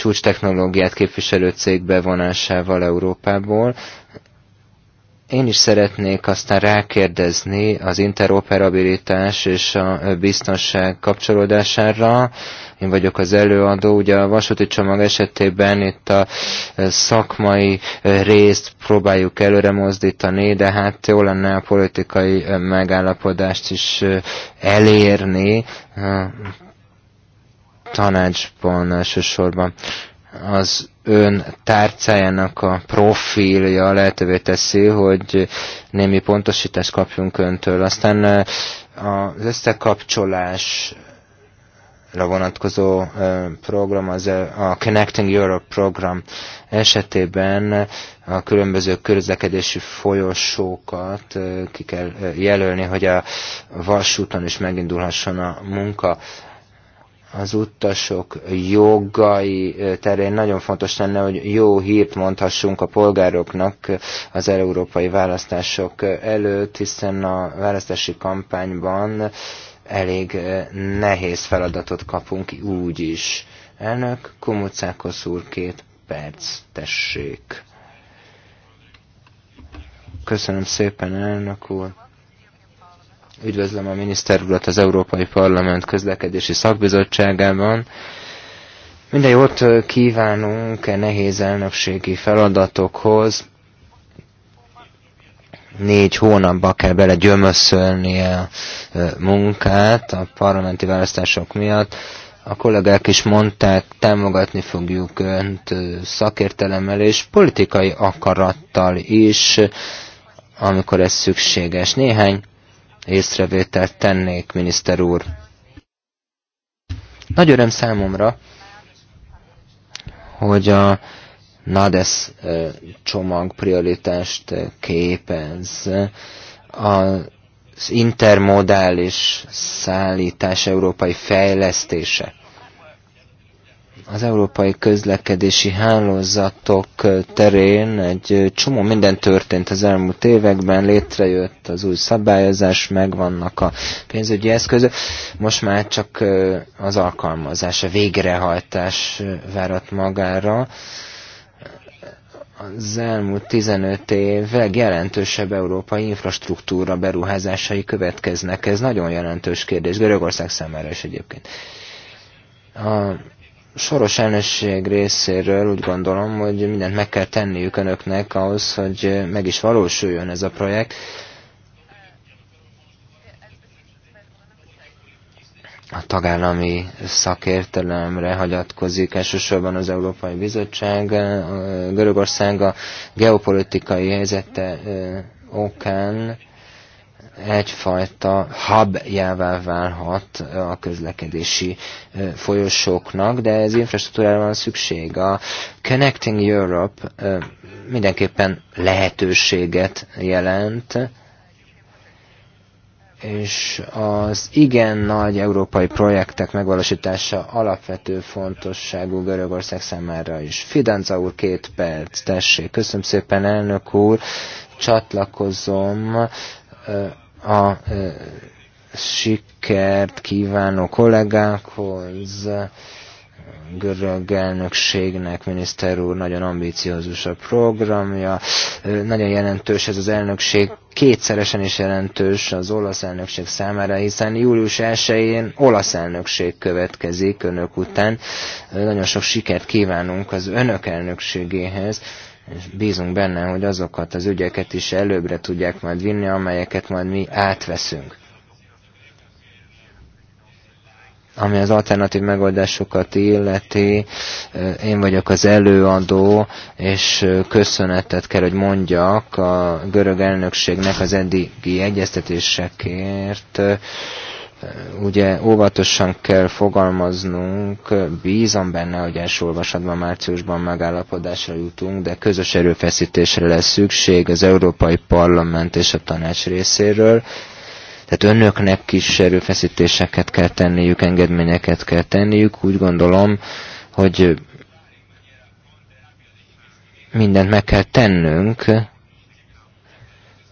csúcs technológiát képviselő cég bevonásával Európából. Én is szeretnék aztán rákérdezni az interoperabilitás és a biztonság kapcsolódására. Én vagyok az előadó, ugye a vasúti csomag esetében itt a szakmai részt próbáljuk előre mozdítani, de hát jó lenne a politikai megállapodást is elérni tanácsban elsősorban az ön tárcájának a profilja lehetővé teszi, hogy némi pontosítást kapjunk öntől. Aztán eh, az összekapcsolás vonatkozó eh, program, az eh, a Connecting Europe program esetében a különböző közlekedési folyosókat ki kell jelölni, hogy a vasúton is megindulhasson a munka az utasok jogai terén nagyon fontos lenne, hogy jó hírt mondhassunk a polgároknak az európai választások előtt, hiszen a választási kampányban elég nehéz feladatot kapunk úgy is. Elnök Komucákos úr két perc, tessék. Köszönöm szépen, elnök úr. Üdvözlöm a miniszter urat az Európai Parlament közlekedési szakbizottságában. Minden jót kívánunk -e nehéz elnökségi feladatokhoz. Négy hónapba kell bele gyömöszölni a munkát a parlamenti választások miatt. A kollégák is mondták, támogatni fogjuk önt szakértelemmel és politikai akarattal is, amikor ez szükséges. Néhány észrevételt tennék, miniszter úr. Nagy öröm számomra, hogy a NADES csomag prioritást képez. Az intermodális szállítás európai fejlesztése az európai közlekedési hálózatok terén egy csomó minden történt az elmúlt években, létrejött az új szabályozás, megvannak a pénzügyi eszközök, most már csak az alkalmazás, a végrehajtás várat magára. Az elmúlt 15 év legjelentősebb európai infrastruktúra beruházásai következnek. Ez nagyon jelentős kérdés Görögország számára is egyébként. A soros elnökség részéről úgy gondolom, hogy mindent meg kell tenniük önöknek ahhoz, hogy meg is valósuljon ez a projekt. A tagállami szakértelemre hagyatkozik elsősorban az Európai Bizottság. A Görögország a geopolitikai helyzete okán egyfajta jelvá válhat a közlekedési folyosóknak, de ez infrastruktúrára van szükség. A Connecting Europe mindenképpen lehetőséget jelent, és az igen nagy európai projektek megvalósítása alapvető fontosságú Görögország számára is. Fidanza úr, két perc, tessék. Köszönöm szépen, elnök úr. Csatlakozom a sikert kívánó kollégákhoz, görög elnökségnek, miniszter úr, nagyon ambiciózus a programja, nagyon jelentős ez az elnökség, kétszeresen is jelentős az olasz elnökség számára, hiszen július 1-én olasz elnökség következik önök után. Nagyon sok sikert kívánunk az önök elnökségéhez, és bízunk benne, hogy azokat az ügyeket is előbbre tudják majd vinni, amelyeket majd mi átveszünk. Ami az alternatív megoldásokat illeti, én vagyok az előadó, és köszönetet kell, hogy mondjak a görög elnökségnek az eddigi egyeztetésekért Ugye óvatosan kell fogalmaznunk, bízom benne, hogy első olvasatban márciusban megállapodásra jutunk, de közös erőfeszítésre lesz szükség az Európai Parlament és a tanács részéről. Tehát önöknek kis erőfeszítéseket kell tenniük, engedményeket kell tenniük. Úgy gondolom, hogy mindent meg kell tennünk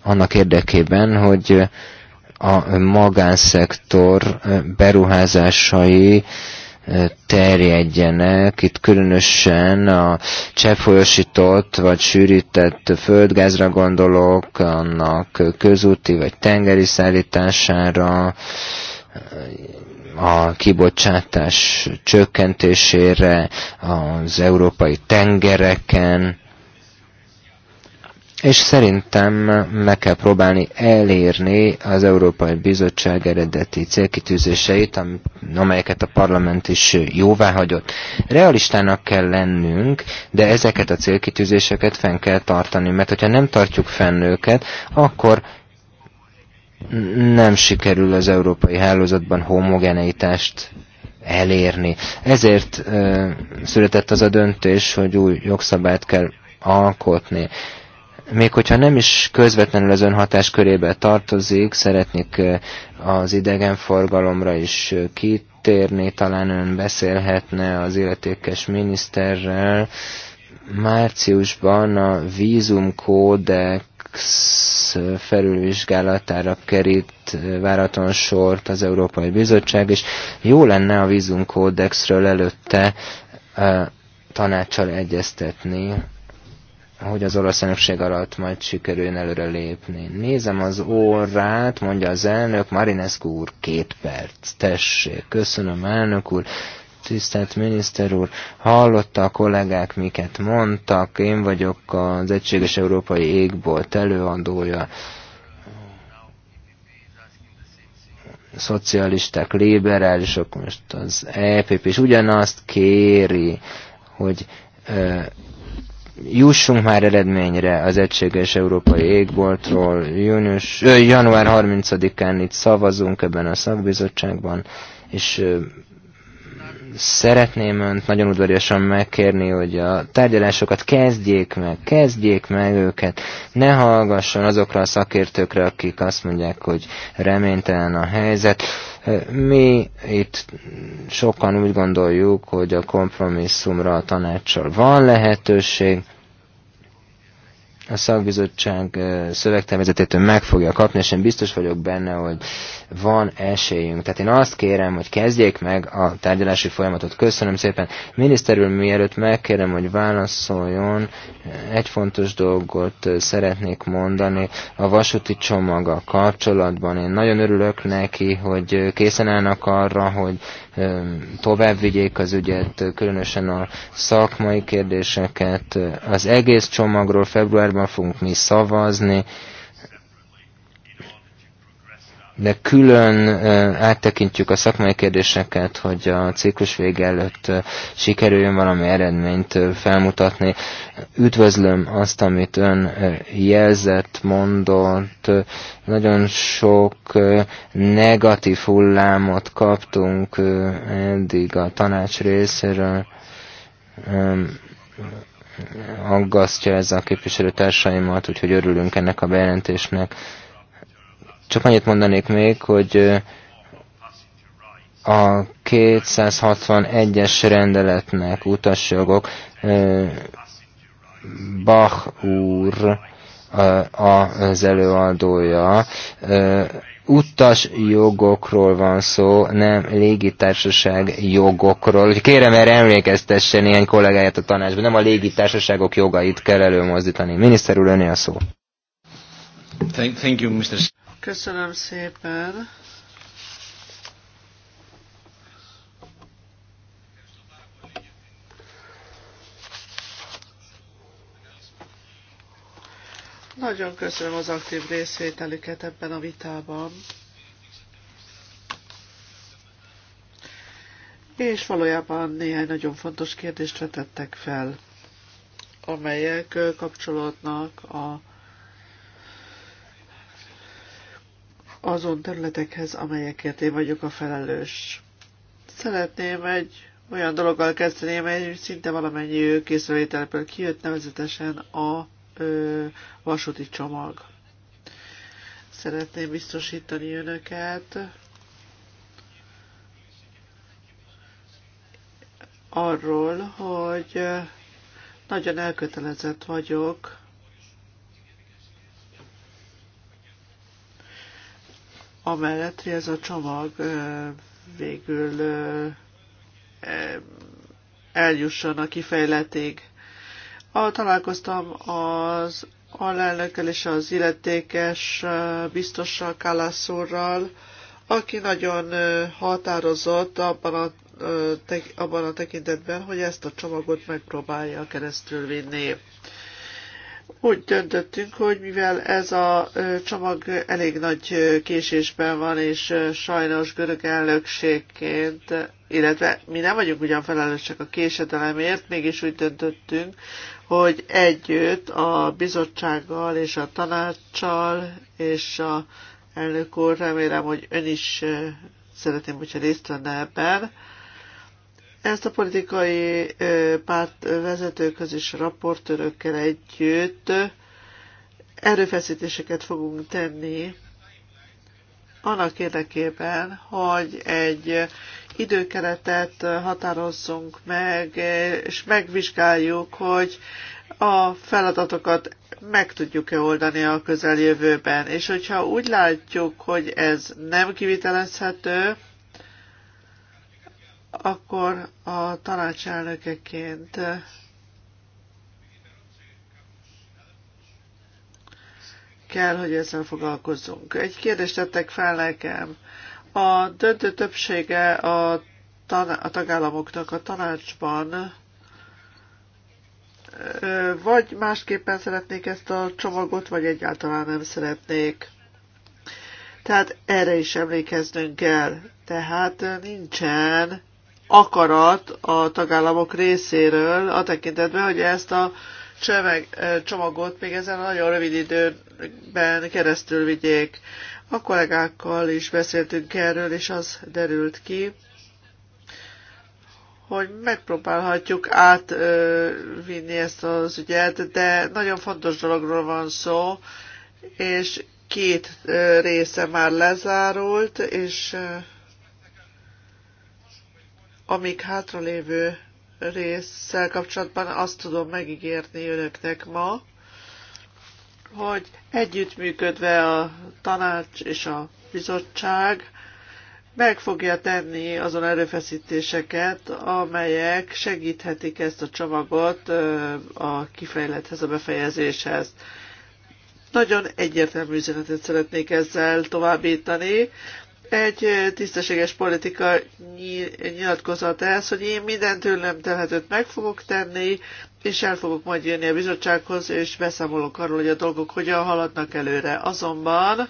annak érdekében, hogy a magánszektor eh, beruházásai eh, terjedjenek. Itt különösen a cseppfolyósított vagy sűrített földgázra gondolok, annak közúti vagy tengeri szállítására, eh, a kibocsátás csökkentésére az európai tengereken, és szerintem meg kell próbálni elérni az Európai Bizottság eredeti célkitűzéseit, amelyeket a parlament is jóvá hagyott. Realistának kell lennünk, de ezeket a célkitűzéseket fenn kell tartani, mert hogyha nem tartjuk fenn őket, akkor nem sikerül az európai hálózatban homogeneitást elérni. Ezért ö, született az a döntés, hogy új jogszabályt kell alkotni. Még hogyha nem is közvetlenül az önhatás körébe tartozik, szeretnék az idegenforgalomra is kitérni, talán ön beszélhetne az illetékes miniszterrel. Márciusban a vízumkódex felülvizsgálatára került váraton sort az Európai Bizottság, és jó lenne a vízumkódexről előtte tanácsal egyeztetni hogy az orosz elnökség alatt majd sikerüljön előre lépni. Nézem az órát, mondja az elnök, Marinescu úr, két perc, tessék, köszönöm elnök úr, tisztelt miniszter úr, hallotta a kollégák, miket mondtak, én vagyok az Egységes Európai Égbolt előadója, szocialisták, liberálisok, most az EPP is ugyanazt kéri, hogy jussunk már eredményre az Egységes Európai Égboltról. Június, ö, január 30-án itt szavazunk ebben a szakbizottságban, és ö, szeretném önt nagyon udvariasan megkérni, hogy a tárgyalásokat kezdjék meg, kezdjék meg őket, ne hallgasson azokra a szakértőkre, akik azt mondják, hogy reménytelen a helyzet. Mi itt sokan úgy gondoljuk, hogy a kompromisszumra a tanácssal van lehetőség, a szakbizottság szövegtervezetétől meg fogja kapni, és én biztos vagyok benne, hogy van esélyünk. Tehát én azt kérem, hogy kezdjék meg a tárgyalási folyamatot. Köszönöm szépen. Miniszter úr, mielőtt megkérem, hogy válaszoljon, egy fontos dolgot szeretnék mondani. A vasúti csomaga kapcsolatban én nagyon örülök neki, hogy készen állnak arra, hogy tovább vigyék az ügyet, különösen a szakmai kérdéseket. Az egész csomagról februárban fogunk mi szavazni, de külön áttekintjük a szakmai kérdéseket, hogy a ciklus vége előtt sikerüljön valami eredményt felmutatni. Üdvözlöm azt, amit ön jelzett, mondott. Nagyon sok negatív hullámot kaptunk eddig a tanács részéről aggasztja ez a képviselőtársaimat, úgyhogy örülünk ennek a bejelentésnek. Csak annyit mondanék még, hogy a 261-es rendeletnek utasjogok Bach úr az előadója. Utas jogokról van szó, nem légitársaság jogokról. Úgyhogy kérem erre emlékeztessen néhány kollégáját a tanácsban. Nem a légitársaságok jogait kell előmozdítani. Miniszter úr, öné a szó. Thank, thank you, Mr. Köszönöm szépen. Nagyon köszönöm az aktív részvételüket ebben a vitában. És valójában néhány nagyon fontos kérdést vetettek fel, amelyek kapcsolódnak a azon területekhez, amelyekért én vagyok a felelős. Szeretném egy olyan dologgal kezdeni, amely szinte valamennyi készülételből kijött, nevezetesen a ö, vasúti csomag. Szeretném biztosítani önöket arról, hogy nagyon elkötelezett vagyok amellett, hogy ez a csomag végül e, eljusson a kifejletig. A, találkoztam az alelnökkel és az illetékes biztossal, Kálász aki nagyon határozott abban a, abban a tekintetben, hogy ezt a csomagot megpróbálja keresztül vinni úgy döntöttünk, hogy mivel ez a csomag elég nagy késésben van, és sajnos görög elnökségként, illetve mi nem vagyunk ugyan felelősek a késedelemért, mégis úgy döntöttünk, hogy együtt a bizottsággal és a tanácssal és a elnök úr, remélem, hogy ön is szeretném, hogyha részt venne ebben, ezt a politikai párt vezetőkhöz és raportőrökkel együtt erőfeszítéseket fogunk tenni annak érdekében, hogy egy időkeretet határozzunk meg, és megvizsgáljuk, hogy a feladatokat meg tudjuk-e oldani a közeljövőben. És hogyha úgy látjuk, hogy ez nem kivitelezhető, akkor a tanácselnökeként kell, hogy ezzel foglalkozzunk. Egy kérdést tettek fel nekem. A döntő többsége a, tan- a tagállamoknak a tanácsban vagy másképpen szeretnék ezt a csomagot, vagy egyáltalán nem szeretnék. Tehát erre is emlékeznünk kell. Tehát nincsen akarat a tagállamok részéről a tekintetben, hogy ezt a csöveg, csomagot még ezen a nagyon rövid időben keresztül vigyék. A kollégákkal is beszéltünk erről, és az derült ki, hogy megpróbálhatjuk átvinni ezt az ügyet, de nagyon fontos dologról van szó, és két része már lezárult, és amíg hátralévő résszel kapcsolatban azt tudom megígérni önöknek ma, hogy együttműködve a tanács és a bizottság meg fogja tenni azon erőfeszítéseket, amelyek segíthetik ezt a csomagot a kifejlethez, a befejezéshez. Nagyon egyértelmű üzenetet szeretnék ezzel továbbítani egy tisztességes politika nyilatkozat ez, hogy én minden tőlem telhetőt meg fogok tenni, és el fogok majd jönni a bizottsághoz, és beszámolok arról, hogy a dolgok hogyan haladnak előre. Azonban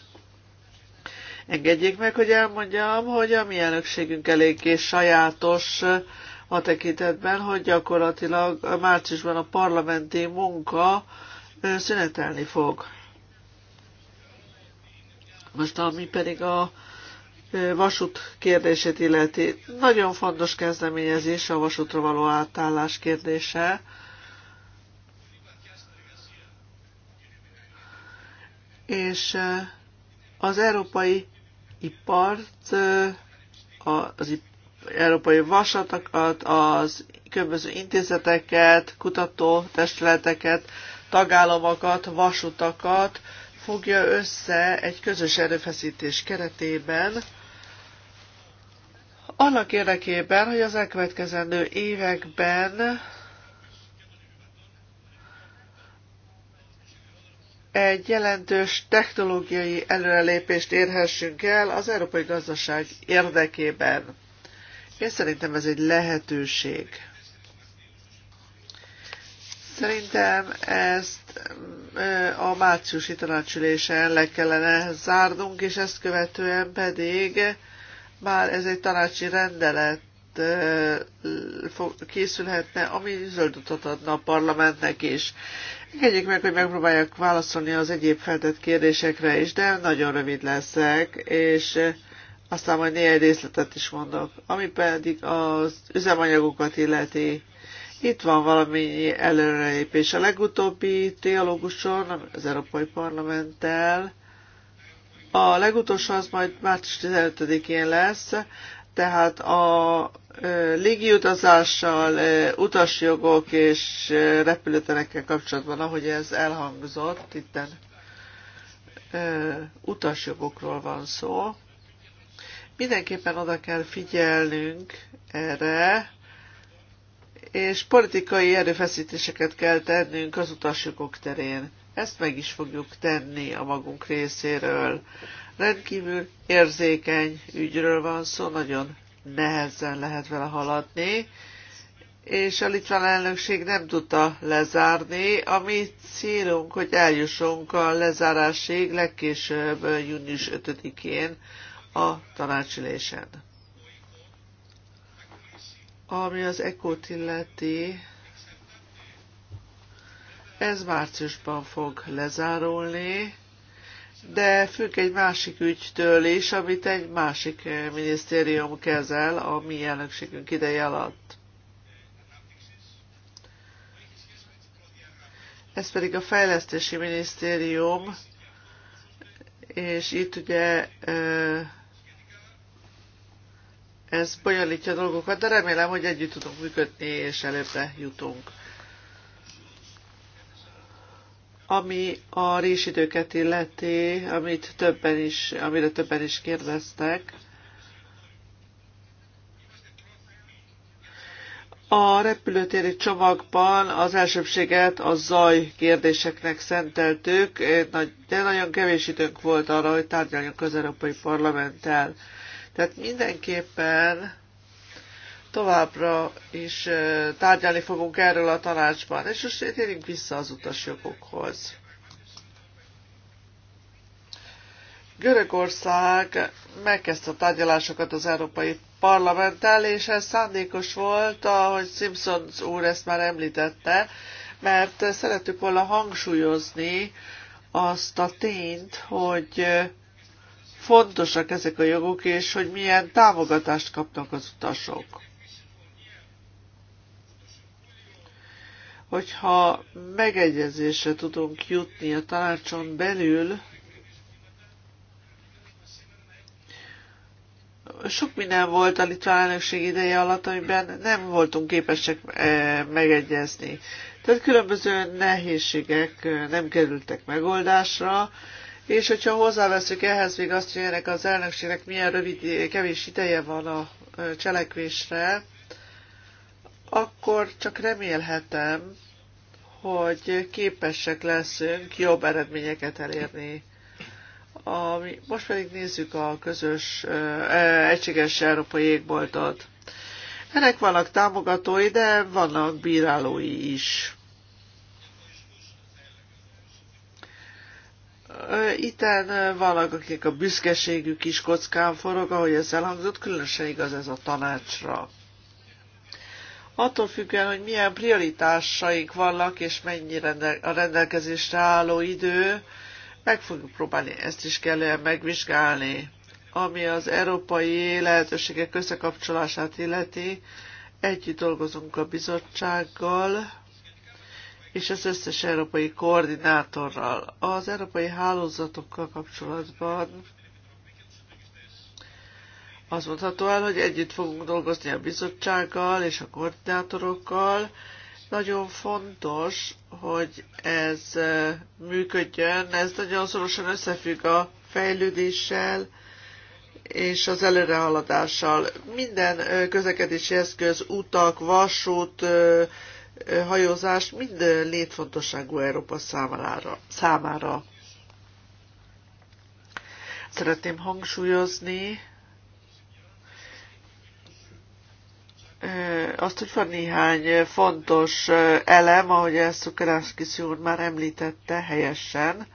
engedjék meg, hogy elmondjam, hogy a mi elnökségünk eléggé sajátos a tekintetben, hogy gyakorlatilag márciusban a parlamenti munka szünetelni fog. Most ami pedig a vasút kérdését illeti. Nagyon fontos kezdeményezés a vasútra való átállás kérdése. És az európai ipart, az európai vasatokat, az különböző intézeteket, kutató testületeket, tagállamokat, vasutakat fogja össze egy közös erőfeszítés keretében, annak érdekében, hogy az elkövetkezendő években egy jelentős technológiai előrelépést érhessünk el az európai gazdaság érdekében. Én szerintem ez egy lehetőség. Szerintem ezt a márciusi tanácsülésen le kellene zárnunk, és ezt követően pedig már ez egy tanácsi rendelet készülhetne, ami zöld utat adna a parlamentnek is. Engedjék meg, hogy megpróbáljak válaszolni az egyéb feltett kérdésekre is, de nagyon rövid leszek, és aztán majd néhány részletet is mondok. Ami pedig az üzemanyagokat illeti, itt van valami előrelépés. A legutóbbi dialóguson az Európai Parlamenttel a legutolsó az majd március 15-én lesz, tehát a légiutazással, utasjogok és repülőterekkel kapcsolatban, ahogy ez elhangzott, itten utasjogokról van szó. Mindenképpen oda kell figyelnünk erre, és politikai erőfeszítéseket kell tennünk az utasjogok terén. Ezt meg is fogjuk tenni a magunk részéről. Rendkívül érzékeny ügyről van szó, nagyon nehezen lehet vele haladni, és a litván elnökség nem tudta lezárni, ami célunk, hogy eljussunk a lezárásig legkésőbb június 5-én a tanácsülésen. Ami az ekót illeti, ez márciusban fog lezárulni, de függ egy másik ügytől is, amit egy másik minisztérium kezel a mi elnökségünk ideje alatt. Ez pedig a Fejlesztési Minisztérium, és itt ugye ez bonyolítja a dolgokat, de remélem, hogy együtt tudunk működni, és előbbre jutunk. Ami a résidőket illeti, amit többen is, amire többen is kérdeztek, A repülőtéri csomagban az elsőbséget a zaj kérdéseknek szenteltük, de nagyon kevés időnk volt arra, hogy tárgyaljunk az Európai Parlamenttel. Tehát mindenképpen továbbra is tárgyalni fogunk erről a tanácsban, és most térjünk vissza az utasjogokhoz. Görögország megkezdte a tárgyalásokat az Európai Parlamenttel, és ez szándékos volt, ahogy Simpson úr ezt már említette, mert szeretük volna hangsúlyozni azt a tényt, hogy fontosak ezek a jogok, és hogy milyen támogatást kapnak az utasok. hogyha megegyezésre tudunk jutni a tanácson belül, sok minden volt a litván elnökség ideje alatt, amiben nem voltunk képesek eh, megegyezni. Tehát különböző nehézségek eh, nem kerültek megoldásra, és hogyha hozzáveszünk ehhez még azt, hogy ennek az elnökségnek milyen rövid, kevés ideje van a eh, cselekvésre, akkor csak remélhetem, hogy képesek leszünk jobb eredményeket elérni. A, most pedig nézzük a közös e, egységes európai égboltot. Ennek vannak támogatói, de vannak bírálói is. Itten vannak, akik a büszkeségük is kockán forog, ahogy ez elhangzott, különösen igaz ez a tanácsra attól függően, hogy milyen prioritásaik vannak, és mennyi a rendelkezésre álló idő, meg fogjuk próbálni ezt is kellően megvizsgálni. Ami az európai lehetőségek összekapcsolását illeti, együtt dolgozunk a bizottsággal, és az összes európai koordinátorral. Az európai hálózatokkal kapcsolatban az mondható el, hogy együtt fogunk dolgozni a bizottsággal és a koordinátorokkal. Nagyon fontos, hogy ez működjön, ez nagyon szorosan összefügg a fejlődéssel és az előrehaladással. Minden közlekedési eszköz, utak, vasút, hajózás mind létfontosságú Európa számára. számára. Szeretném hangsúlyozni, azt, hogy van néhány fontos elem, ahogy ezt Szukeránszki úr már említette helyesen.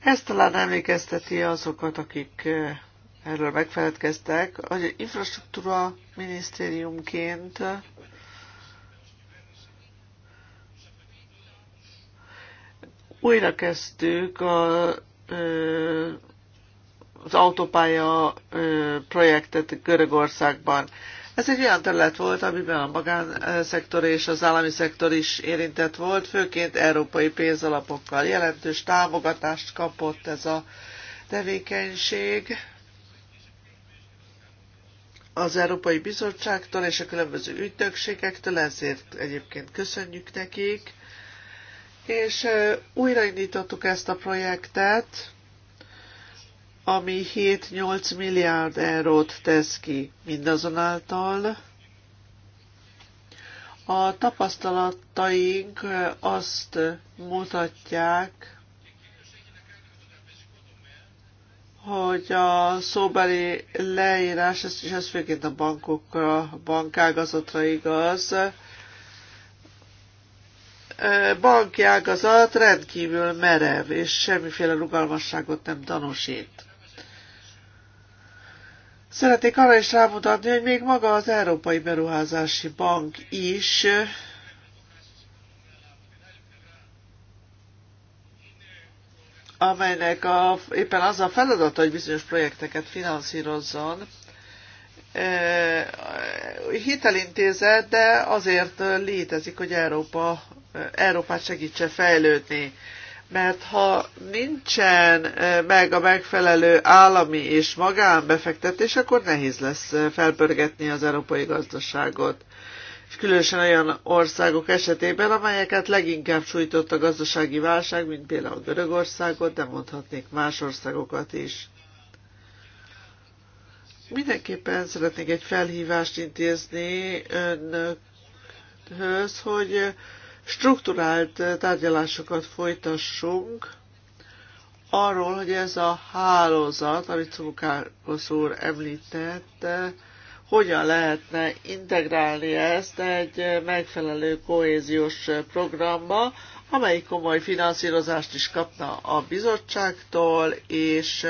Ez talán emlékezteti azokat, akik erről megfeledkeztek, hogy infrastruktúra minisztériumként újra kezdtük a az autópálya projektet Görögországban. Ez egy olyan terület volt, amiben a magánszektor és az állami szektor is érintett volt, főként európai pénzalapokkal jelentős támogatást kapott ez a tevékenység az Európai Bizottságtól és a különböző ügynökségektől, ezért egyébként köszönjük nekik. És újraindítottuk ezt a projektet, ami 7-8 milliárd eurót tesz ki. Mindazonáltal a tapasztalataink azt mutatják, hogy a szóbeli leírás, ez, is ez főként a bankokra, bankágazatra igaz, banki ágazat rendkívül merev, és semmiféle rugalmasságot nem tanúsít. Szeretnék arra is rámutatni, hogy még maga az Európai Beruházási Bank is amelynek a, éppen az a feladata, hogy bizonyos projekteket finanszírozzon, e, hitelintézet, de azért létezik, hogy Európa, Európát segítse fejlődni mert ha nincsen eh, meg a megfelelő állami és magánbefektetés, akkor nehéz lesz eh, felpörgetni az európai gazdaságot. És különösen olyan országok esetében, amelyeket leginkább sújtott a gazdasági válság, mint például Görögországot, de mondhatnék más országokat is. Mindenképpen szeretnék egy felhívást intézni önökhöz, hogy strukturált eh, tárgyalásokat folytassunk arról, hogy ez a hálózat, amit Szókákos úr említett, eh, hogyan lehetne integrálni ezt egy eh, megfelelő kohéziós programba, amely komoly finanszírozást is kapna a bizottságtól, és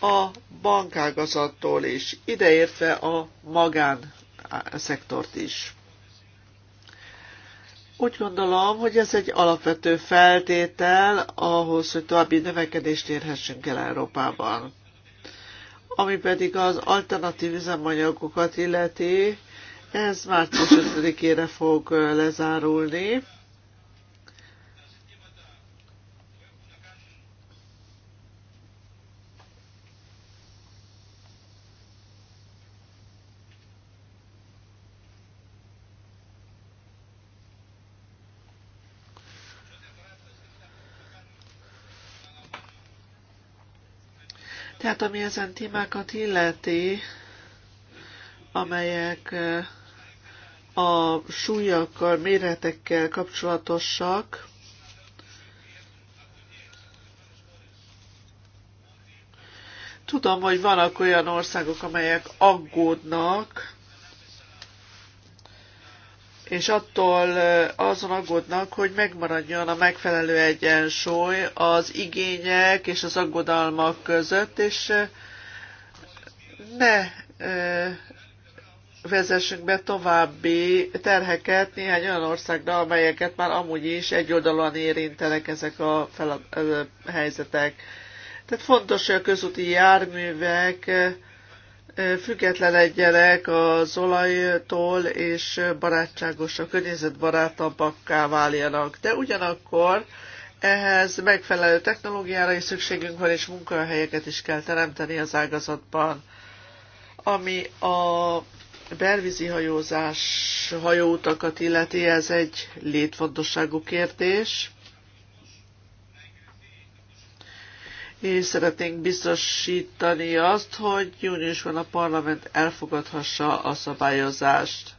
a bankágazattól is, ideértve a magánszektort is. Úgy gondolom, hogy ez egy alapvető feltétel ahhoz, hogy további növekedést érhessünk el Európában. Ami pedig az alternatív üzemanyagokat illeti, ez március 5-ére fog lezárulni. ami ezen témákat illeti, amelyek eh, a súlyakkal, méretekkel kapcsolatosak, Tudom, hogy vannak olyan országok, amelyek aggódnak, és attól azon aggódnak, hogy megmaradjon a megfelelő egyensúly az igények és az aggodalmak között, és ne vezessünk be további terheket néhány olyan országra, amelyeket már amúgy is egyoldalúan érintenek ezek a, helyzetek. Tehát fontos, hogy a közúti járművek független az olajtól, és barátságos a környezetbarátabbakká váljanak. De ugyanakkor ehhez megfelelő technológiára is szükségünk van, és munkahelyeket is kell teremteni az ágazatban. Ami a belvízi hajózás hajóutakat illeti, ez egy létfontosságú kérdés és szeretnénk biztosítani azt, hogy júniusban a parlament elfogadhassa a szabályozást.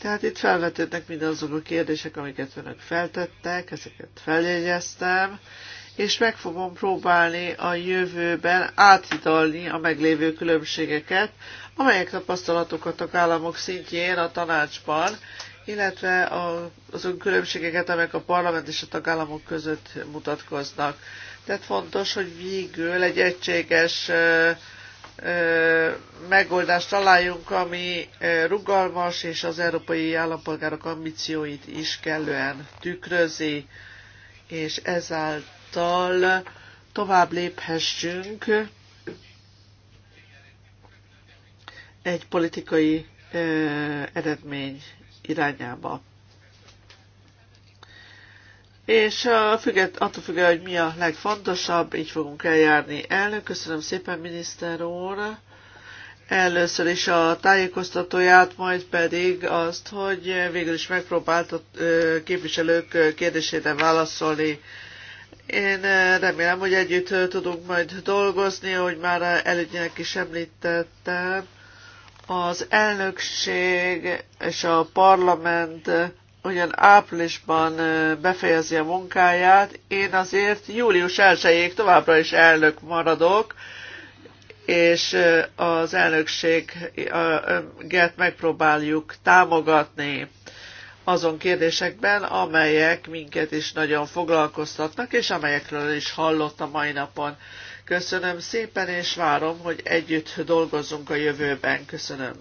Tehát itt felvetődnek mindazok a kérdések, amiket önök feltettek, ezeket feljegyeztem, és meg fogom próbálni a jövőben áthidalni a meglévő különbségeket, amelyek tapasztalatokat a államok szintjén a tanácsban, illetve azok különbségeket, amelyek a parlament és a tagállamok között mutatkoznak tehát fontos, hogy végül egy egységes megoldást találjunk, ami rugalmas, és az európai állampolgárok ambícióit is kellően tükrözi, és ezáltal tovább léphessünk egy politikai eredmény irányába és a függet, attól függően, hogy mi a legfontosabb, így fogunk eljárni. Elnök, köszönöm szépen, miniszter úr! Először is a tájékoztatóját, majd pedig azt, hogy végül is megpróbált a képviselők kérdésére válaszolni. Én remélem, hogy együtt tudunk majd dolgozni, hogy már elődjének is említettem. Az elnökség és a parlament ugyan áprilisban befejezi a munkáját, én azért július 1-ig továbbra is elnök maradok, és az elnökséget megpróbáljuk támogatni azon kérdésekben, amelyek minket is nagyon foglalkoztatnak, és amelyekről is hallott a mai napon. Köszönöm szépen, és várom, hogy együtt dolgozzunk a jövőben. Köszönöm.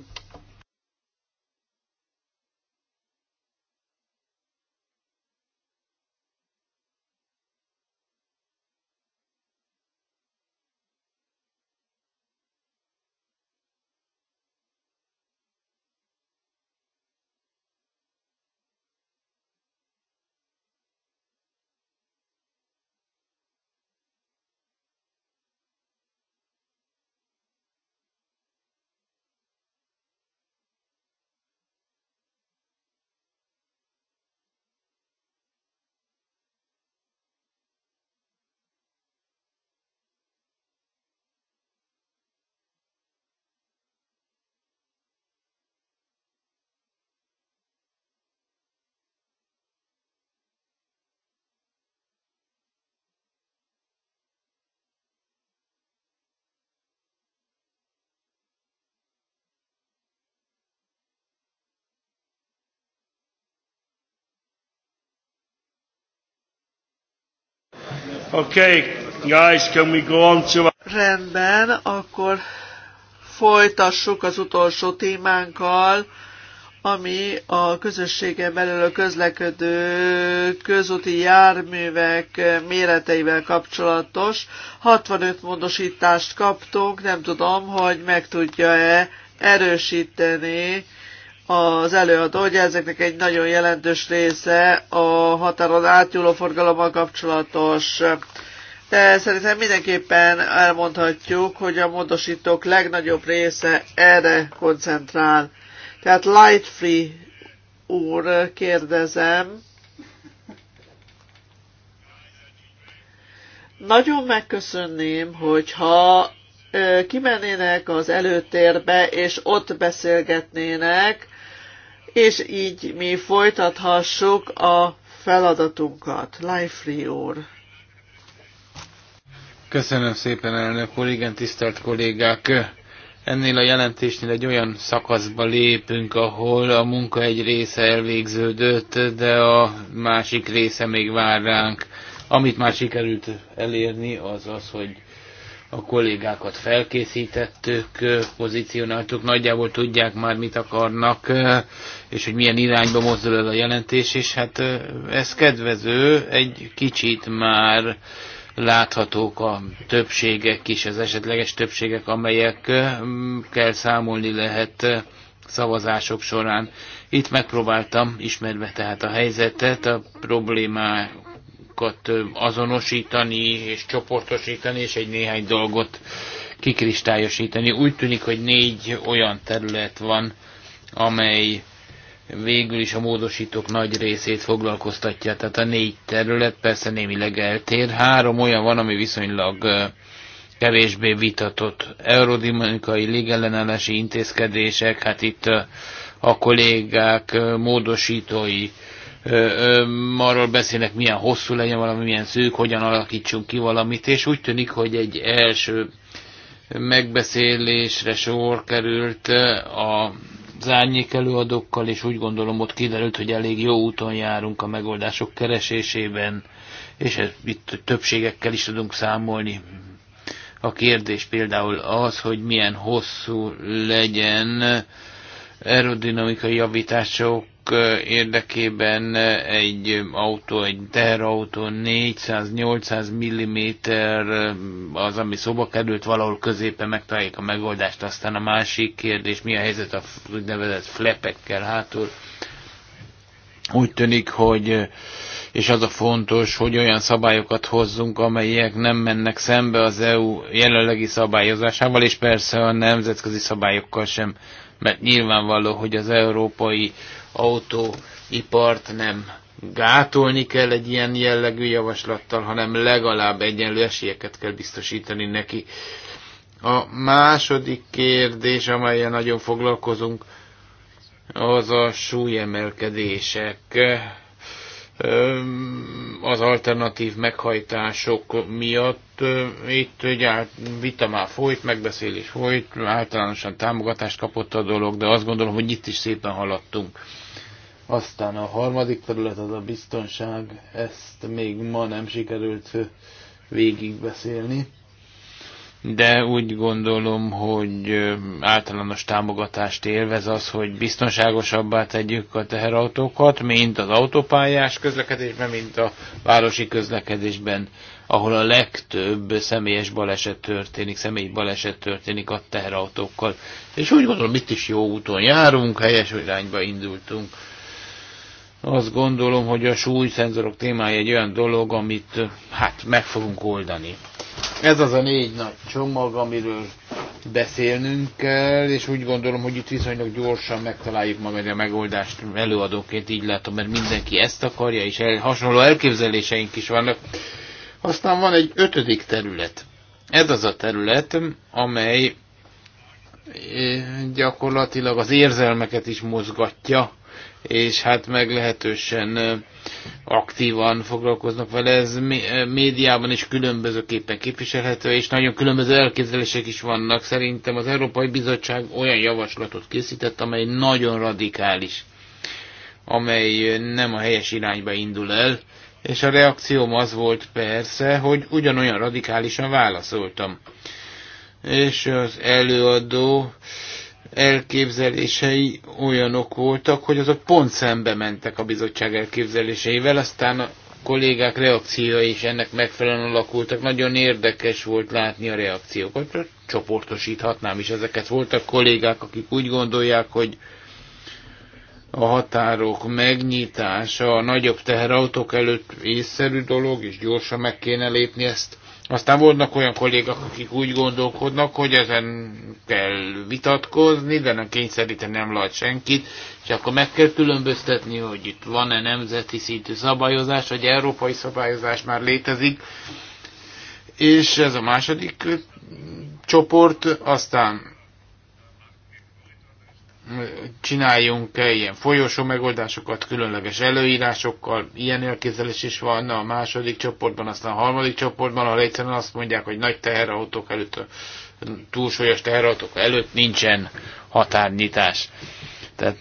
Okay, guys, can we go on to... Rendben, akkor folytassuk az utolsó témánkkal, ami a közösségen belül a közlekedő közúti járművek méreteivel kapcsolatos. 65 módosítást kaptunk, nem tudom, hogy meg tudja-e erősíteni az előadó, hogy ezeknek egy nagyon jelentős része a határon átjúló forgalommal kapcsolatos. De szerintem mindenképpen elmondhatjuk, hogy a módosítók legnagyobb része erre koncentrál. Tehát Lightfree úr, kérdezem. Nagyon megköszönném, hogyha kimennének az előtérbe, és ott beszélgetnének és így mi folytathassuk a feladatunkat. Life úr. Köszönöm szépen, elnök úr, igen, tisztelt kollégák! Ennél a jelentésnél egy olyan szakaszba lépünk, ahol a munka egy része elvégződött, de a másik része még vár ránk. Amit már sikerült elérni, az az, hogy a kollégákat felkészítettük, pozícionáltuk, nagyjából tudják már, mit akarnak, és hogy milyen irányba mozdul ez a jelentés, és hát ez kedvező, egy kicsit már láthatók a többségek is, az esetleges többségek, amelyek kell számolni lehet szavazások során. Itt megpróbáltam, ismerve tehát a helyzetet, a problémák dolgokat azonosítani és csoportosítani, és egy néhány dolgot kikristályosítani. Úgy tűnik, hogy négy olyan terület van, amely végül is a módosítók nagy részét foglalkoztatja. Tehát a négy terület persze némileg eltér. Három olyan van, ami viszonylag kevésbé vitatott. Eurodimonikai légellenállási intézkedések, hát itt a kollégák módosítói arról beszélnek, milyen hosszú legyen valami, milyen szűk, hogyan alakítsunk ki valamit, és úgy tűnik, hogy egy első megbeszélésre sor került a az árnyék előadókkal, és úgy gondolom ott kiderült, hogy elég jó úton járunk a megoldások keresésében, és itt többségekkel is tudunk számolni. A kérdés például az, hogy milyen hosszú legyen aerodinamikai javítások érdekében egy autó, egy teherautó 400-800 mm az, ami szoba került, valahol középen megtalálják a megoldást, aztán a másik kérdés, mi a helyzet a úgynevezett flepekkel hátul. Úgy tűnik, hogy és az a fontos, hogy olyan szabályokat hozzunk, amelyek nem mennek szembe az EU jelenlegi szabályozásával, és persze a nemzetközi szabályokkal sem, mert nyilvánvaló, hogy az európai autóipart nem gátolni kell egy ilyen jellegű javaslattal, hanem legalább egyenlő esélyeket kell biztosítani neki. A második kérdés, amelyen nagyon foglalkozunk, az a súlyemelkedések, az alternatív meghajtások miatt. Itt ugye vita már folyt, megbeszélés folyt, általánosan támogatást kapott a dolog, de azt gondolom, hogy itt is szépen haladtunk aztán a harmadik terület az a biztonság, ezt még ma nem sikerült végigbeszélni, de úgy gondolom, hogy általános támogatást élvez az, hogy biztonságosabbá tegyük a teherautókat, mint az autópályás közlekedésben, mint a városi közlekedésben, ahol a legtöbb személyes baleset történik, személyi baleset történik a teherautókkal. És úgy gondolom, itt is jó úton járunk, helyes irányba indultunk azt gondolom, hogy a súlyszenzorok témája egy olyan dolog, amit hát meg fogunk oldani. Ez az a négy nagy csomag, amiről beszélnünk kell, és úgy gondolom, hogy itt viszonylag gyorsan megtaláljuk ma meg a megoldást előadóként, így látom, mert mindenki ezt akarja, és el, hasonló elképzeléseink is vannak. Aztán van egy ötödik terület. Ez az a terület, amely eh, gyakorlatilag az érzelmeket is mozgatja, és hát meglehetősen aktívan foglalkoznak vele. Ez médiában is különbözőképpen képviselhető, és nagyon különböző elképzelések is vannak. Szerintem az Európai Bizottság olyan javaslatot készített, amely nagyon radikális, amely nem a helyes irányba indul el, és a reakcióm az volt persze, hogy ugyanolyan radikálisan válaszoltam. És az előadó elképzelései olyanok voltak, hogy azok pont szembe mentek a bizottság elképzeléseivel, aztán a kollégák reakciója is ennek megfelelően alakultak. Nagyon érdekes volt látni a reakciókat, csoportosíthatnám is ezeket. Voltak kollégák, akik úgy gondolják, hogy a határok megnyitása a nagyobb teherautók előtt észszerű dolog, és gyorsan meg kéne lépni ezt aztán vannak olyan kollégák, akik úgy gondolkodnak, hogy ezen kell vitatkozni, de nem kényszeríteni nem lehet senkit, és akkor meg kell különböztetni, hogy itt van-e nemzeti szintű szabályozás, vagy európai szabályozás már létezik. És ez a második csoport, aztán csináljunk-e ilyen folyosó megoldásokat, különleges előírásokkal, ilyen elképzelés is van a második csoportban, aztán a harmadik csoportban, ahol egyszerűen azt mondják, hogy nagy teherautók előtt, túlsúlyos teherautók előtt nincsen határnyitás. Tehát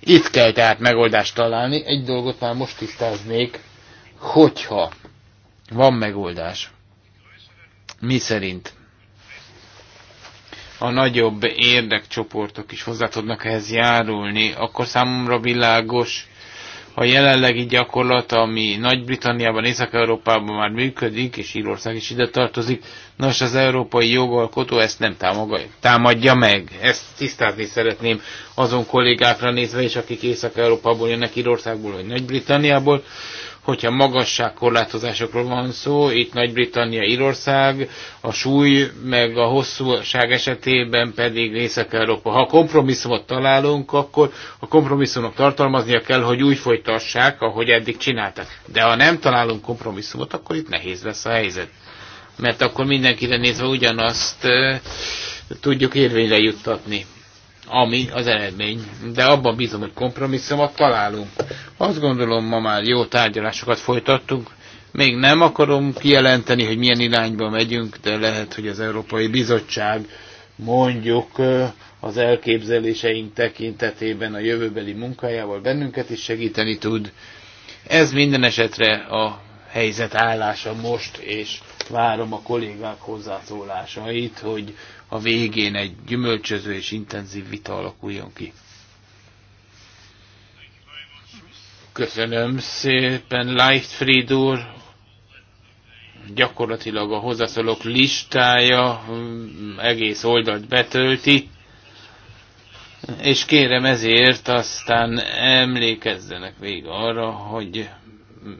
itt kell tehát megoldást találni. Egy dolgot már most tisztáznék, hogyha van megoldás, mi szerint a nagyobb érdekcsoportok is hozzá tudnak ehhez járulni, akkor számomra világos a jelenlegi gyakorlat, ami Nagy-Britanniában, Észak-Európában már működik, és Írország is ide tartozik, nos, az európai jogalkotó ezt nem támogatja, támadja meg. Ezt tisztázni szeretném azon kollégákra nézve is, akik Észak-Európából jönnek, Írországból vagy Nagy-Britanniából, hogyha magasságkorlátozásokról van szó, itt Nagy-Britannia, Írország, a súly, meg a hosszúság esetében pedig Észak-Európa. Ha kompromisszumot találunk, akkor a kompromisszumnak tartalmaznia kell, hogy úgy folytassák, ahogy eddig csináltak. De ha nem találunk kompromisszumot, akkor itt nehéz lesz a helyzet. Mert akkor mindenkire nézve ugyanazt eh, tudjuk érvényre juttatni ami az eredmény. De abban bízom, hogy kompromisszumot találunk. Azt gondolom, ma már jó tárgyalásokat folytattunk. Még nem akarom kijelenteni, hogy milyen irányba megyünk, de lehet, hogy az Európai Bizottság mondjuk az elképzeléseink tekintetében a jövőbeli munkájával bennünket is segíteni tud. Ez minden esetre a helyzet állása most, és várom a kollégák hozzászólásait, hogy a végén egy gyümölcsöző és intenzív vita alakuljon ki. Köszönöm szépen, Leichtfried úr. Gyakorlatilag a hozzászólók listája mm, egész oldalt betölti, és kérem ezért aztán emlékezzenek végig arra, hogy mm,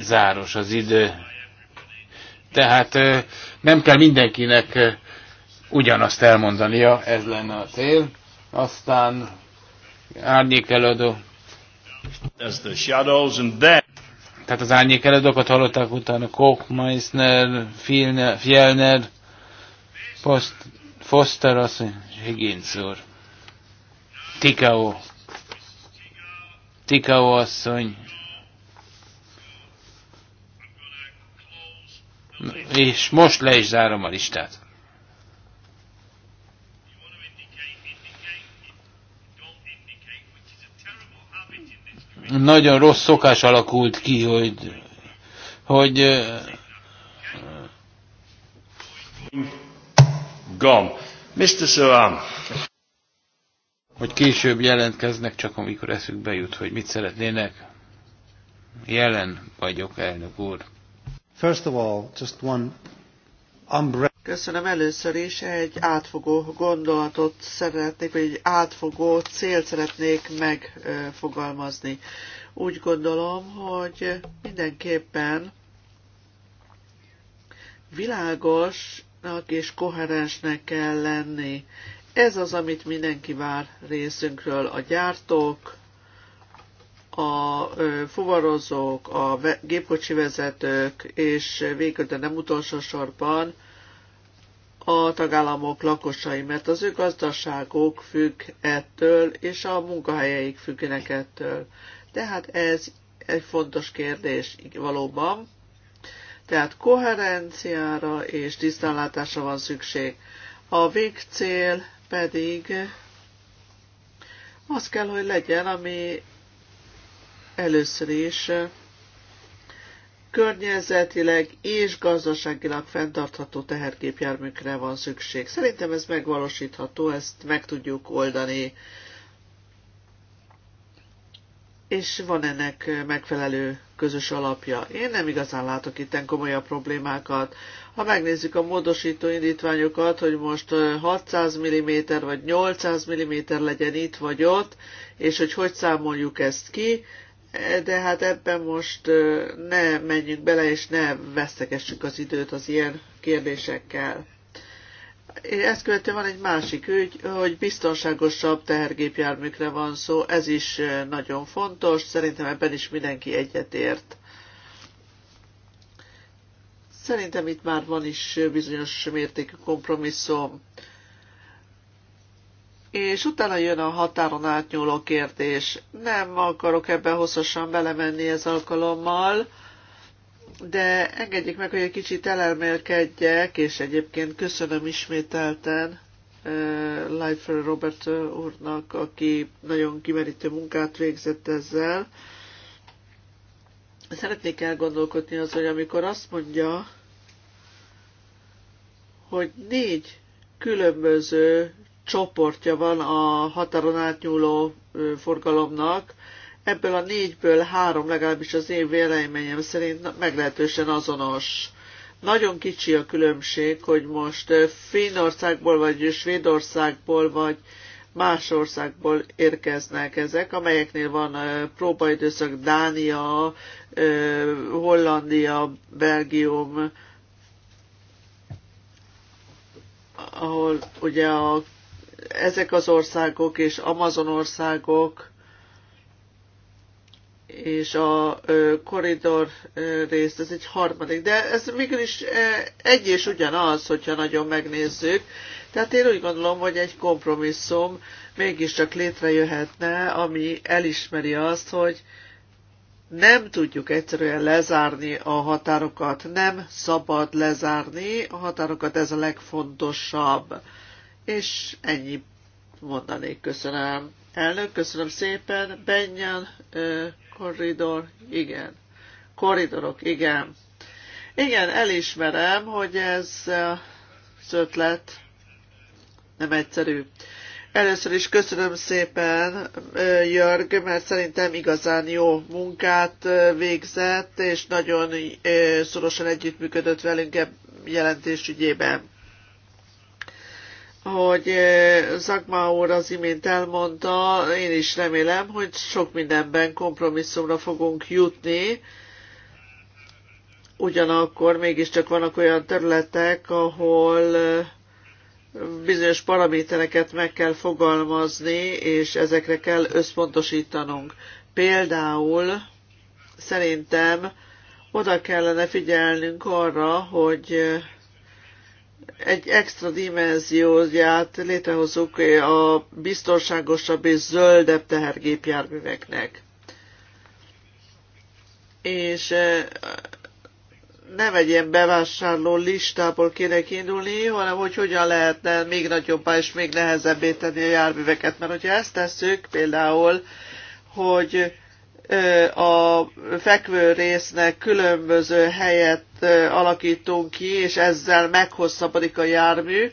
záros az idő. Tehát nem kell mindenkinek ugyanazt elmondania, ez lenne a cél. Aztán árnyék előadó. Tehát az árnyék előadókat hallották utána Koch, Meissner, Fjellner, Foster Higgins úr. Tikao. Tikao asszony. És most le is zárom a listát. nagyon rossz szokás alakult ki, hogy, hogy Gom. Mr. Soran. Hogy később jelentkeznek, csak amikor eszükbe jut, hogy mit szeretnének. Jelen vagyok, elnök úr. First of all, just one umbrella. Köszönöm először is. Egy átfogó gondolatot szeretnék, vagy egy átfogó célt szeretnék megfogalmazni. Úgy gondolom, hogy mindenképpen világosnak és koherensnek kell lenni. Ez az, amit mindenki vár részünkről. A gyártók, a fuvarozók, a gépkocsi vezetők, és végül, de nem utolsó sorban, a tagállamok lakosai, mert az ő gazdaságok függ ettől, és a munkahelyeik függnek ettől. Tehát ez egy fontos kérdés valóban. Tehát koherenciára és tisztánlátásra van szükség. A végcél pedig az kell, hogy legyen, ami először is környezetileg és gazdaságilag fenntartható tehergépjárműkre van szükség. Szerintem ez megvalósítható, ezt meg tudjuk oldani. És van ennek megfelelő közös alapja. Én nem igazán látok itt komolyabb problémákat. Ha megnézzük a módosító indítványokat, hogy most 600 mm vagy 800 mm legyen itt vagy ott, és hogy hogy számoljuk ezt ki, de hát ebben most ne menjünk bele, és ne vesztegessük az időt az ilyen kérdésekkel. Ezt követően van egy másik ügy, hogy biztonságosabb tehergépjárműkre van szó, ez is nagyon fontos, szerintem ebben is mindenki egyetért. Szerintem itt már van is bizonyos mértékű kompromisszum és utána jön a határon átnyúló kérdés. Nem akarok ebben hosszasan belemenni ez alkalommal, de engedjék meg, hogy egy kicsit elemelkedjek, és egyébként köszönöm ismételten Leifer Robert úrnak, aki nagyon kimerítő munkát végzett ezzel. Szeretnék elgondolkodni az, hogy amikor azt mondja, hogy négy különböző csoportja van a határon átnyúló forgalomnak. Ebből a négyből három, legalábbis az én véleményem szerint meglehetősen azonos. Nagyon kicsi a különbség, hogy most Finnországból, vagy Svédországból, vagy más országból érkeznek ezek, amelyeknél van próbaidőszak Dánia, Hollandia, Belgium, ahol ugye a ezek az országok és Amazon országok és a koridor részt, ez egy harmadik, de ez mégis egy és ugyanaz, hogyha nagyon megnézzük. Tehát én úgy gondolom, hogy egy kompromisszum mégiscsak létrejöhetne, ami elismeri azt, hogy nem tudjuk egyszerűen lezárni a határokat, nem szabad lezárni a határokat, ez a legfontosabb és ennyi mondanék. Köszönöm. Elnök, köszönöm szépen. Benyan, korridor, igen. Korridorok, igen. Igen, elismerem, hogy ez az ötlet nem egyszerű. Először is köszönöm szépen Jörg, mert szerintem igazán jó munkát végzett, és nagyon szorosan együttműködött velünk e- jelentés ügyében hogy eh, Zagma úr az imént elmondta, én is remélem, hogy sok mindenben kompromisszumra fogunk jutni, ugyanakkor mégiscsak vannak olyan területek, ahol eh, bizonyos paramétereket meg kell fogalmazni, és ezekre kell összpontosítanunk. Például szerintem oda kellene figyelnünk arra, hogy eh, egy extra dimenzióját létrehozunk a biztonságosabb és zöldebb tehergépjárműveknek. És e, nem egy ilyen bevásárló listából kéne indulni, hanem hogy hogyan lehetne még nagyobbá és még nehezebbé tenni a járműveket. Mert hogyha ezt tesszük, például, hogy a fekvő résznek különböző helyet alakítunk ki, és ezzel meghosszabbodik a jármű,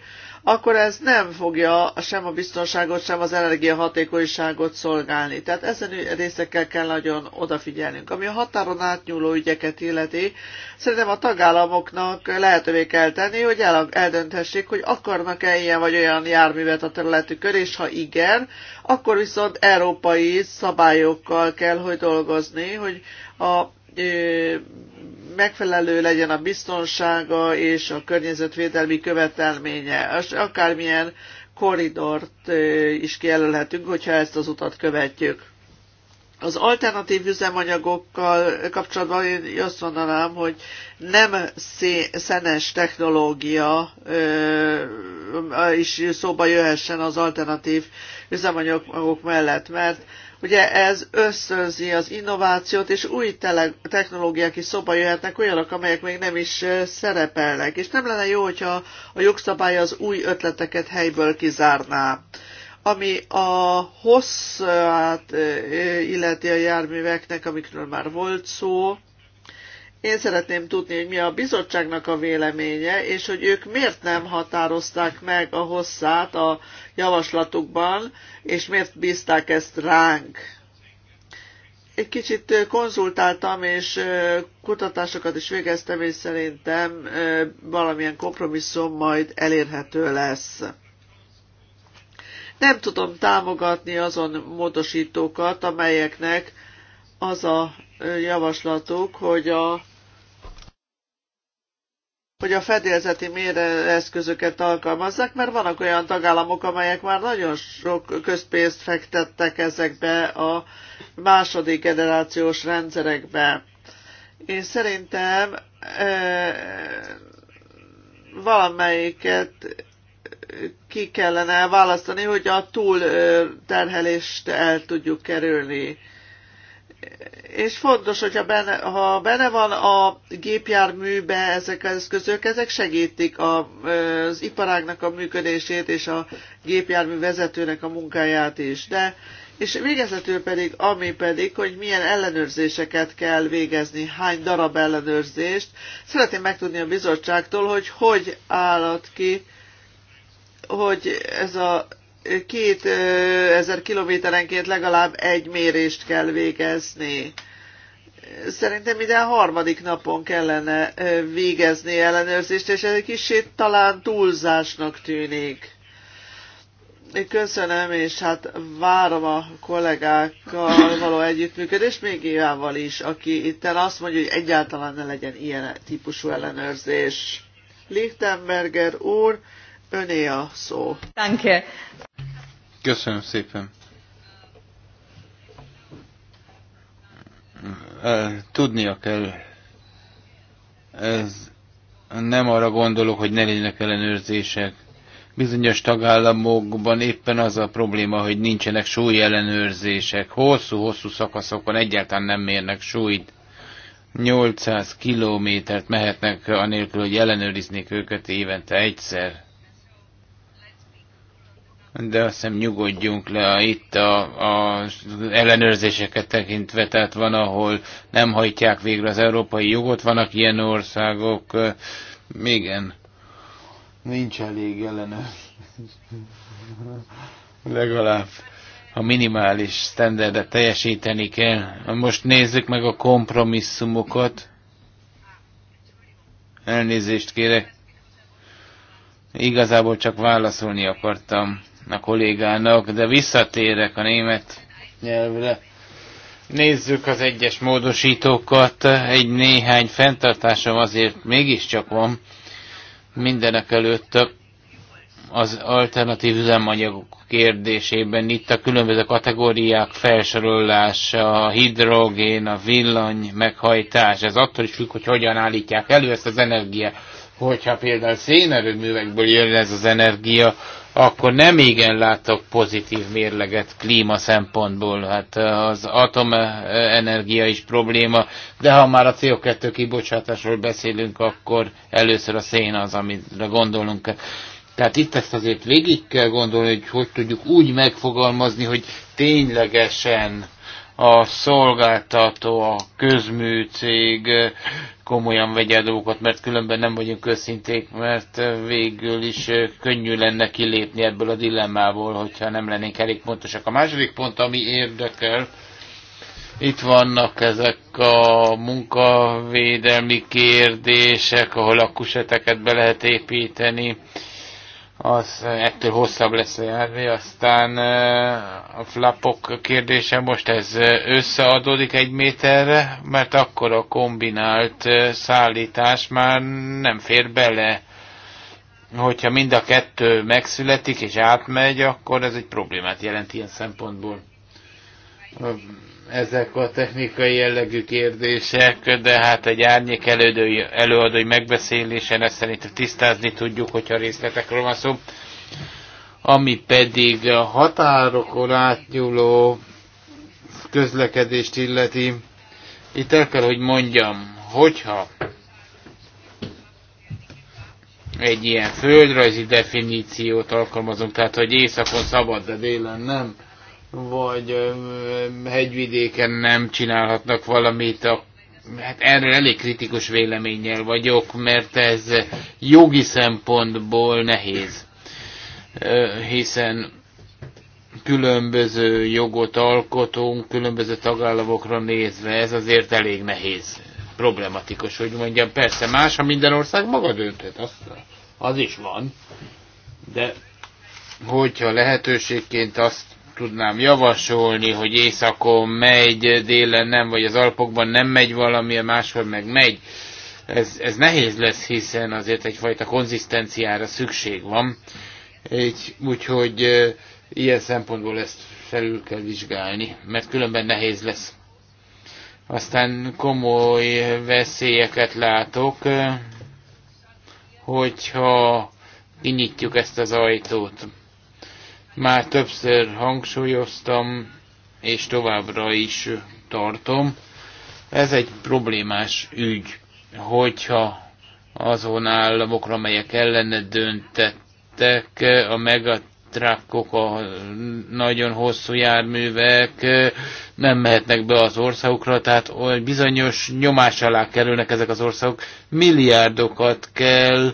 akkor ez nem fogja sem a biztonságot, sem az energiahatékonyságot szolgálni. Tehát ezen részekkel kell nagyon odafigyelnünk. Ami a határon átnyúló ügyeket illeti, szerintem a tagállamoknak lehetővé kell tenni, hogy el, eldönthessék, hogy akarnak-e ilyen vagy olyan járművet a területükön, és ha igen, akkor viszont európai szabályokkal kell, hogy dolgozni, hogy a megfelelő legyen a biztonsága és a környezetvédelmi követelménye. Akármilyen korridort is kijelölhetünk, hogyha ezt az utat követjük. Az alternatív üzemanyagokkal kapcsolatban én azt mondanám, hogy nem szenes technológia is szóba jöhessen az alternatív üzemanyagok mellett, mert Ugye ez ösztönzi az innovációt, és új technológiák is szoba jöhetnek, olyanok, amelyek még nem is szerepelnek. És nem lenne jó, hogyha a jogszabály az új ötleteket helyből kizárná. Ami a hosszát illeti a járműveknek, amikről már volt szó, én szeretném tudni, hogy mi a bizottságnak a véleménye, és hogy ők miért nem határozták meg a hosszát a javaslatukban, és miért bízták ezt ránk. Egy kicsit konzultáltam, és kutatásokat is végeztem, és szerintem valamilyen kompromisszum majd elérhető lesz. Nem tudom támogatni azon módosítókat, amelyeknek az a javaslatuk, hogy a hogy a fedélzeti mérőeszközöket alkalmazzák, mert vannak olyan tagállamok, amelyek már nagyon sok közpénzt fektettek ezekbe a második generációs rendszerekbe. Én szerintem e, valamelyiket ki kellene választani, hogy a túlterhelést el tudjuk kerülni és fontos, hogyha benne, ha benne van a gépjárműbe ezek az eszközök, ezek segítik a, az iparágnak a működését és a gépjármű vezetőnek a munkáját is. De, és végezetül pedig, ami pedig, hogy milyen ellenőrzéseket kell végezni, hány darab ellenőrzést. Szeretném megtudni a bizottságtól, hogy hogy állat ki, hogy ez a 2000 kilométerenként legalább egy mérést kell végezni. Szerintem minden harmadik napon kellene végezni ellenőrzést, és ez egy kicsit talán túlzásnak tűnik. Köszönöm, és hát várom a kollégákkal való együttműködést, még Évával is, aki itten azt mondja, hogy egyáltalán ne legyen ilyen típusú ellenőrzés. Lichtenberger úr, öné a szó. Danke. Köszönöm szépen. Tudnia kell. Ez nem arra gondolok, hogy ne legyenek ellenőrzések. Bizonyos tagállamokban éppen az a probléma, hogy nincsenek súly ellenőrzések. Hosszú-hosszú szakaszokon egyáltalán nem mérnek súlyt. 800 kilométert mehetnek anélkül, hogy ellenőriznék őket évente egyszer de azt hiszem nyugodjunk le, itt a, a ellenőrzéseket tekintve, tehát van, ahol nem hajtják végre az európai jogot, vannak ilyen országok, igen, nincs elég ellenőrzés. Legalább a minimális standardet teljesíteni kell. Most nézzük meg a kompromisszumokat. Elnézést kérek. Igazából csak válaszolni akartam a kollégának, de visszatérek a német nyelvre. Nézzük az egyes módosítókat, egy néhány fenntartásom azért mégiscsak van. Mindenek előtt az alternatív üzemanyagok kérdésében itt a különböző kategóriák felsorolása, a hidrogén, a villany meghajtás, ez attól is függ, hogy hogyan állítják elő ezt az energiát. Hogyha például szénerőművekből jön ez az energia, akkor nem igen látok pozitív mérleget klíma szempontból. Hát eh, az atomenergia is probléma, de ha már a CO2 kibocsátásról beszélünk, akkor először a szén az, amire gondolunk. Tehát itt ezt azért végig kell gondolni, hogy hogy tudjuk úgy megfogalmazni, hogy ténylegesen a szolgáltató, a közműcég komolyan vegye a dolgokat, mert különben nem vagyunk őszinték, mert végül is könnyű lenne kilépni ebből a dilemmából, hogyha nem lennénk elég pontosak. A második pont, ami érdekel, itt vannak ezek a munkavédelmi kérdések, ahol a kuseteket be lehet építeni az ettől hosszabb lesz a járvé, aztán a flapok kérdése most ez összeadódik egy méterre, mert akkor a kombinált szállítás már nem fér bele. Hogyha mind a kettő megszületik és átmegy, akkor ez egy problémát jelent ilyen szempontból ezek a technikai jellegű kérdések, de hát egy árnyék elődő, előadói megbeszélésen ezt szerintem tisztázni tudjuk, hogyha részletekről van szó. Ami pedig a határokon átnyúló közlekedést illeti, itt el kell, hogy mondjam, hogyha egy ilyen földrajzi definíciót alkalmazunk, tehát hogy éjszakon szabad, de délen nem, vagy hegyvidéken nem csinálhatnak valamit, a, hát erre elég kritikus véleménnyel vagyok, mert ez jogi szempontból nehéz, hiszen különböző jogot alkotunk, különböző tagállamokra nézve, ez azért elég nehéz, problematikus, hogy mondjam, persze más, ha minden ország maga dönthet, az, az is van, de hogyha lehetőségként azt tudnám javasolni, hogy éjszakon megy, délen nem, vagy az Alpokban nem megy valami, máshol meg megy. Ez, ez nehéz lesz, hiszen azért egyfajta konzisztenciára szükség van. Így, úgyhogy e, ilyen szempontból ezt felül kell vizsgálni, mert különben nehéz lesz. Aztán komoly veszélyeket látok, hogyha kinyitjuk ezt az ajtót már többször hangsúlyoztam, és továbbra is tartom. Ez egy problémás ügy, hogyha azon államokra, amelyek ellene döntettek, a megatrákkok, a nagyon hosszú járművek nem mehetnek be az országokra, tehát bizonyos nyomás alá kerülnek ezek az országok. Milliárdokat kell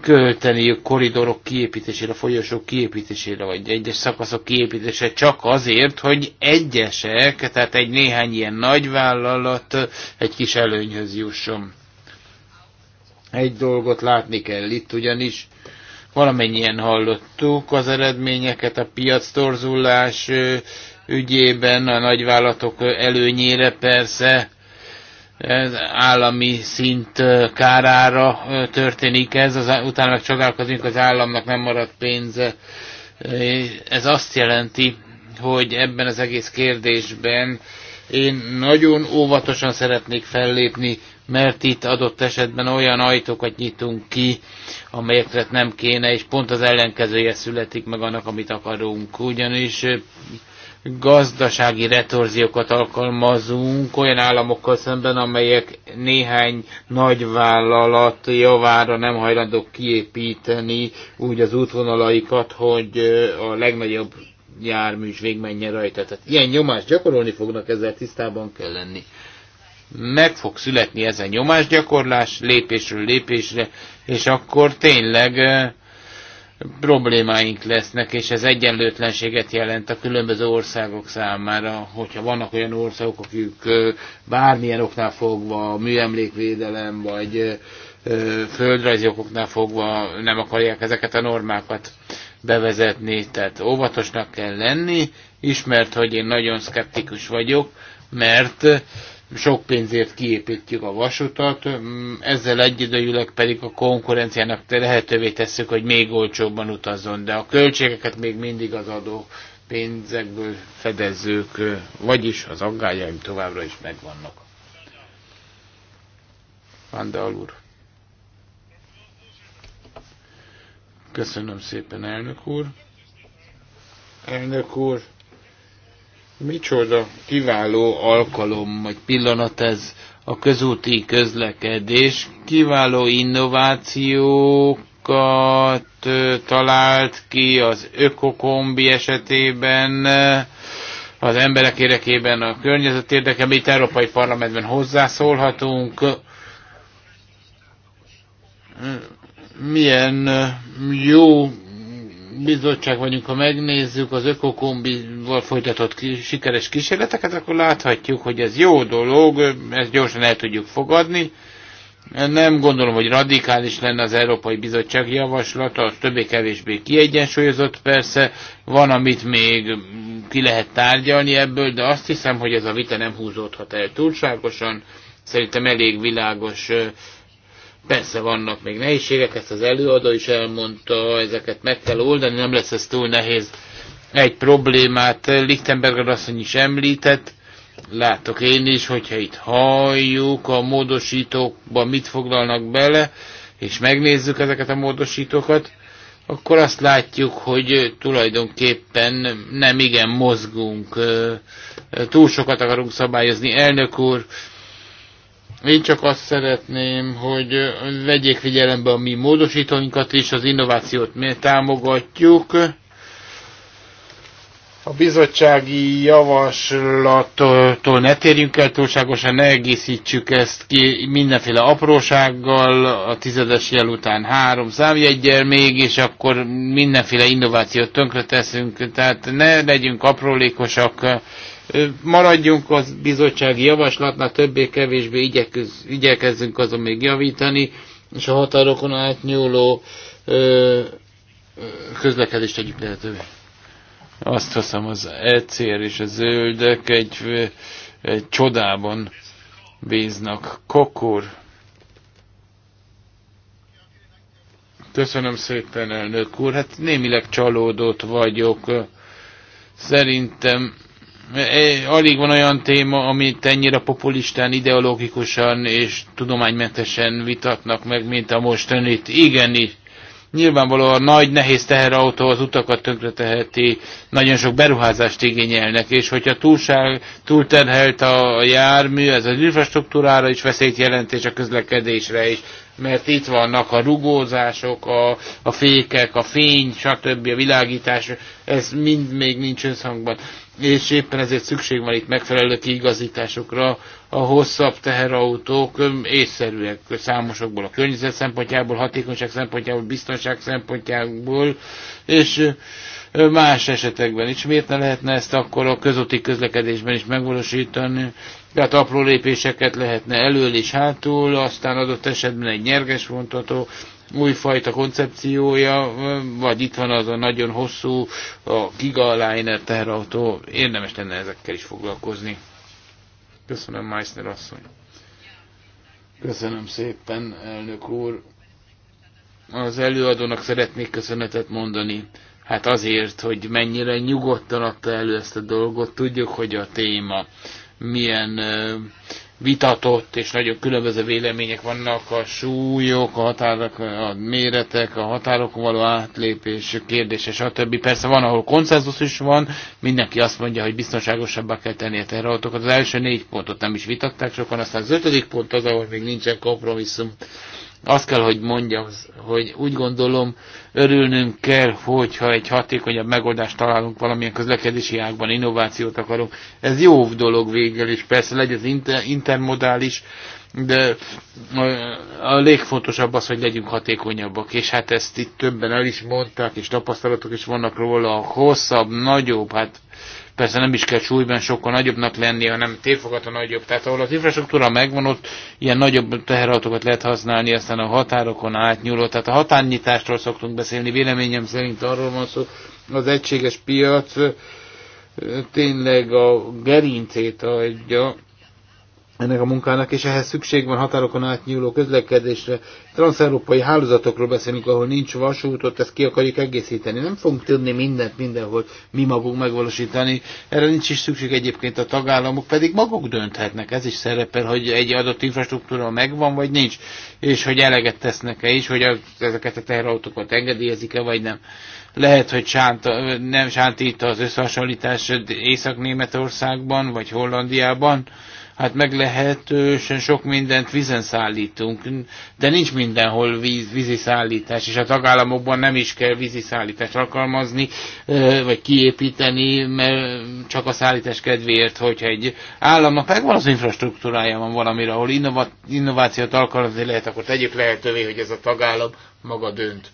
költeniük koridorok kiépítésére, folyosók kiépítésére, vagy egyes szakaszok kiépítésére, csak azért, hogy egyesek, tehát egy néhány ilyen nagyvállalat egy kis előnyhöz jusson. Egy dolgot látni kell itt, ugyanis valamennyien hallottuk az eredményeket, a piac torzulás ügyében, a nagyvállalatok előnyére persze, ez állami szint kárára történik ez, az, utána meg csodálkozunk, az államnak nem maradt pénze. Ez azt jelenti, hogy ebben az egész kérdésben én nagyon óvatosan szeretnék fellépni, mert itt adott esetben olyan ajtókat nyitunk ki, amelyekre nem kéne, és pont az ellenkezője születik meg annak, amit akarunk. Ugyanis gazdasági retorziókat alkalmazunk olyan államokkal szemben, amelyek néhány nagyvállalat javára nem hajlandók kiépíteni úgy az útvonalaikat, hogy a legnagyobb jármű is végigmenjen rajta. Tehát ilyen nyomást gyakorolni fognak, ezzel tisztában kell lenni. Meg fog születni ez a nyomásgyakorlás lépésről lépésre, és akkor tényleg problémáink lesznek, és ez egyenlőtlenséget jelent a különböző országok számára, hogyha vannak olyan országok, akik bármilyen oknál fogva, műemlékvédelem, vagy földrajzi okoknál fogva nem akarják ezeket a normákat bevezetni, tehát óvatosnak kell lenni, ismert, hogy én nagyon szkeptikus vagyok, mert sok pénzért kiépítjük a vasutat, mm, ezzel egyidejűleg pedig a konkurenciának lehetővé tesszük, hogy még olcsóbban utazzon, de a költségeket még mindig az adó pénzekből fedezzük, vagyis az aggájaim továbbra is megvannak. Vandal úr. Köszönöm szépen, elnök úr. Elnök úr, Micsoda kiváló alkalom, vagy pillanat ez a közúti közlekedés. Kiváló innovációkat talált ki az ökokombi esetében, az emberek érdekében, a környezet érdekében. Itt Európai Parlamentben hozzászólhatunk. Milyen jó bizottság vagyunk, ha megnézzük az ökokombival folytatott ki, sikeres kísérleteket, akkor láthatjuk, hogy ez jó dolog, ezt gyorsan el tudjuk fogadni. Nem gondolom, hogy radikális lenne az Európai Bizottság javaslata, az többé-kevésbé kiegyensúlyozott persze, van, amit még ki lehet tárgyalni ebből, de azt hiszem, hogy ez a vita nem húzódhat el túlságosan. Szerintem elég világos Persze vannak még nehézségek, ezt az előadó is elmondta, ezeket meg kell oldani, nem lesz ez túl nehéz. Egy problémát Lichtenberger asszony is említett, látok én is, hogyha itt halljuk a módosítókban mit foglalnak bele, és megnézzük ezeket a módosítókat, akkor azt látjuk, hogy tulajdonképpen nem igen mozgunk, túl sokat akarunk szabályozni. Elnök úr, én csak azt szeretném, hogy vegyék figyelembe a mi módosítóinkat is, az innovációt mi támogatjuk. A bizottsági javaslattól ne térjünk el túlságosan, ne egészítsük ezt ki mindenféle aprósággal, a tizedes jel után három számjegyel még, és akkor mindenféle innovációt tönkreteszünk, tehát ne legyünk aprólékosak, Maradjunk az bizottsági javaslatnál, többé-kevésbé igyekezzünk azon még javítani, és a határokon átnyúló ö, közlekedést tegyük lehetővé. Azt hiszem az ECR er és a zöldek egy, egy csodában bíznak. Kokor. Köszönöm szépen, elnök úr. Hát némileg csalódott vagyok. Szerintem Eh, alig van olyan téma, amit ennyire populistán, ideológikusan és tudománymentesen vitatnak meg, mint a Igen, Igenis, nyilvánvalóan nagy, nehéz teherautó az utakat tönkreteheti, teheti, nagyon sok beruházást igényelnek, és hogyha túlság, túlterhelt a jármű, ez az infrastruktúrára is veszélyt jelent, és a közlekedésre is, mert itt vannak a rugózások, a, a fékek, a fény, stb. a világítás, ez mind még nincs összhangban és éppen ezért szükség van itt megfelelő kiigazításokra. A hosszabb teherautók észszerűek számosokból, a környezet szempontjából, hatékonyság szempontjából, biztonság szempontjából, és más esetekben is. Miért ne lehetne ezt akkor a közúti közlekedésben is megvalósítani? Tehát apró lépéseket lehetne elől és hátul, aztán adott esetben egy nyerges vontató, újfajta koncepciója, vagy itt van az a nagyon hosszú a Liner teherautó, érdemes lenne ezekkel is foglalkozni. Köszönöm, Meissner asszony. Köszönöm szépen, elnök úr. Az előadónak szeretnék köszönetet mondani. Hát azért, hogy mennyire nyugodtan adta elő ezt a dolgot. Tudjuk, hogy a téma milyen vitatott, és nagyon különböző vélemények vannak a súlyok, a határok, a méretek, a határokon való átlépés kérdése, stb. Persze van, ahol konszenzus is van, mindenki azt mondja, hogy biztonságosabbá kell tenni a terrorautókat. Az első négy pontot nem is vitatták sokan, aztán az ötödik pont az, ahol még nincsen kompromisszum. Azt kell, hogy mondjam, hogy úgy gondolom, örülnünk kell, hogyha egy hatékonyabb megoldást találunk valamilyen közlekedési ágban, innovációt akarunk. Ez jó dolog végül is, persze legyen inter, intermodális, de a legfontosabb az, hogy legyünk hatékonyabbak, és hát ezt itt többen el is mondták, és tapasztalatok is vannak róla, a hosszabb, nagyobb, hát Persze nem is kell súlyban sokkal nagyobbnak lenni, hanem a nagyobb. Tehát ahol az infrastruktúra megvan, ott ilyen nagyobb teherautókat lehet használni, aztán a határokon átnyúló. Tehát a határnyitástról szoktunk beszélni, véleményem szerint arról van szó, az egységes piac tényleg a gerincét adja ennek a munkának, és ehhez szükség van határokon átnyúló közlekedésre. Transzeurópai hálózatokról beszélünk, ahol nincs vasútot, ezt ki akarjuk egészíteni. Nem fogunk tudni mindent mindenhol mi magunk megvalósítani. Erre nincs is szükség egyébként a tagállamok, pedig maguk dönthetnek. Ez is szerepel, hogy egy adott infrastruktúra megvan, vagy nincs, és hogy eleget tesznek-e is, hogy ezeket a teherautókat engedélyezik-e, vagy nem. Lehet, hogy sánta, nem itt az összehasonlítás Észak-Németországban, vagy Hollandiában, hát meglehetősen sok mindent vízen szállítunk, de nincs mindenhol víz, vízi szállítás, és a tagállamokban nem is kell vízi szállítást alkalmazni, vagy kiépíteni, mert csak a szállítás kedvéért, hogyha egy államnak megvan az infrastruktúrája van valamire, ahol innovációt alkalmazni lehet, akkor tegyük lehetővé, hogy ez a tagállam maga dönt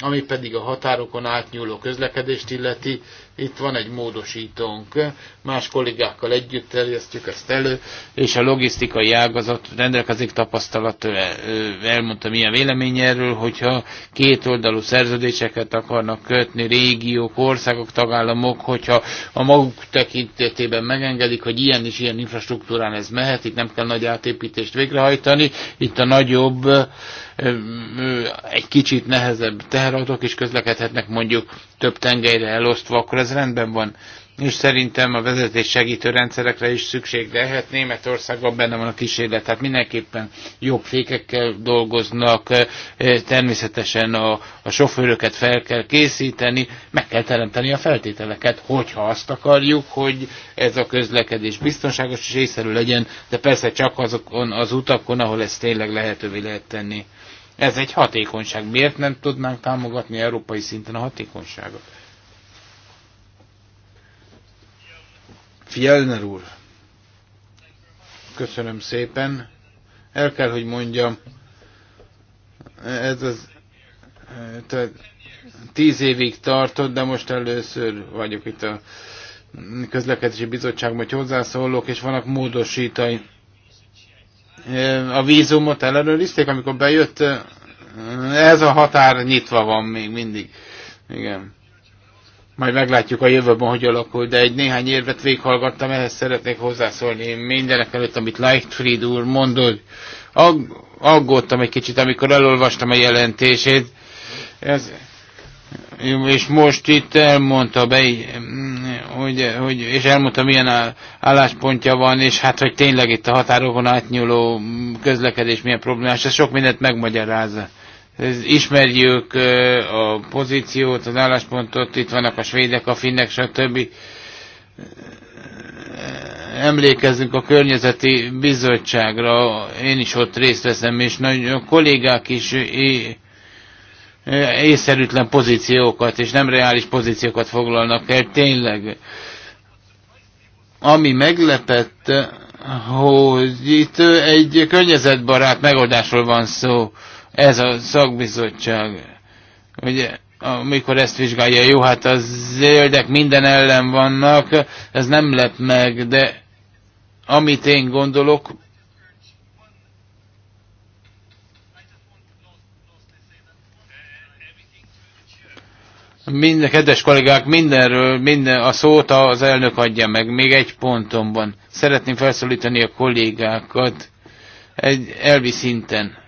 ami pedig a határokon átnyúló közlekedést illeti, itt van egy módosítónk, más kollégákkal együtt terjesztjük ezt elő, és a logisztikai ágazat rendelkezik tapasztalat, elmondta milyen vélemény erről, hogyha kétoldalú szerződéseket akarnak kötni régiók, országok, tagállamok, hogyha a maguk tekintetében megengedik, hogy ilyen és ilyen infrastruktúrán ez mehet, itt nem kell nagy átépítést végrehajtani, itt a nagyobb egy kicsit nehezebb teherautók is közlekedhetnek mondjuk több tengelyre elosztva, akkor ez ez rendben van. És szerintem a vezetés segítő rendszerekre is szükség lehet. Németországban benne van a kísérlet, tehát mindenképpen jobb fékekkel dolgoznak, e, természetesen a, a sofőröket fel kell készíteni, meg kell teremteni a feltételeket, hogyha azt akarjuk, hogy ez a közlekedés biztonságos és észszerű legyen, de persze csak azokon az utakon, ahol ezt tényleg lehetővé lehet tenni. Ez egy hatékonyság. Miért nem tudnánk támogatni európai szinten a hatékonyságot? Fjellner úr, köszönöm szépen. El kell, hogy mondjam, ez az tehát tíz évig tartott, de most először vagyok itt a közlekedési bizottságban, hogy hozzászólok, és vannak módosítai. A vízumot ellenőrizték, amikor bejött, ez a határ nyitva van még mindig. Igen. Majd meglátjuk a jövőben, hogy alakul, de egy néhány érvet véghallgattam, ehhez szeretnék hozzászólni. Mindenek előtt, amit Lightfried úr mondott, Ag aggódtam egy kicsit, amikor elolvastam a jelentését. Ez, és most itt elmondta be, hogy, hogy, és elmondta milyen álláspontja van, és hát, hogy tényleg itt a határokon átnyúló közlekedés milyen problémás, ez sok mindent megmagyarázza ismerjük a pozíciót, az álláspontot, itt vannak a svédek, a finnek, stb. Emlékezzünk a környezeti bizottságra, én is ott részt veszem, és nagyon a kollégák is észszerűtlen pozíciókat, és nem reális pozíciókat foglalnak el, tényleg. Ami meglepett, hogy itt egy környezetbarát megoldásról van szó, ez a szakbizottság. Ugye, amikor ezt vizsgálja, jó, hát a zöldek minden ellen vannak, ez nem lep meg, de amit én gondolok, minden, kedves kollégák, mindenről minden, a szót az elnök adja meg, még egy pontomban. Szeretném felszólítani a kollégákat egy elvi szinten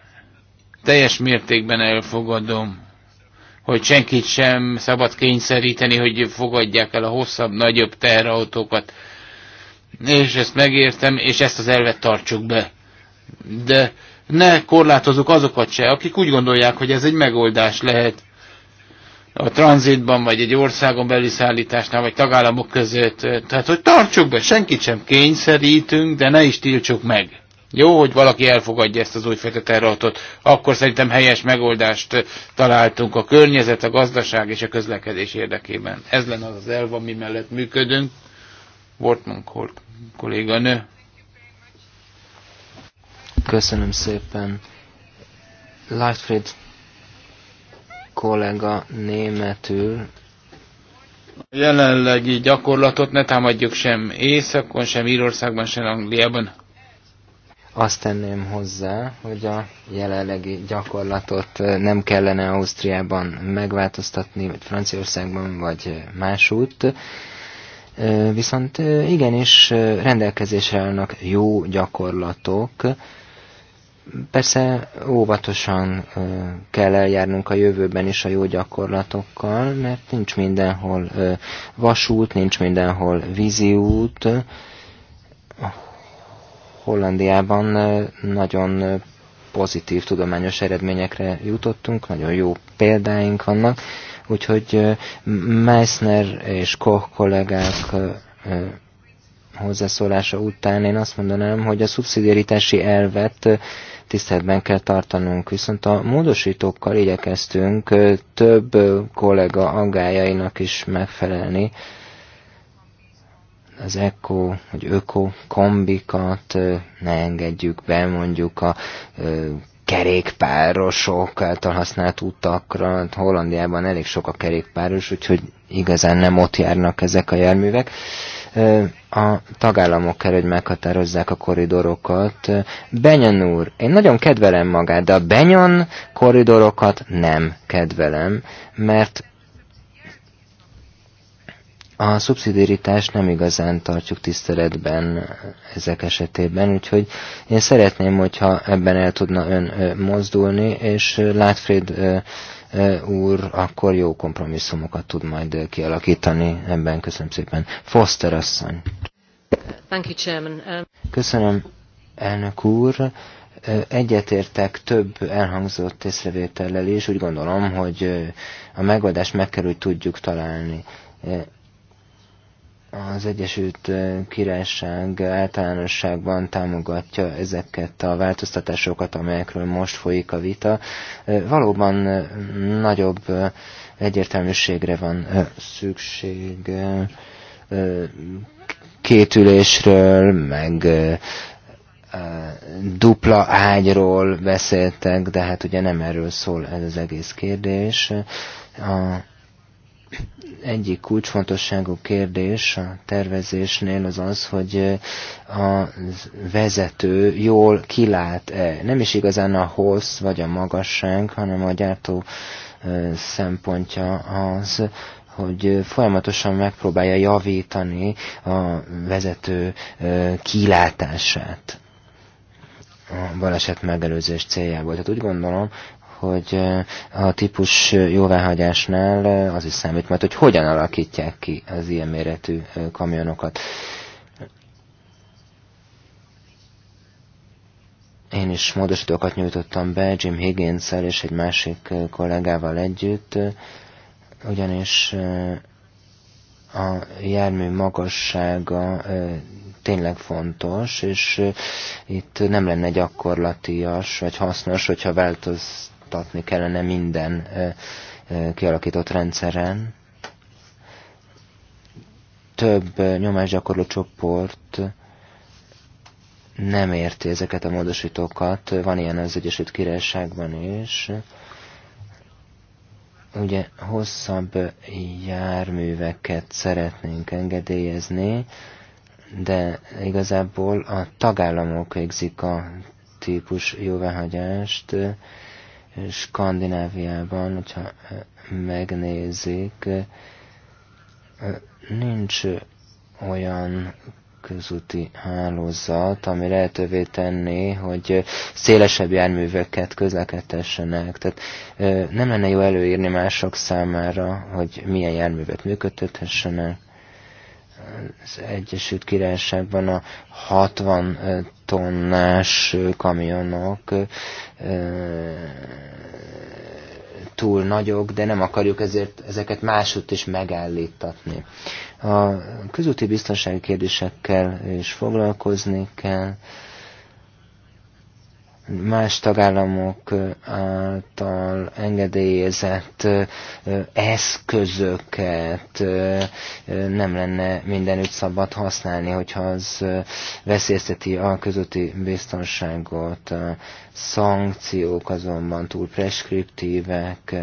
teljes mértékben elfogadom, hogy senkit sem szabad kényszeríteni, hogy fogadják el a hosszabb, nagyobb teherautókat. És ezt megértem, és ezt az elvet tartsuk be. De ne korlátozunk azokat se, akik úgy gondolják, hogy ez egy megoldás lehet a tranzitban, vagy egy országon belüli szállításnál, vagy tagállamok között. Tehát, hogy tartsuk be, senkit sem kényszerítünk, de ne is tiltsuk meg. Jó, hogy valaki elfogadja ezt az új fekete rautot, akkor szerintem helyes megoldást eh, találtunk a környezet, a gazdaság és a közlekedés érdekében. Ez lenne az az elv, ami mellett működünk. Wortmann kolléganő. Köszönöm szépen. Lightfried kollega németül. A jelenlegi gyakorlatot ne támadjuk sem Északon, sem Írországban, sem Angliában. Azt tenném hozzá, hogy a jelenlegi gyakorlatot nem kellene Ausztriában megváltoztatni, vagy Franciaországban, vagy másút, viszont igenis rendelkezésre állnak jó gyakorlatok, Persze óvatosan kell eljárnunk a jövőben is a jó gyakorlatokkal, mert nincs mindenhol vasút, nincs mindenhol vízi út, Hollandiában nagyon pozitív tudományos eredményekre jutottunk, nagyon jó példáink vannak, úgyhogy Meissner és Koch kollégák hozzászólása után én azt mondanám, hogy a szubszidiaritási elvet tiszteletben kell tartanunk, viszont a módosítókkal igyekeztünk több kollega aggájainak is megfelelni, az eko, vagy öko kombikat ne engedjük be mondjuk a kerékpárosok által használt utakra. Hát Hollandiában elég sok a kerékpáros, úgyhogy igazán nem ott járnak ezek a járművek. A tagállamok kell, hogy meghatározzák a koridorokat. Benyan úr, én nagyon kedvelem magát, de a Benyan koridorokat nem kedvelem, mert a szubszidiaritást nem igazán tartjuk tiszteletben ezek esetében, úgyhogy én szeretném, hogyha ebben el tudna ön mozdulni, és Látfréd úr akkor jó kompromisszumokat tud majd kialakítani ebben. Köszönöm szépen. Foster asszony. Thank you, Chairman. Um... Köszönöm, elnök úr egyetértek több elhangzott észrevétellel is, úgy gondolom, hogy a megoldást meg kell, hogy tudjuk találni az Egyesült Királyság általánosságban támogatja ezeket a változtatásokat, amelyekről most folyik a vita. Valóban nagyobb egyértelműségre van szükség kétülésről, meg dupla ágyról beszéltek, de hát ugye nem erről szól ez az egész kérdés. A egyik kulcsfontosságú kérdés a tervezésnél az az, hogy a vezető jól kilát-e. Nem is igazán a hossz vagy a magasság, hanem a gyártó szempontja az, hogy folyamatosan megpróbálja javítani a vezető kilátását a baleset megelőzés céljából. Tehát úgy gondolom, hogy eh, a típus jóváhagyásnál eh, az is számít mert hogy hogyan alakítják ki az ilyen méretű eh, kamionokat. Én is módosítókat nyújtottam be Jim higgins és egy másik kollégával együtt, ugyanis a jármű magassága tényleg fontos, és itt nem lenne gyakorlatias vagy hasznos, hogyha változ, változtatni kellene minden kialakított rendszeren. Több nyomásgyakorló csoport nem érti ezeket a módosítókat. Van ilyen az Egyesült Királyságban is. Ugye hosszabb járműveket szeretnénk engedélyezni, de igazából a tagállamok végzik a típus jóváhagyást, Skandináviában, hogyha megnézik, nincs olyan közúti hálózat, ami lehetővé tenné, hogy szélesebb járműveket közlekedhessenek. Tehát nem lenne jó előírni mások számára, hogy milyen járművet működtethessenek az Egyesült Királyságban a 60 tonnás kamionok túl nagyok, de nem akarjuk ezért ezeket máshogy is megállítatni. A közúti biztonsági kérdésekkel is foglalkozni kell, más tagállamok által engedélyezett eszközöket nem lenne mindenütt szabad használni, hogyha az veszélyezteti a közötti biztonságot. A szankciók azonban túl preskriptívek,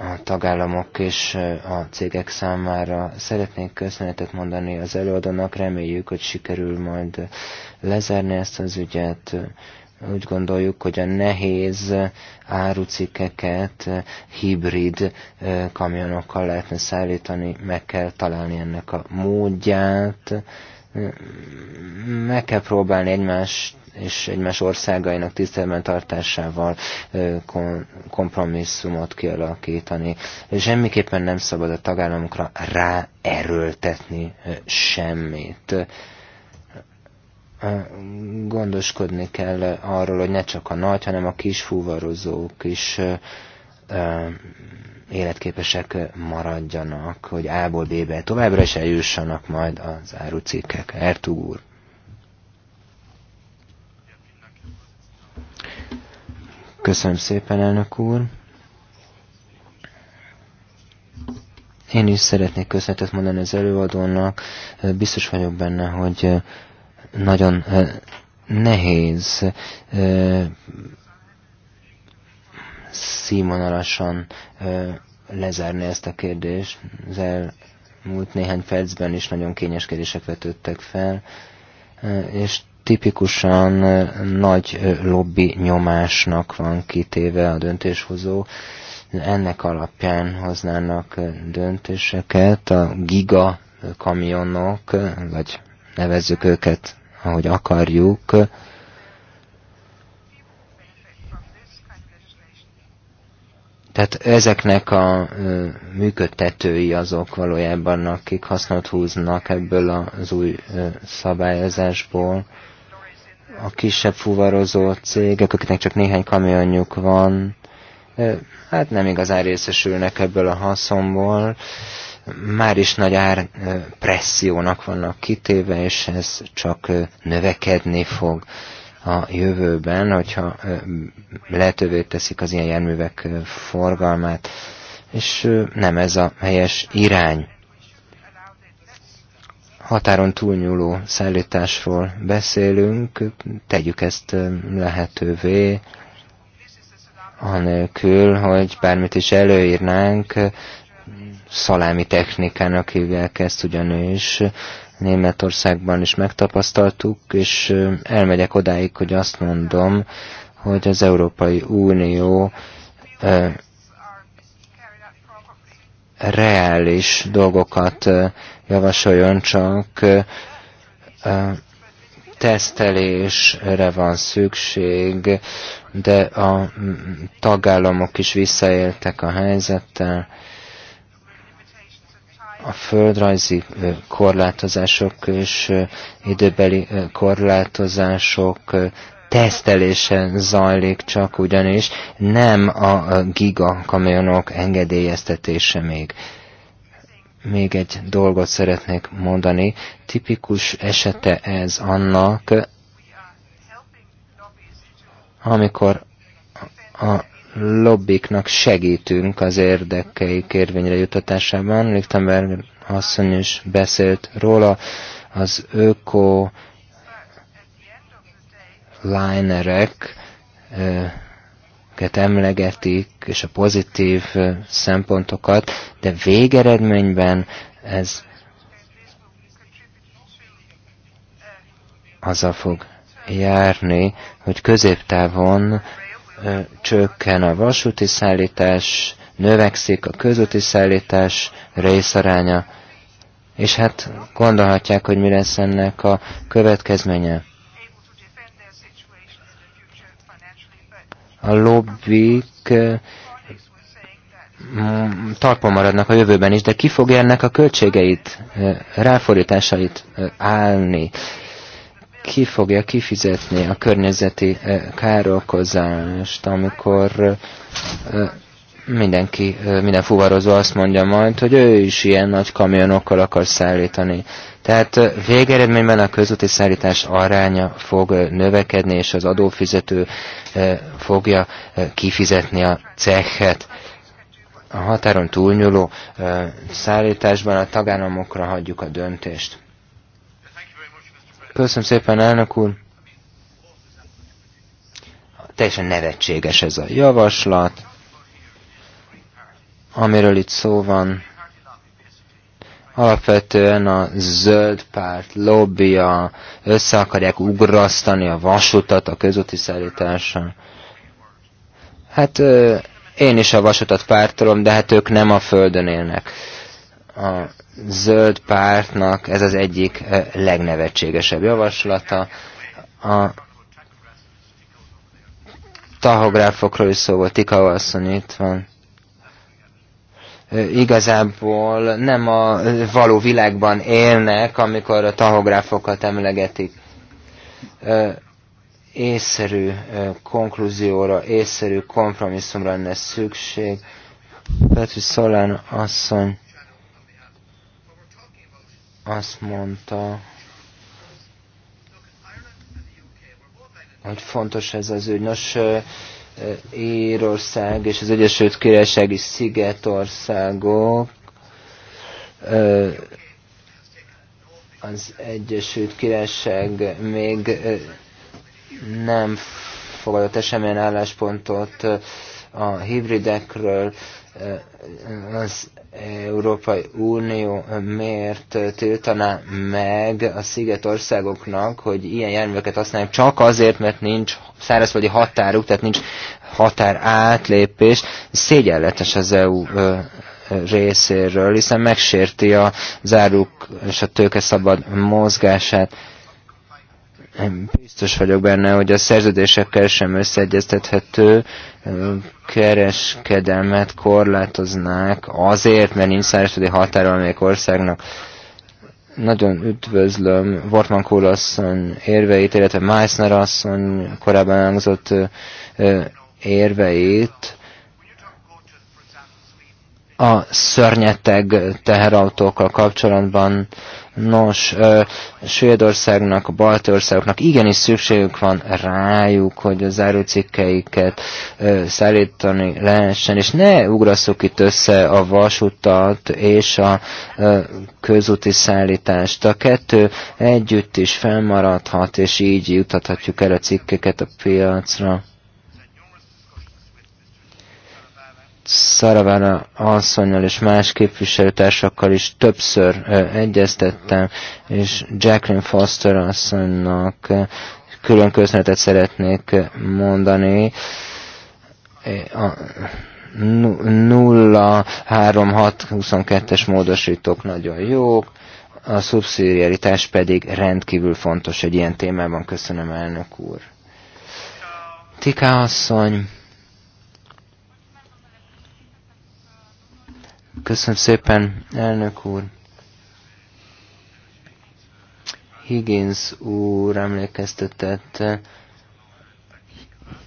a tagállamok és a cégek számára. Szeretnék köszönetet mondani az előadónak, reméljük, hogy sikerül majd lezárni ezt az ügyet. Úgy gondoljuk, hogy a nehéz árucikkeket hibrid kamionokkal lehetne szállítani, meg kell találni ennek a módját, meg kell próbálni egymást és egymás országainak tisztelben tartásával kompromisszumot kialakítani. Semmiképpen nem szabad a tagállamokra ráerőltetni semmit gondoskodni kell arról, hogy ne csak a nagy, hanem a kis fuvarozók is életképesek maradjanak, hogy A-ból B-be továbbra is eljussanak majd az árucikkek. Ertug úr. Köszönöm szépen, elnök úr. Én is szeretnék köszönetet mondani az előadónak. Biztos vagyok benne, hogy eh, nagyon eh, nehéz eh, színvonalasan lezárni ezt a kérdést. Az elmúlt néhány percben is nagyon kényes kérdések vetődtek fel, és tipikusan nagy lobby nyomásnak van kitéve a döntéshozó. Ennek alapján hoznának döntéseket a giga kamionok, vagy nevezzük őket, ahogy akarjuk, tehát ezeknek a működtetői azok valójában, akik hasznot húznak ebből az új szabályozásból a kisebb fuvarozó cégek, akiknek csak néhány kamionjuk van, hát nem igazán részesülnek ebből a haszonból, már is nagy ár pressziónak vannak kitéve, és ez csak növekedni fog a jövőben, hogyha lehetővé teszik az ilyen járművek forgalmát, és nem ez a helyes irány határon túlnyúló szállításról beszélünk, tegyük ezt lehetővé, anélkül, hogy bármit is előírnánk, szalámi technikának hívják ezt ugyanis, Németországban is megtapasztaltuk, és elmegyek odáig, hogy azt mondom, hogy az Európai Unió reális dolgokat javasoljon, csak tesztelésre van szükség, de a tagállamok is visszaéltek a helyzettel. A földrajzi korlátozások és időbeli korlátozások tesztelése zajlik csak ugyanis, nem a gigakamionok engedélyeztetése még még egy dolgot szeretnék mondani. Tipikus esete ez annak, amikor a lobbiknak segítünk az érdekeik érvényre jutatásában. Lichtenberg asszony is beszélt róla, az öko linerek értékeket emlegetik, és a pozitív szempontokat, de végeredményben ez azzal fog járni, hogy középtávon ö, csökken a vasúti szállítás, növekszik a közúti szállítás részaránya, és hát gondolhatják, hogy mi lesz ennek a következménye. a lobbik talpa maradnak a jövőben is, de ki fog ennek a költségeit, ráfordításait állni? Ki fogja kifizetni a környezeti károkozást, amikor mindenki, minden fuvarozó azt mondja majd, hogy ő is ilyen nagy kamionokkal akar szállítani. Tehát végeredményben a közúti szállítás aránya fog növekedni, és az adófizető fogja kifizetni a cehet. A határon túlnyúló szállításban a tagállamokra hagyjuk a döntést. Köszönöm szépen, elnök úr! Teljesen nevetséges ez a javaslat amiről itt szó van, alapvetően a zöld párt lobbia össze akarják ugrasztani a vasutat a közúti szállítással. Hát én is a vasutat pártolom, de hát ők nem a földön élnek. A zöld pártnak ez az egyik legnevetségesebb javaslata. A tahográfokról is szó volt, Tika itt van igazából nem a való világban élnek, amikor a tahográfokat emlegetik. Észszerű konklúzióra, észszerű kompromisszumra lenne szükség. Petri Szolán asszony azt mondta, hogy fontos ez az ügy. Nos, Írország és az Egyesült Királyság is Szigetországok az Egyesült Királyság még nem fogadott -e semmilyen álláspontot a hibridekről, az Európai Unió miért tiltaná meg a szigetországoknak, hogy ilyen járműveket használják csak azért, mert nincs szárazföldi határuk, tehát nincs határ átlépés. Szégyenletes az EU részéről, hiszen megsérti a záruk és a tőke szabad mozgását. Biztos vagyok benne, hogy a szerződésekkel sem összeegyeztethető kereskedelmet korlátoznák azért, mert nincs szárazföldi határa valamelyik országnak. Nagyon üdvözlöm Wortmann Kohl érveit, illetve Meissner asszony korábban elhangzott érveit. A szörnyeteg teherautókkal kapcsolatban Nos, Svédországnak, a balti országoknak igenis szükségük van rájuk, hogy az árucikkeiket szállítani lehessen, és ne ugrasszuk itt össze a vasutat és a közúti szállítást. A kettő együtt is felmaradhat, és így jutathatjuk el a cikkeket a piacra. Szaravára asszonynal és más képviselőtársakkal is többször egyeztettem, és Jacqueline Foster asszonynak külön köszönetet szeretnék mondani. A 03622-es módosítók nagyon jók, a szubszidiaritás pedig rendkívül fontos egy ilyen témában. Köszönöm, elnök úr. Tika asszony. Köszönöm szépen, elnök úr. Higgins úr emlékeztetett eh,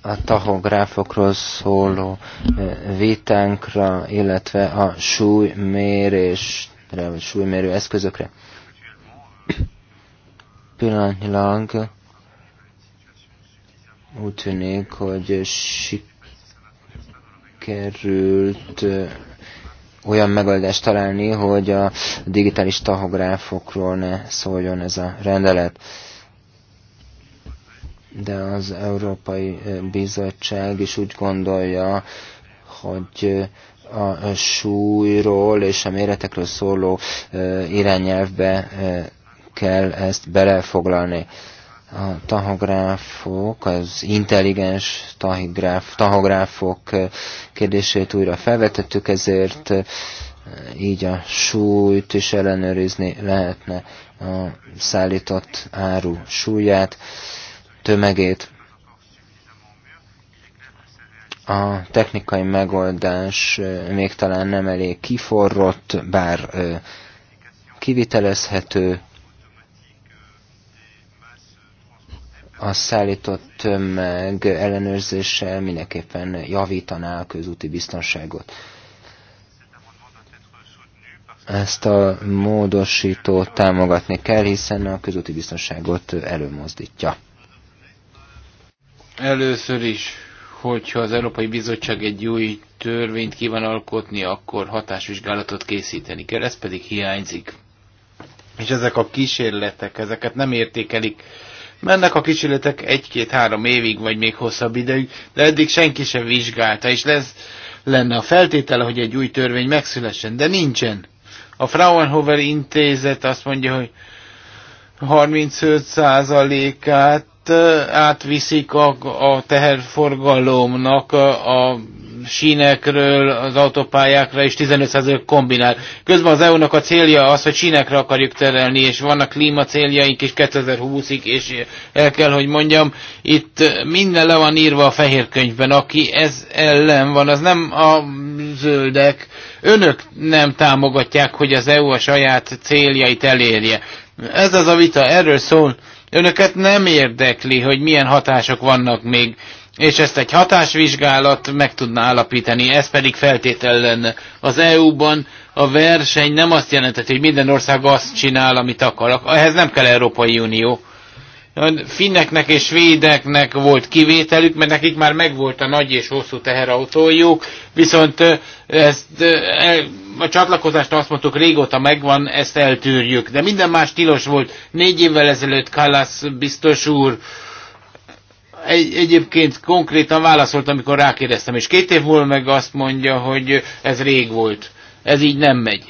a tahográfokról szóló eh, vitánkra, illetve a súlymérésre, vagy súlymérő eszközökre. Pillanatnyilag úgy tűnik, hogy sikerült eh, olyan megoldást találni, hogy a digitális tahográfokról ne szóljon ez a rendelet. De az Európai Bizottság is úgy gondolja, hogy a súlyról és a méretekről szóló irányelvbe kell ezt belefoglalni a tahográfok, az intelligens tahigráf, tahográfok kérdését újra felvetettük, ezért így a súlyt is ellenőrizni lehetne a szállított áru súlyát, tömegét. A technikai megoldás még talán nem elég kiforrott, bár kivitelezhető, a szállított tömeg ellenőrzéssel mindenképpen javítaná a közúti biztonságot. Ezt a módosítót támogatni kell, hiszen a közúti biztonságot előmozdítja. Először is, hogyha az Európai Bizottság egy új törvényt kíván alkotni, akkor hatásvizsgálatot készíteni kell, ez pedig hiányzik. És ezek a kísérletek, ezeket nem értékelik Mennek a kísérletek egy-két-három évig, vagy még hosszabb ideig, de eddig senki sem vizsgálta, és lesz, lenne a feltétele, hogy egy új törvény megszülessen, de nincsen. A Fraunhofer intézet azt mondja, hogy 35%-át átviszik a, a teherforgalomnak a, a sínekről az autópályákra, és 15% kombinál. Közben az EU-nak a célja az, hogy sínekre akarjuk terelni, és vannak klíma céljaink is 2020-ig, és el kell, hogy mondjam, itt minden le van írva a fehér könyvben, aki ez ellen van, az nem a zöldek, önök nem támogatják, hogy az EU a saját céljait elérje. Ez az a vita, erről szól. Önöket nem érdekli, hogy milyen hatások vannak még, és ezt egy hatásvizsgálat meg tudna állapítani, ez pedig feltétel lenne. Az EU-ban a verseny nem azt jelenteti, hogy minden ország azt csinál, amit akar. Ehhez nem kell Európai Unió. A finneknek és svédeknek volt kivételük, mert nekik már megvolt a nagy és hosszú teherautójuk, viszont ezt a csatlakozást azt mondtuk, régóta megvan, ezt eltűrjük. De minden más tilos volt. Négy évvel ezelőtt Kallas biztos úr egy, egyébként konkrétan válaszolt, amikor rákérdeztem, és két év múlva meg azt mondja, hogy ez rég volt. Ez így nem megy.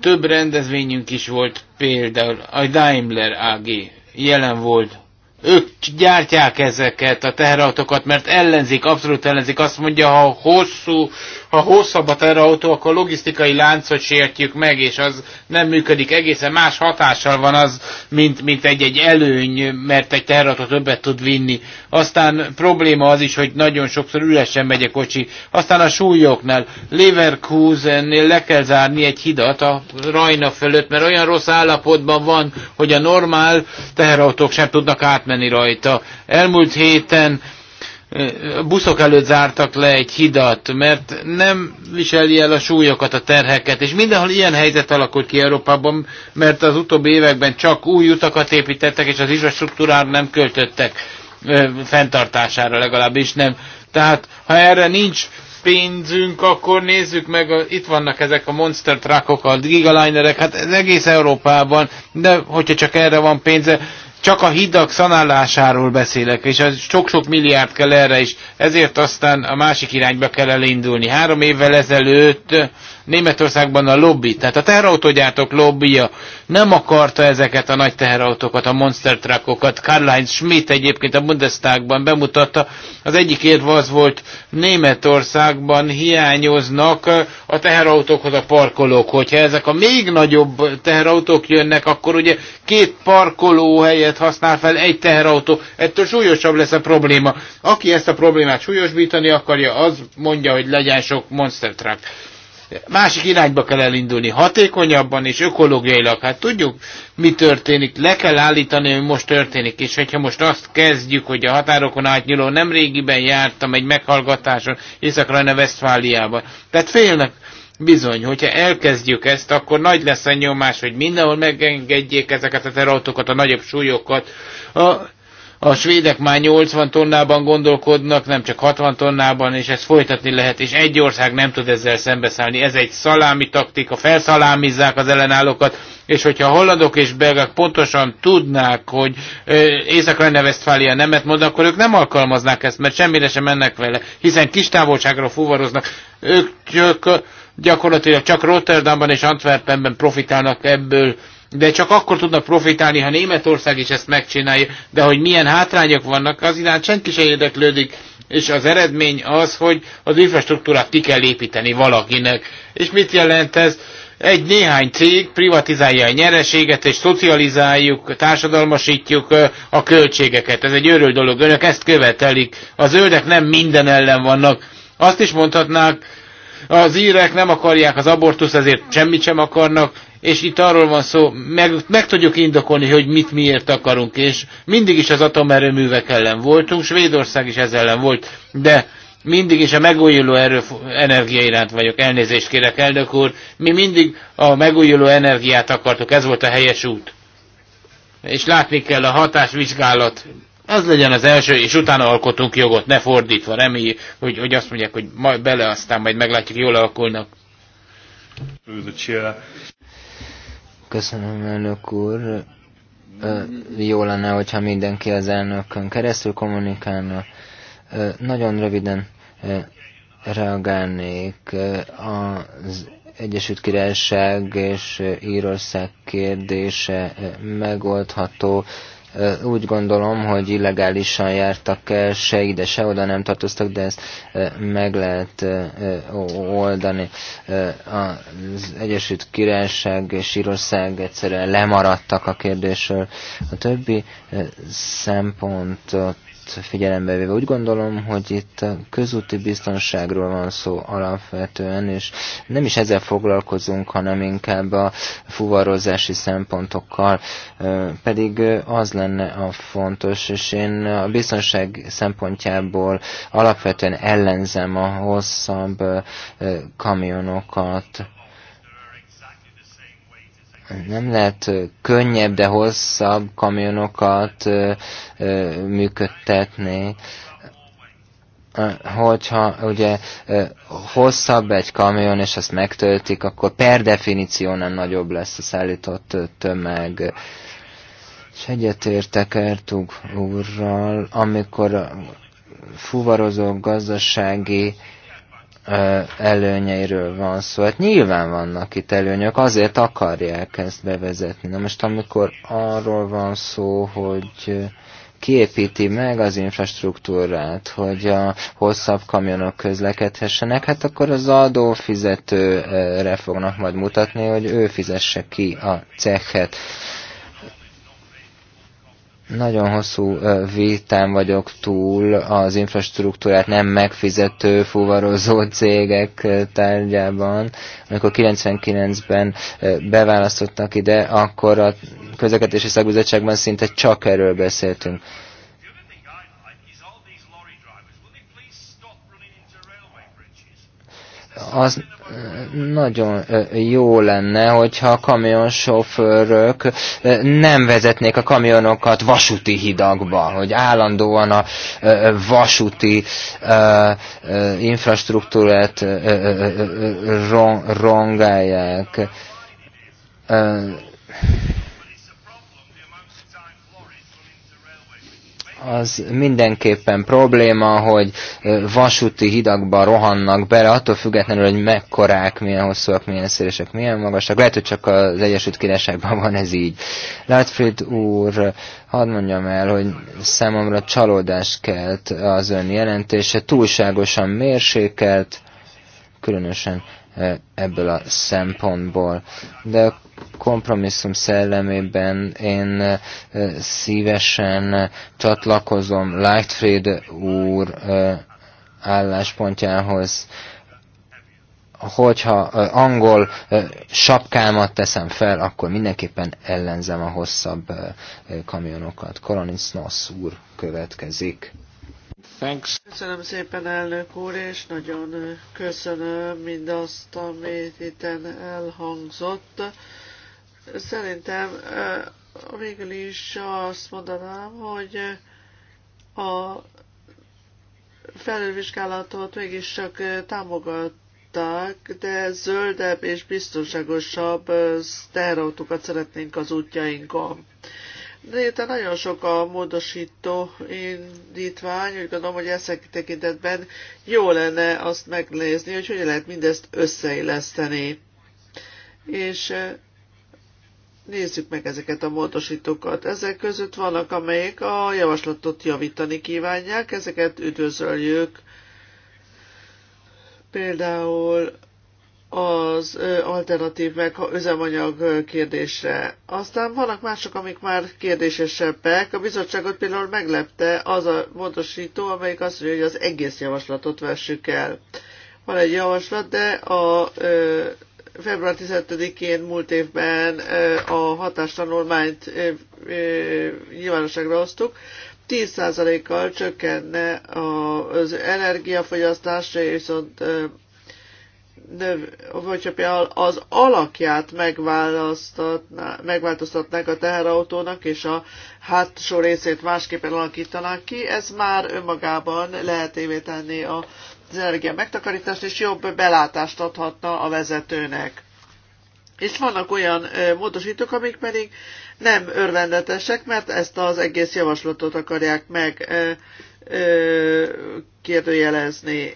Több rendezvényünk is volt, például a Daimler AG jelen volt. Ők gyártják ezeket a teherautokat, mert ellenzik, abszolút ellenzik. Azt mondja, ha hosszú ha hosszabb a terrautó, akkor logisztikai láncot sértjük meg, és az nem működik egészen más hatással van az, mint, mint egy-egy előny, mert egy terrautó többet tud vinni. Aztán probléma az is, hogy nagyon sokszor üresen megy a kocsi. Aztán a súlyoknál Leverkusennél le kell zárni egy hidat a Rajna fölött, mert olyan rossz állapotban van, hogy a normál teherautók sem tudnak átmenni rajta. Elmúlt héten buszok előtt zártak le egy hidat, mert nem viseli el a súlyokat, a terheket, és mindenhol ilyen helyzet alakult ki Európában, mert az utóbbi években csak új utakat építettek, és az infrastruktúrára nem költöttek fenntartására legalábbis nem. Tehát, ha erre nincs pénzünk, akkor nézzük meg, a, itt vannak ezek a monster truckok, a gigalinerek, hát ez egész Európában, de hogyha csak erre van pénze, csak a hidak szanálásáról beszélek, és az sok-sok milliárd kell erre is, ezért aztán a másik irányba kell elindulni. Három évvel ezelőtt Németországban a lobby, tehát a teherautógyártók lobbija nem akarta ezeket a nagy teherautókat, a monster truckokat. Karl-Heinz Schmidt egyébként a Bundestagban bemutatta. Az egyik érv az volt, Németországban hiányoznak a teherautókhoz a parkolók. Hogyha ezek a még nagyobb teherautók jönnek, akkor ugye két parkoló helyet használ fel egy teherautó. Ettől súlyosabb lesz a probléma. Aki ezt a problémát súlyosbítani akarja, az mondja, hogy legyen sok monster truck másik irányba kell elindulni, hatékonyabban és ökológiailag. Hát tudjuk, mi történik, le kell állítani, hogy most történik, és hogyha most azt kezdjük, hogy a határokon átnyúló, nem régiben jártam egy meghallgatáson Észak-Rajna Vesztfáliában. Tehát félnek, Bizony, hogyha elkezdjük ezt, akkor nagy lesz a nyomás, hogy mindenhol megengedjék ezeket a terautókat, a nagyobb súlyokat. A, a svédek már 80 tonnában gondolkodnak, nem csak 60 tonnában, és ezt folytatni lehet, és egy ország nem tud ezzel szembeszállni. Ez egy szalámi taktika, felszalámizzák az ellenállókat, és hogyha a hollandok és belgák pontosan tudnák, hogy észak lenne Westfália nemet mond, akkor ők nem alkalmaznák ezt, mert semmire sem mennek vele, hiszen kis távolságra fuvaroznak. Ők csak, gyakorlatilag csak Rotterdamban és Antwerpenben profitálnak ebből, de csak akkor tudnak profitálni, ha Németország is ezt megcsinálja, de hogy milyen hátrányok vannak, az iránt senki sem érdeklődik, és az eredmény az, hogy az infrastruktúrát ki kell építeni valakinek. És mit jelent ez? Egy néhány cég privatizálja a nyereséget, és szocializáljuk, társadalmasítjuk a költségeket. Ez egy örül dolog. Önök ezt követelik. A zöldek nem minden ellen vannak. Azt is mondhatnák, az írek nem akarják az abortusz ezért semmit sem akarnak és itt arról van szó, meg, meg tudjuk indokolni, hogy mit miért akarunk, és mindig is az atomerőművek ellen voltunk, Svédország is ez ellen volt, de mindig is a megújuló erő, energia iránt vagyok, elnézést kérek, elnök úr, mi mindig a megújuló energiát akartuk, ez volt a helyes út. És látni kell a hatásvizsgálat, az legyen az első, és utána alkotunk jogot, ne fordítva, reméljük, hogy, hogy azt mondják, hogy majd bele, aztán majd meglátjuk, jól alakulnak. Köszönöm, elnök úr. Jó lenne, hogyha mindenki az elnökön keresztül kommunikálna. Nagyon röviden reagálnék az Egyesült Királyság és Írország kérdése megoldható úgy gondolom, hogy illegálisan jártak el, se ide, se oda nem tartoztak, de ezt meg lehet oldani. Az Egyesült Királyság és Írország egyszerűen lemaradtak a kérdésről. A többi szempontot figyelembe véve. Úgy gondolom, hogy itt a közúti biztonságról van szó alapvetően, és nem is ezzel foglalkozunk, hanem inkább a fuvarozási szempontokkal, pedig az lenne a fontos, és én a biztonság szempontjából alapvetően ellenzem a hosszabb kamionokat, nem lehet könnyebb, de hosszabb kamionokat működtetni hogyha ugye hosszabb egy kamion, és azt megtöltik, akkor per definíció nem nagyobb lesz a szállított tömeg. És egyetértek Ertug úrral, amikor fuvarozó gazdasági előnyeiről van szó. Hát nyilván vannak itt előnyök, azért akarják ezt bevezetni. Na most amikor arról van szó, hogy kiépíti meg az infrastruktúrát, hogy a hosszabb kamionok közlekedhessenek, hát akkor az adófizetőre fognak majd mutatni, hogy ő fizesse ki a cechet. Nagyon hosszú vétán vagyok túl az infrastruktúrát nem megfizető, fuvarozó cégek tárgyában. Amikor 99-ben beválasztottak ide, akkor a közlekedési szakbizottságban szinte csak erről beszéltünk. Az, nagyon jó lenne, hogyha a kamionsofőrök nem vezetnék a kamionokat vasúti hidakba, hogy állandóan a vasúti infrastruktúrát rongálják az mindenképpen probléma, hogy vasúti hidakba rohannak bele, attól függetlenül, hogy mekkorák, milyen hosszúak, milyen szélesek, milyen magasak. Lehet, hogy csak az Egyesült Királyságban van ez így. Látfried úr, hadd mondjam el, hogy számomra csalódást kelt az ön jelentése, túlságosan mérsékelt, különösen ebből a szempontból. De kompromisszum szellemében én szívesen csatlakozom Lightfried úr álláspontjához, hogyha angol sapkámat teszem fel, akkor mindenképpen ellenzem a hosszabb kamionokat. Koronis Nosz úr következik. Thanks. Köszönöm szépen, elnök úr, és nagyon köszönöm mindazt, amit itt elhangzott Szerintem végül is azt mondanám, hogy a felülvizsgálatot mégis csak támogatták, de zöldebb és biztonságosabb sztereotokat szeretnénk az útjainkon. Miután nagyon sok a módosító indítvány, úgy gondolom, hogy ezek tekintetben jó lenne azt megnézni, hogy hogyan lehet mindezt összeilleszteni. És nézzük meg ezeket a módosítókat. Ezek között vannak, amelyek a javaslatot javítani kívánják, ezeket üdvözöljük. Például az alternatív meg üzemanyag kérdésre. Aztán vannak mások, amik már kérdésesebbek. A bizottságot például meglepte az a módosító, amelyik azt mondja, hogy az egész javaslatot vessük el. Van egy javaslat, de a február 15-én múlt évben a hatástanulmányt nyilvánosságra hoztuk, 10%-kal csökkenne az energiafogyasztás, viszont növ, hogyha például az alakját megváltoztatnák a teherautónak, és a hátsó részét másképpen alakítanák ki, ez már önmagában lehetővé tenni a az energia megtakarítást, és jobb belátást adhatna a vezetőnek. És vannak olyan módosítók, amik pedig nem örvendetesek, mert ezt az egész javaslatot akarják meg kérdőjelezni.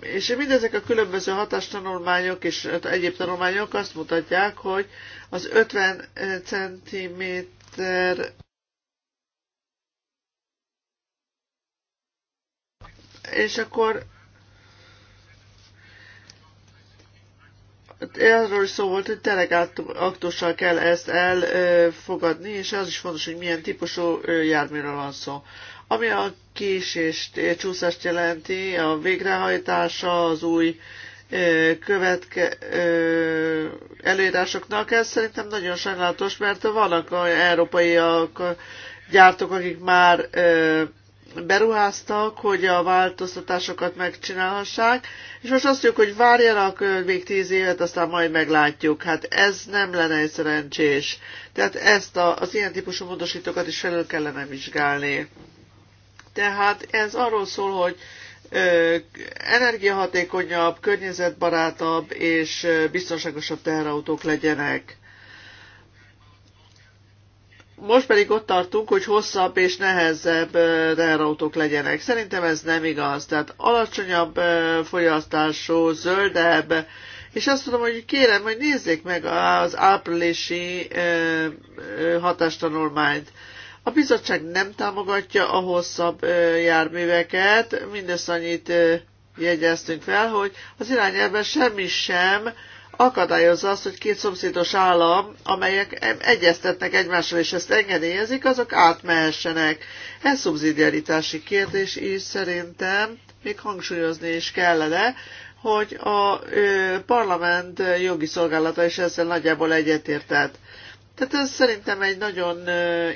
És mindezek a különböző hatástanulmányok és egyéb tanulmányok azt mutatják, hogy az 50 centiméter és akkor arról is szó volt, hogy delegáltaktussal kell ezt elfogadni, és az is fontos, hogy milyen típusú járműről van szó. Ami a késést, csúszást jelenti, a végrehajtása, az új követke, előírásoknak, ez szerintem nagyon sajnálatos, mert vannak olyan európaiak, gyártók, akik már beruháztak, hogy a változtatásokat megcsinálhassák, és most azt mondjuk, hogy várjanak még tíz évet, aztán majd meglátjuk. Hát ez nem lenne egy szerencsés. Tehát ezt a, az ilyen típusú módosítókat is felül kellene vizsgálni. Tehát ez arról szól, hogy energiahatékonyabb, környezetbarátabb és biztonságosabb teherautók legyenek most pedig ott tartunk, hogy hosszabb és nehezebb teherautók legyenek. Szerintem ez nem igaz. Tehát alacsonyabb fogyasztású, zöldebb, és azt tudom, hogy kérem, hogy nézzék meg az áprilisi hatástanulmányt. A bizottság nem támogatja a hosszabb járműveket, mindössze annyit jegyeztünk fel, hogy az irányelben semmi sem akadályozza azt, hogy két szomszédos állam, amelyek egyeztetnek egymással, és ezt engedélyezik, azok átmehessenek. Ez szubszidiaritási kérdés is szerintem még hangsúlyozni is kellene, hogy a ö, parlament jogi szolgálata is ezzel nagyjából egyetértett. Tehát ez szerintem egy nagyon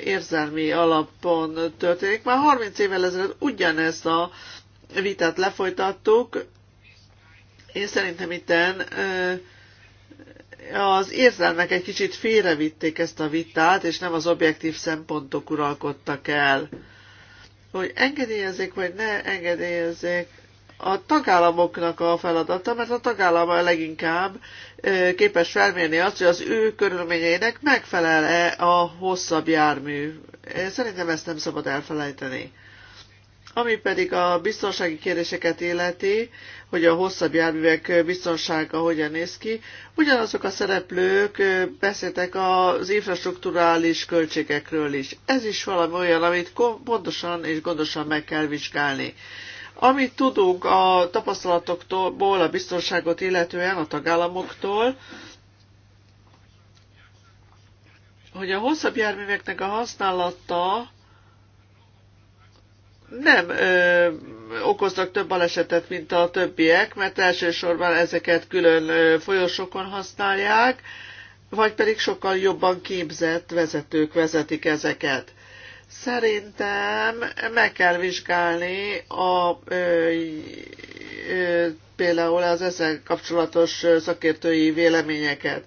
érzelmi alapon történik. Már 30 évvel ezelőtt ugyanezt a vitát lefolytattuk. Én szerintem itten ö, az érzelmek egy kicsit félrevitték ezt a vitát, és nem az objektív szempontok uralkodtak el. Hogy engedélyezzék, vagy ne engedélyezzék, a tagállamoknak a feladata, mert a tagállam a leginkább képes felmérni azt, hogy az ő körülményeinek megfelel-e a hosszabb jármű. Szerintem ezt nem szabad elfelejteni. Ami pedig a biztonsági kérdéseket illeti, hogy a hosszabb járművek biztonsága hogyan néz ki, ugyanazok a szereplők beszéltek az infrastruktúrális költségekről is. Ez is valami olyan, amit pontosan és gondosan meg kell vizsgálni. Amit tudunk a tapasztalatokból, a biztonságot illetően a tagállamoktól, hogy a hosszabb járműveknek a használata nem ö, okoznak több balesetet, mint a többiek, mert elsősorban ezeket külön ö, folyosokon használják, vagy pedig sokkal jobban képzett vezetők vezetik ezeket. Szerintem meg kell vizsgálni a, ö, ö, például az ezzel kapcsolatos szakértői véleményeket.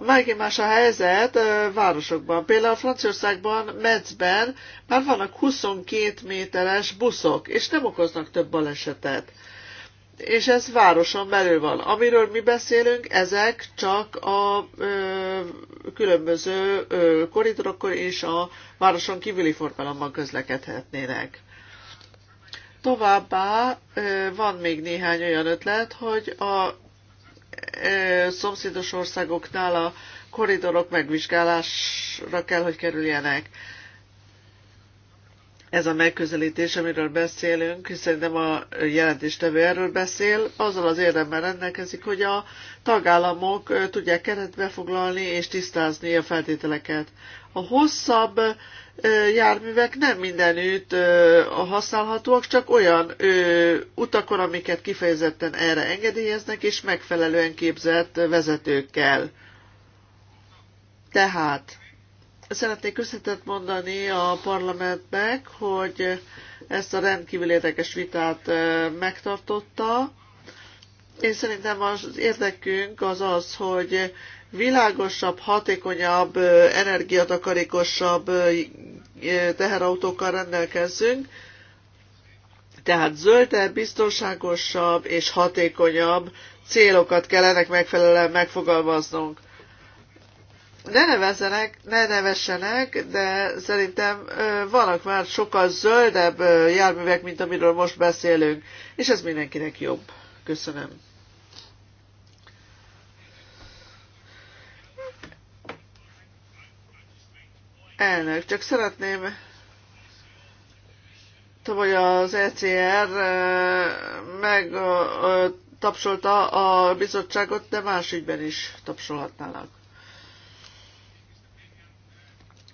Megint más a helyzet városokban. Például Franciaországban, Metzben már vannak 22 méteres buszok, és nem okoznak több balesetet. És ez városon belül van. Amiről mi beszélünk, ezek csak a ö, különböző ö, koridorokon és a városon kívüli forgalomban közlekedhetnének. Továbbá van még néhány olyan ötlet, hogy a szomszédos országoknál a koridorok megvizsgálásra kell, hogy kerüljenek. Ez a megközelítés, amiről beszélünk, nem a jelentéstevő erről beszél, azzal az érdemben rendelkezik, hogy a tagállamok tudják keretbe foglalni és tisztázni a feltételeket. A hosszabb járművek nem mindenütt használhatóak, csak olyan utakon, amiket kifejezetten erre engedélyeznek, és megfelelően képzett vezetőkkel. Tehát szeretnék köszönetet mondani a parlamentnek, hogy ezt a rendkívül érdekes vitát megtartotta. Én szerintem az érdekünk az az, hogy világosabb, hatékonyabb, energiatakarékosabb teherautókkal rendelkezzünk, tehát zöldebb, biztonságosabb és hatékonyabb célokat kellene megfelelően megfogalmaznunk. Ne nevezzenek, ne nevessenek, de szerintem vannak már sokkal zöldebb járművek, mint amiről most beszélünk, és ez mindenkinek jobb. Köszönöm. Elnök, csak szeretném tavaly az ECR megtapsolta a bizottságot, de más ügyben is tapsolhatnának.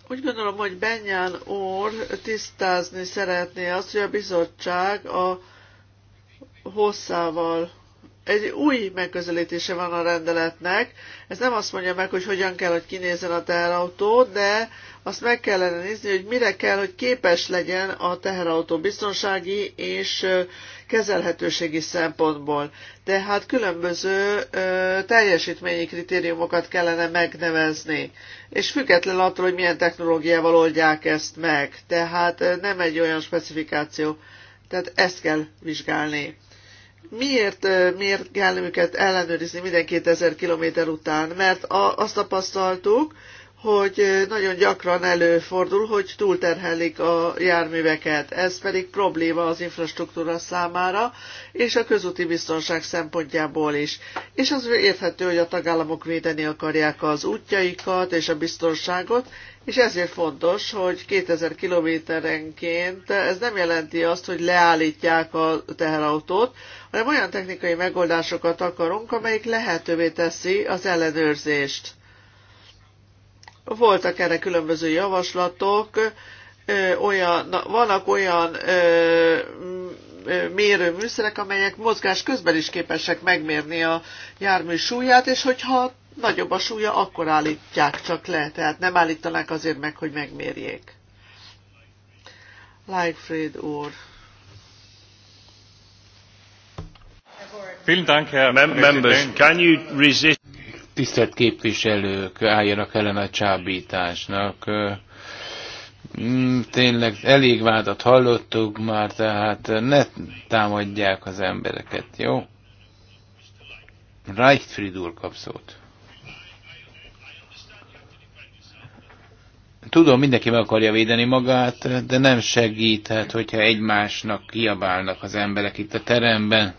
Úgy gondolom, hogy Benyán úr tisztázni szeretné azt, hogy a bizottság a hosszával egy új megközelítése van a rendeletnek. Ez nem azt mondja meg, hogy hogyan kell, hogy kinézzen a teherautó, de azt meg kellene nézni, hogy mire kell, hogy képes legyen a teherautó biztonsági és kezelhetőségi szempontból. Tehát különböző ö, teljesítményi kritériumokat kellene megnevezni, és független attól, hogy milyen technológiával oldják ezt meg. Tehát nem egy olyan specifikáció. Tehát ezt kell vizsgálni. Miért, miért kell őket ellenőrizni minden 2000 km után? Mert a, azt tapasztaltuk, hogy nagyon gyakran előfordul, hogy túlterhelik a járműveket. Ez pedig probléma az infrastruktúra számára, és a közúti biztonság szempontjából is. És az érthető, hogy a tagállamok védeni akarják az útjaikat és a biztonságot, és ezért fontos, hogy 2000 kilométerenként ez nem jelenti azt, hogy leállítják a teherautót, hanem olyan technikai megoldásokat akarunk, amelyik lehetővé teszi az ellenőrzést. Voltak erre különböző javaslatok, olyan, vannak olyan ö, mérőműszerek, amelyek mozgás közben is képesek megmérni a jármű súlyát, és hogyha nagyobb a súlya, akkor állítják csak le, tehát nem állítanák azért meg, hogy megmérjék. Leifried úr. Tisztelt képviselők, álljanak ellen a csábításnak. Mm, tényleg elég vádat hallottuk már, tehát ne támadják az embereket, jó? Reichfried úr kap szót. Tudom, mindenki meg akarja védeni magát, de nem segíthet, hogyha egymásnak kiabálnak az emberek itt a teremben.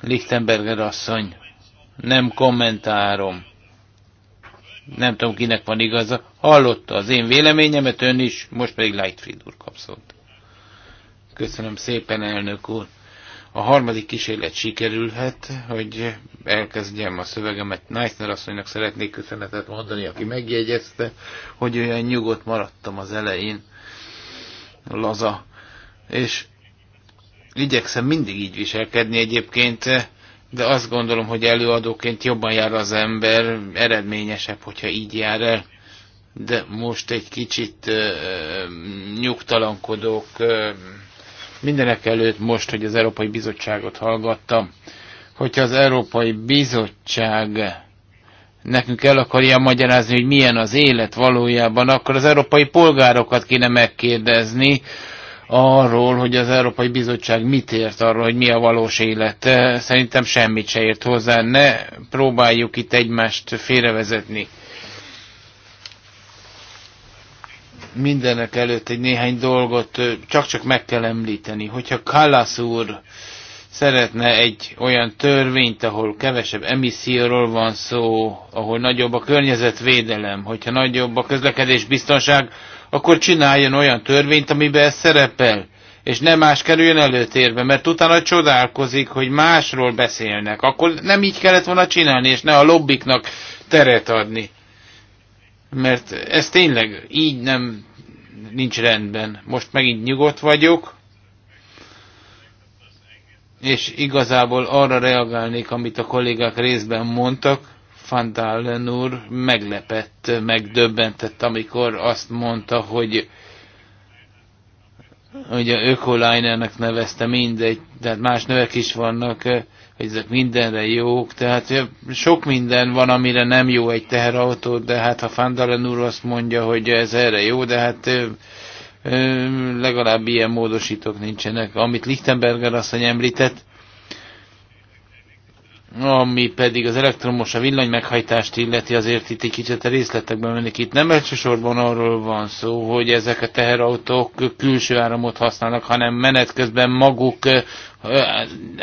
Lichtenberger asszony, nem kommentárom. Nem tudom, kinek van igaza. Hallotta az én véleményemet ön is, most pedig Lightfield úr kapszott. Köszönöm szépen, elnök úr a harmadik kísérlet sikerülhet, hogy elkezdjem a szövegemet. Neisner asszonynak szeretnék köszönetet mondani, aki megjegyezte, hogy olyan nyugodt maradtam az elején, laza, és igyekszem mindig így viselkedni egyébként, de azt gondolom, hogy előadóként jobban jár az ember, eredményesebb, hogyha így jár el. De most egy kicsit uh, nyugtalankodok, uh, Mindenek előtt most, hogy az Európai Bizottságot hallgattam, hogyha az Európai Bizottság nekünk el akarja magyarázni, hogy milyen az élet valójában, akkor az európai polgárokat kéne megkérdezni arról, hogy az Európai Bizottság mit ért arról, hogy mi a valós élet. Szerintem semmit se ért hozzá. Ne próbáljuk itt egymást félrevezetni. mindenek előtt egy néhány dolgot csak-csak meg kell említeni. Hogyha Kallász úr szeretne egy olyan törvényt, ahol kevesebb emisszióról van szó, ahol nagyobb a környezetvédelem, hogyha nagyobb a közlekedés biztonság, akkor csináljon olyan törvényt, amiben ez szerepel, és nem más kerüljön előtérbe, mert utána csodálkozik, hogy másról beszélnek. Akkor nem így kellett volna csinálni, és ne a lobbiknak teret adni mert ez tényleg így nem nincs rendben. Most megint nyugodt vagyok, és igazából arra reagálnék, amit a kollégák részben mondtak. Fandalen úr meglepett, megdöbbentett, amikor azt mondta, hogy ugye Ökolainernek nevezte mindegy, tehát más nevek is vannak, hogy ezek mindenre jók, tehát sok minden van, amire nem jó egy teherautó, de hát ha Fandalen úr azt mondja, hogy ez erre jó, de hát legalább ilyen módosítók nincsenek. Amit Lichtenberger asszony említett, ami pedig az elektromos, a villany meghajtást illeti, azért itt egy kicsit a részletekben mennek. Itt nem elsősorban arról van szó, hogy ezek a teherautók külső áramot használnak, hanem menet közben maguk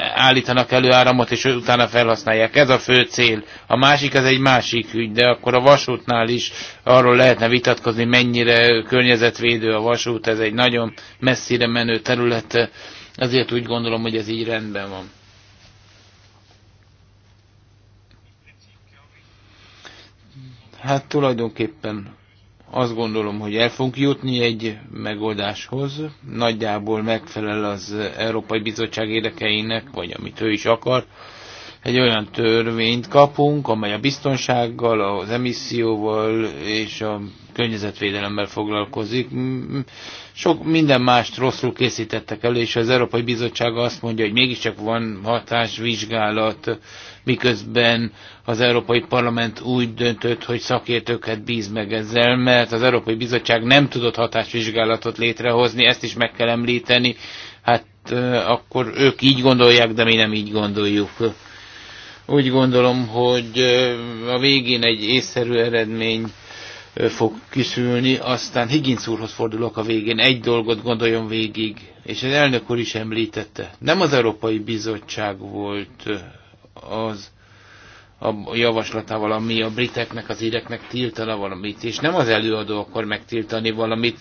állítanak elő áramot, és utána felhasználják. Ez a fő cél. A másik, az egy másik ügy, de akkor a vasútnál is arról lehetne vitatkozni, mennyire környezetvédő a vasút, ez egy nagyon messzire menő terület, ezért úgy gondolom, hogy ez így rendben van. Hát tulajdonképpen azt gondolom, hogy el fogunk jutni egy megoldáshoz, nagyjából megfelel az Európai Bizottság érdekeinek, vagy amit ő is akar. Egy olyan törvényt kapunk, amely a biztonsággal, az emisszióval és a környezetvédelemmel foglalkozik. Sok minden mást rosszul készítettek elő, és az Európai Bizottság azt mondja, hogy mégiscsak van hatásvizsgálat, miközben az Európai Parlament úgy döntött, hogy szakértőket bíz meg ezzel, mert az Európai Bizottság nem tudott hatásvizsgálatot létrehozni, ezt is meg kell említeni. Hát akkor ők így gondolják, de mi nem így gondoljuk úgy gondolom, hogy a végén egy észszerű eredmény fog kiszülni. Aztán Higgins úrhoz fordulok a végén. Egy dolgot gondoljon végig, és az elnök úr is említette. Nem az Európai Bizottság volt az a javaslatával, ami a briteknek, az íreknek tiltana valamit, és nem az előadó akar megtiltani valamit,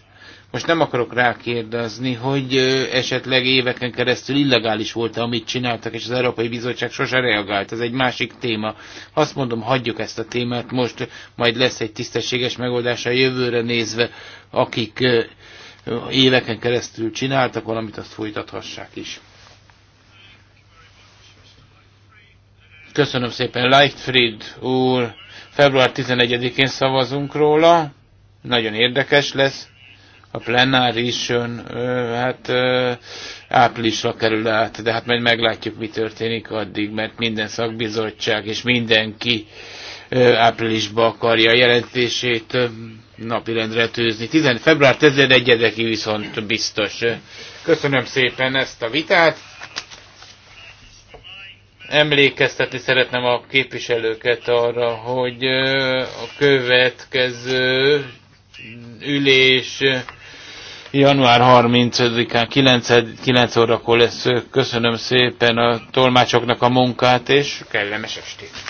most nem akarok rákérdezni, hogy esetleg éveken keresztül illegális volt -e, amit csináltak, és az Európai Bizottság sose reagált. Ez egy másik téma. Azt mondom, hagyjuk ezt a témát most, majd lesz egy tisztességes megoldás a jövőre nézve, akik éveken keresztül csináltak valamit, azt folytathassák is. Köszönöm szépen, Leichtfried úr. Február 11-én szavazunk róla. Nagyon érdekes lesz a plenárison, hát áprilisra kerül át, de hát majd meglátjuk, mi történik addig, mert minden szakbizottság és mindenki áprilisba akarja a jelentését napirendre tűzni. 10. február 11-i viszont biztos. Köszönöm szépen ezt a vitát. Emlékeztetni szeretném a képviselőket arra, hogy a következő ülés január 30-án 9, 9 órakor lesz. Köszönöm szépen a tolmácsoknak a munkát, és kellemes estét!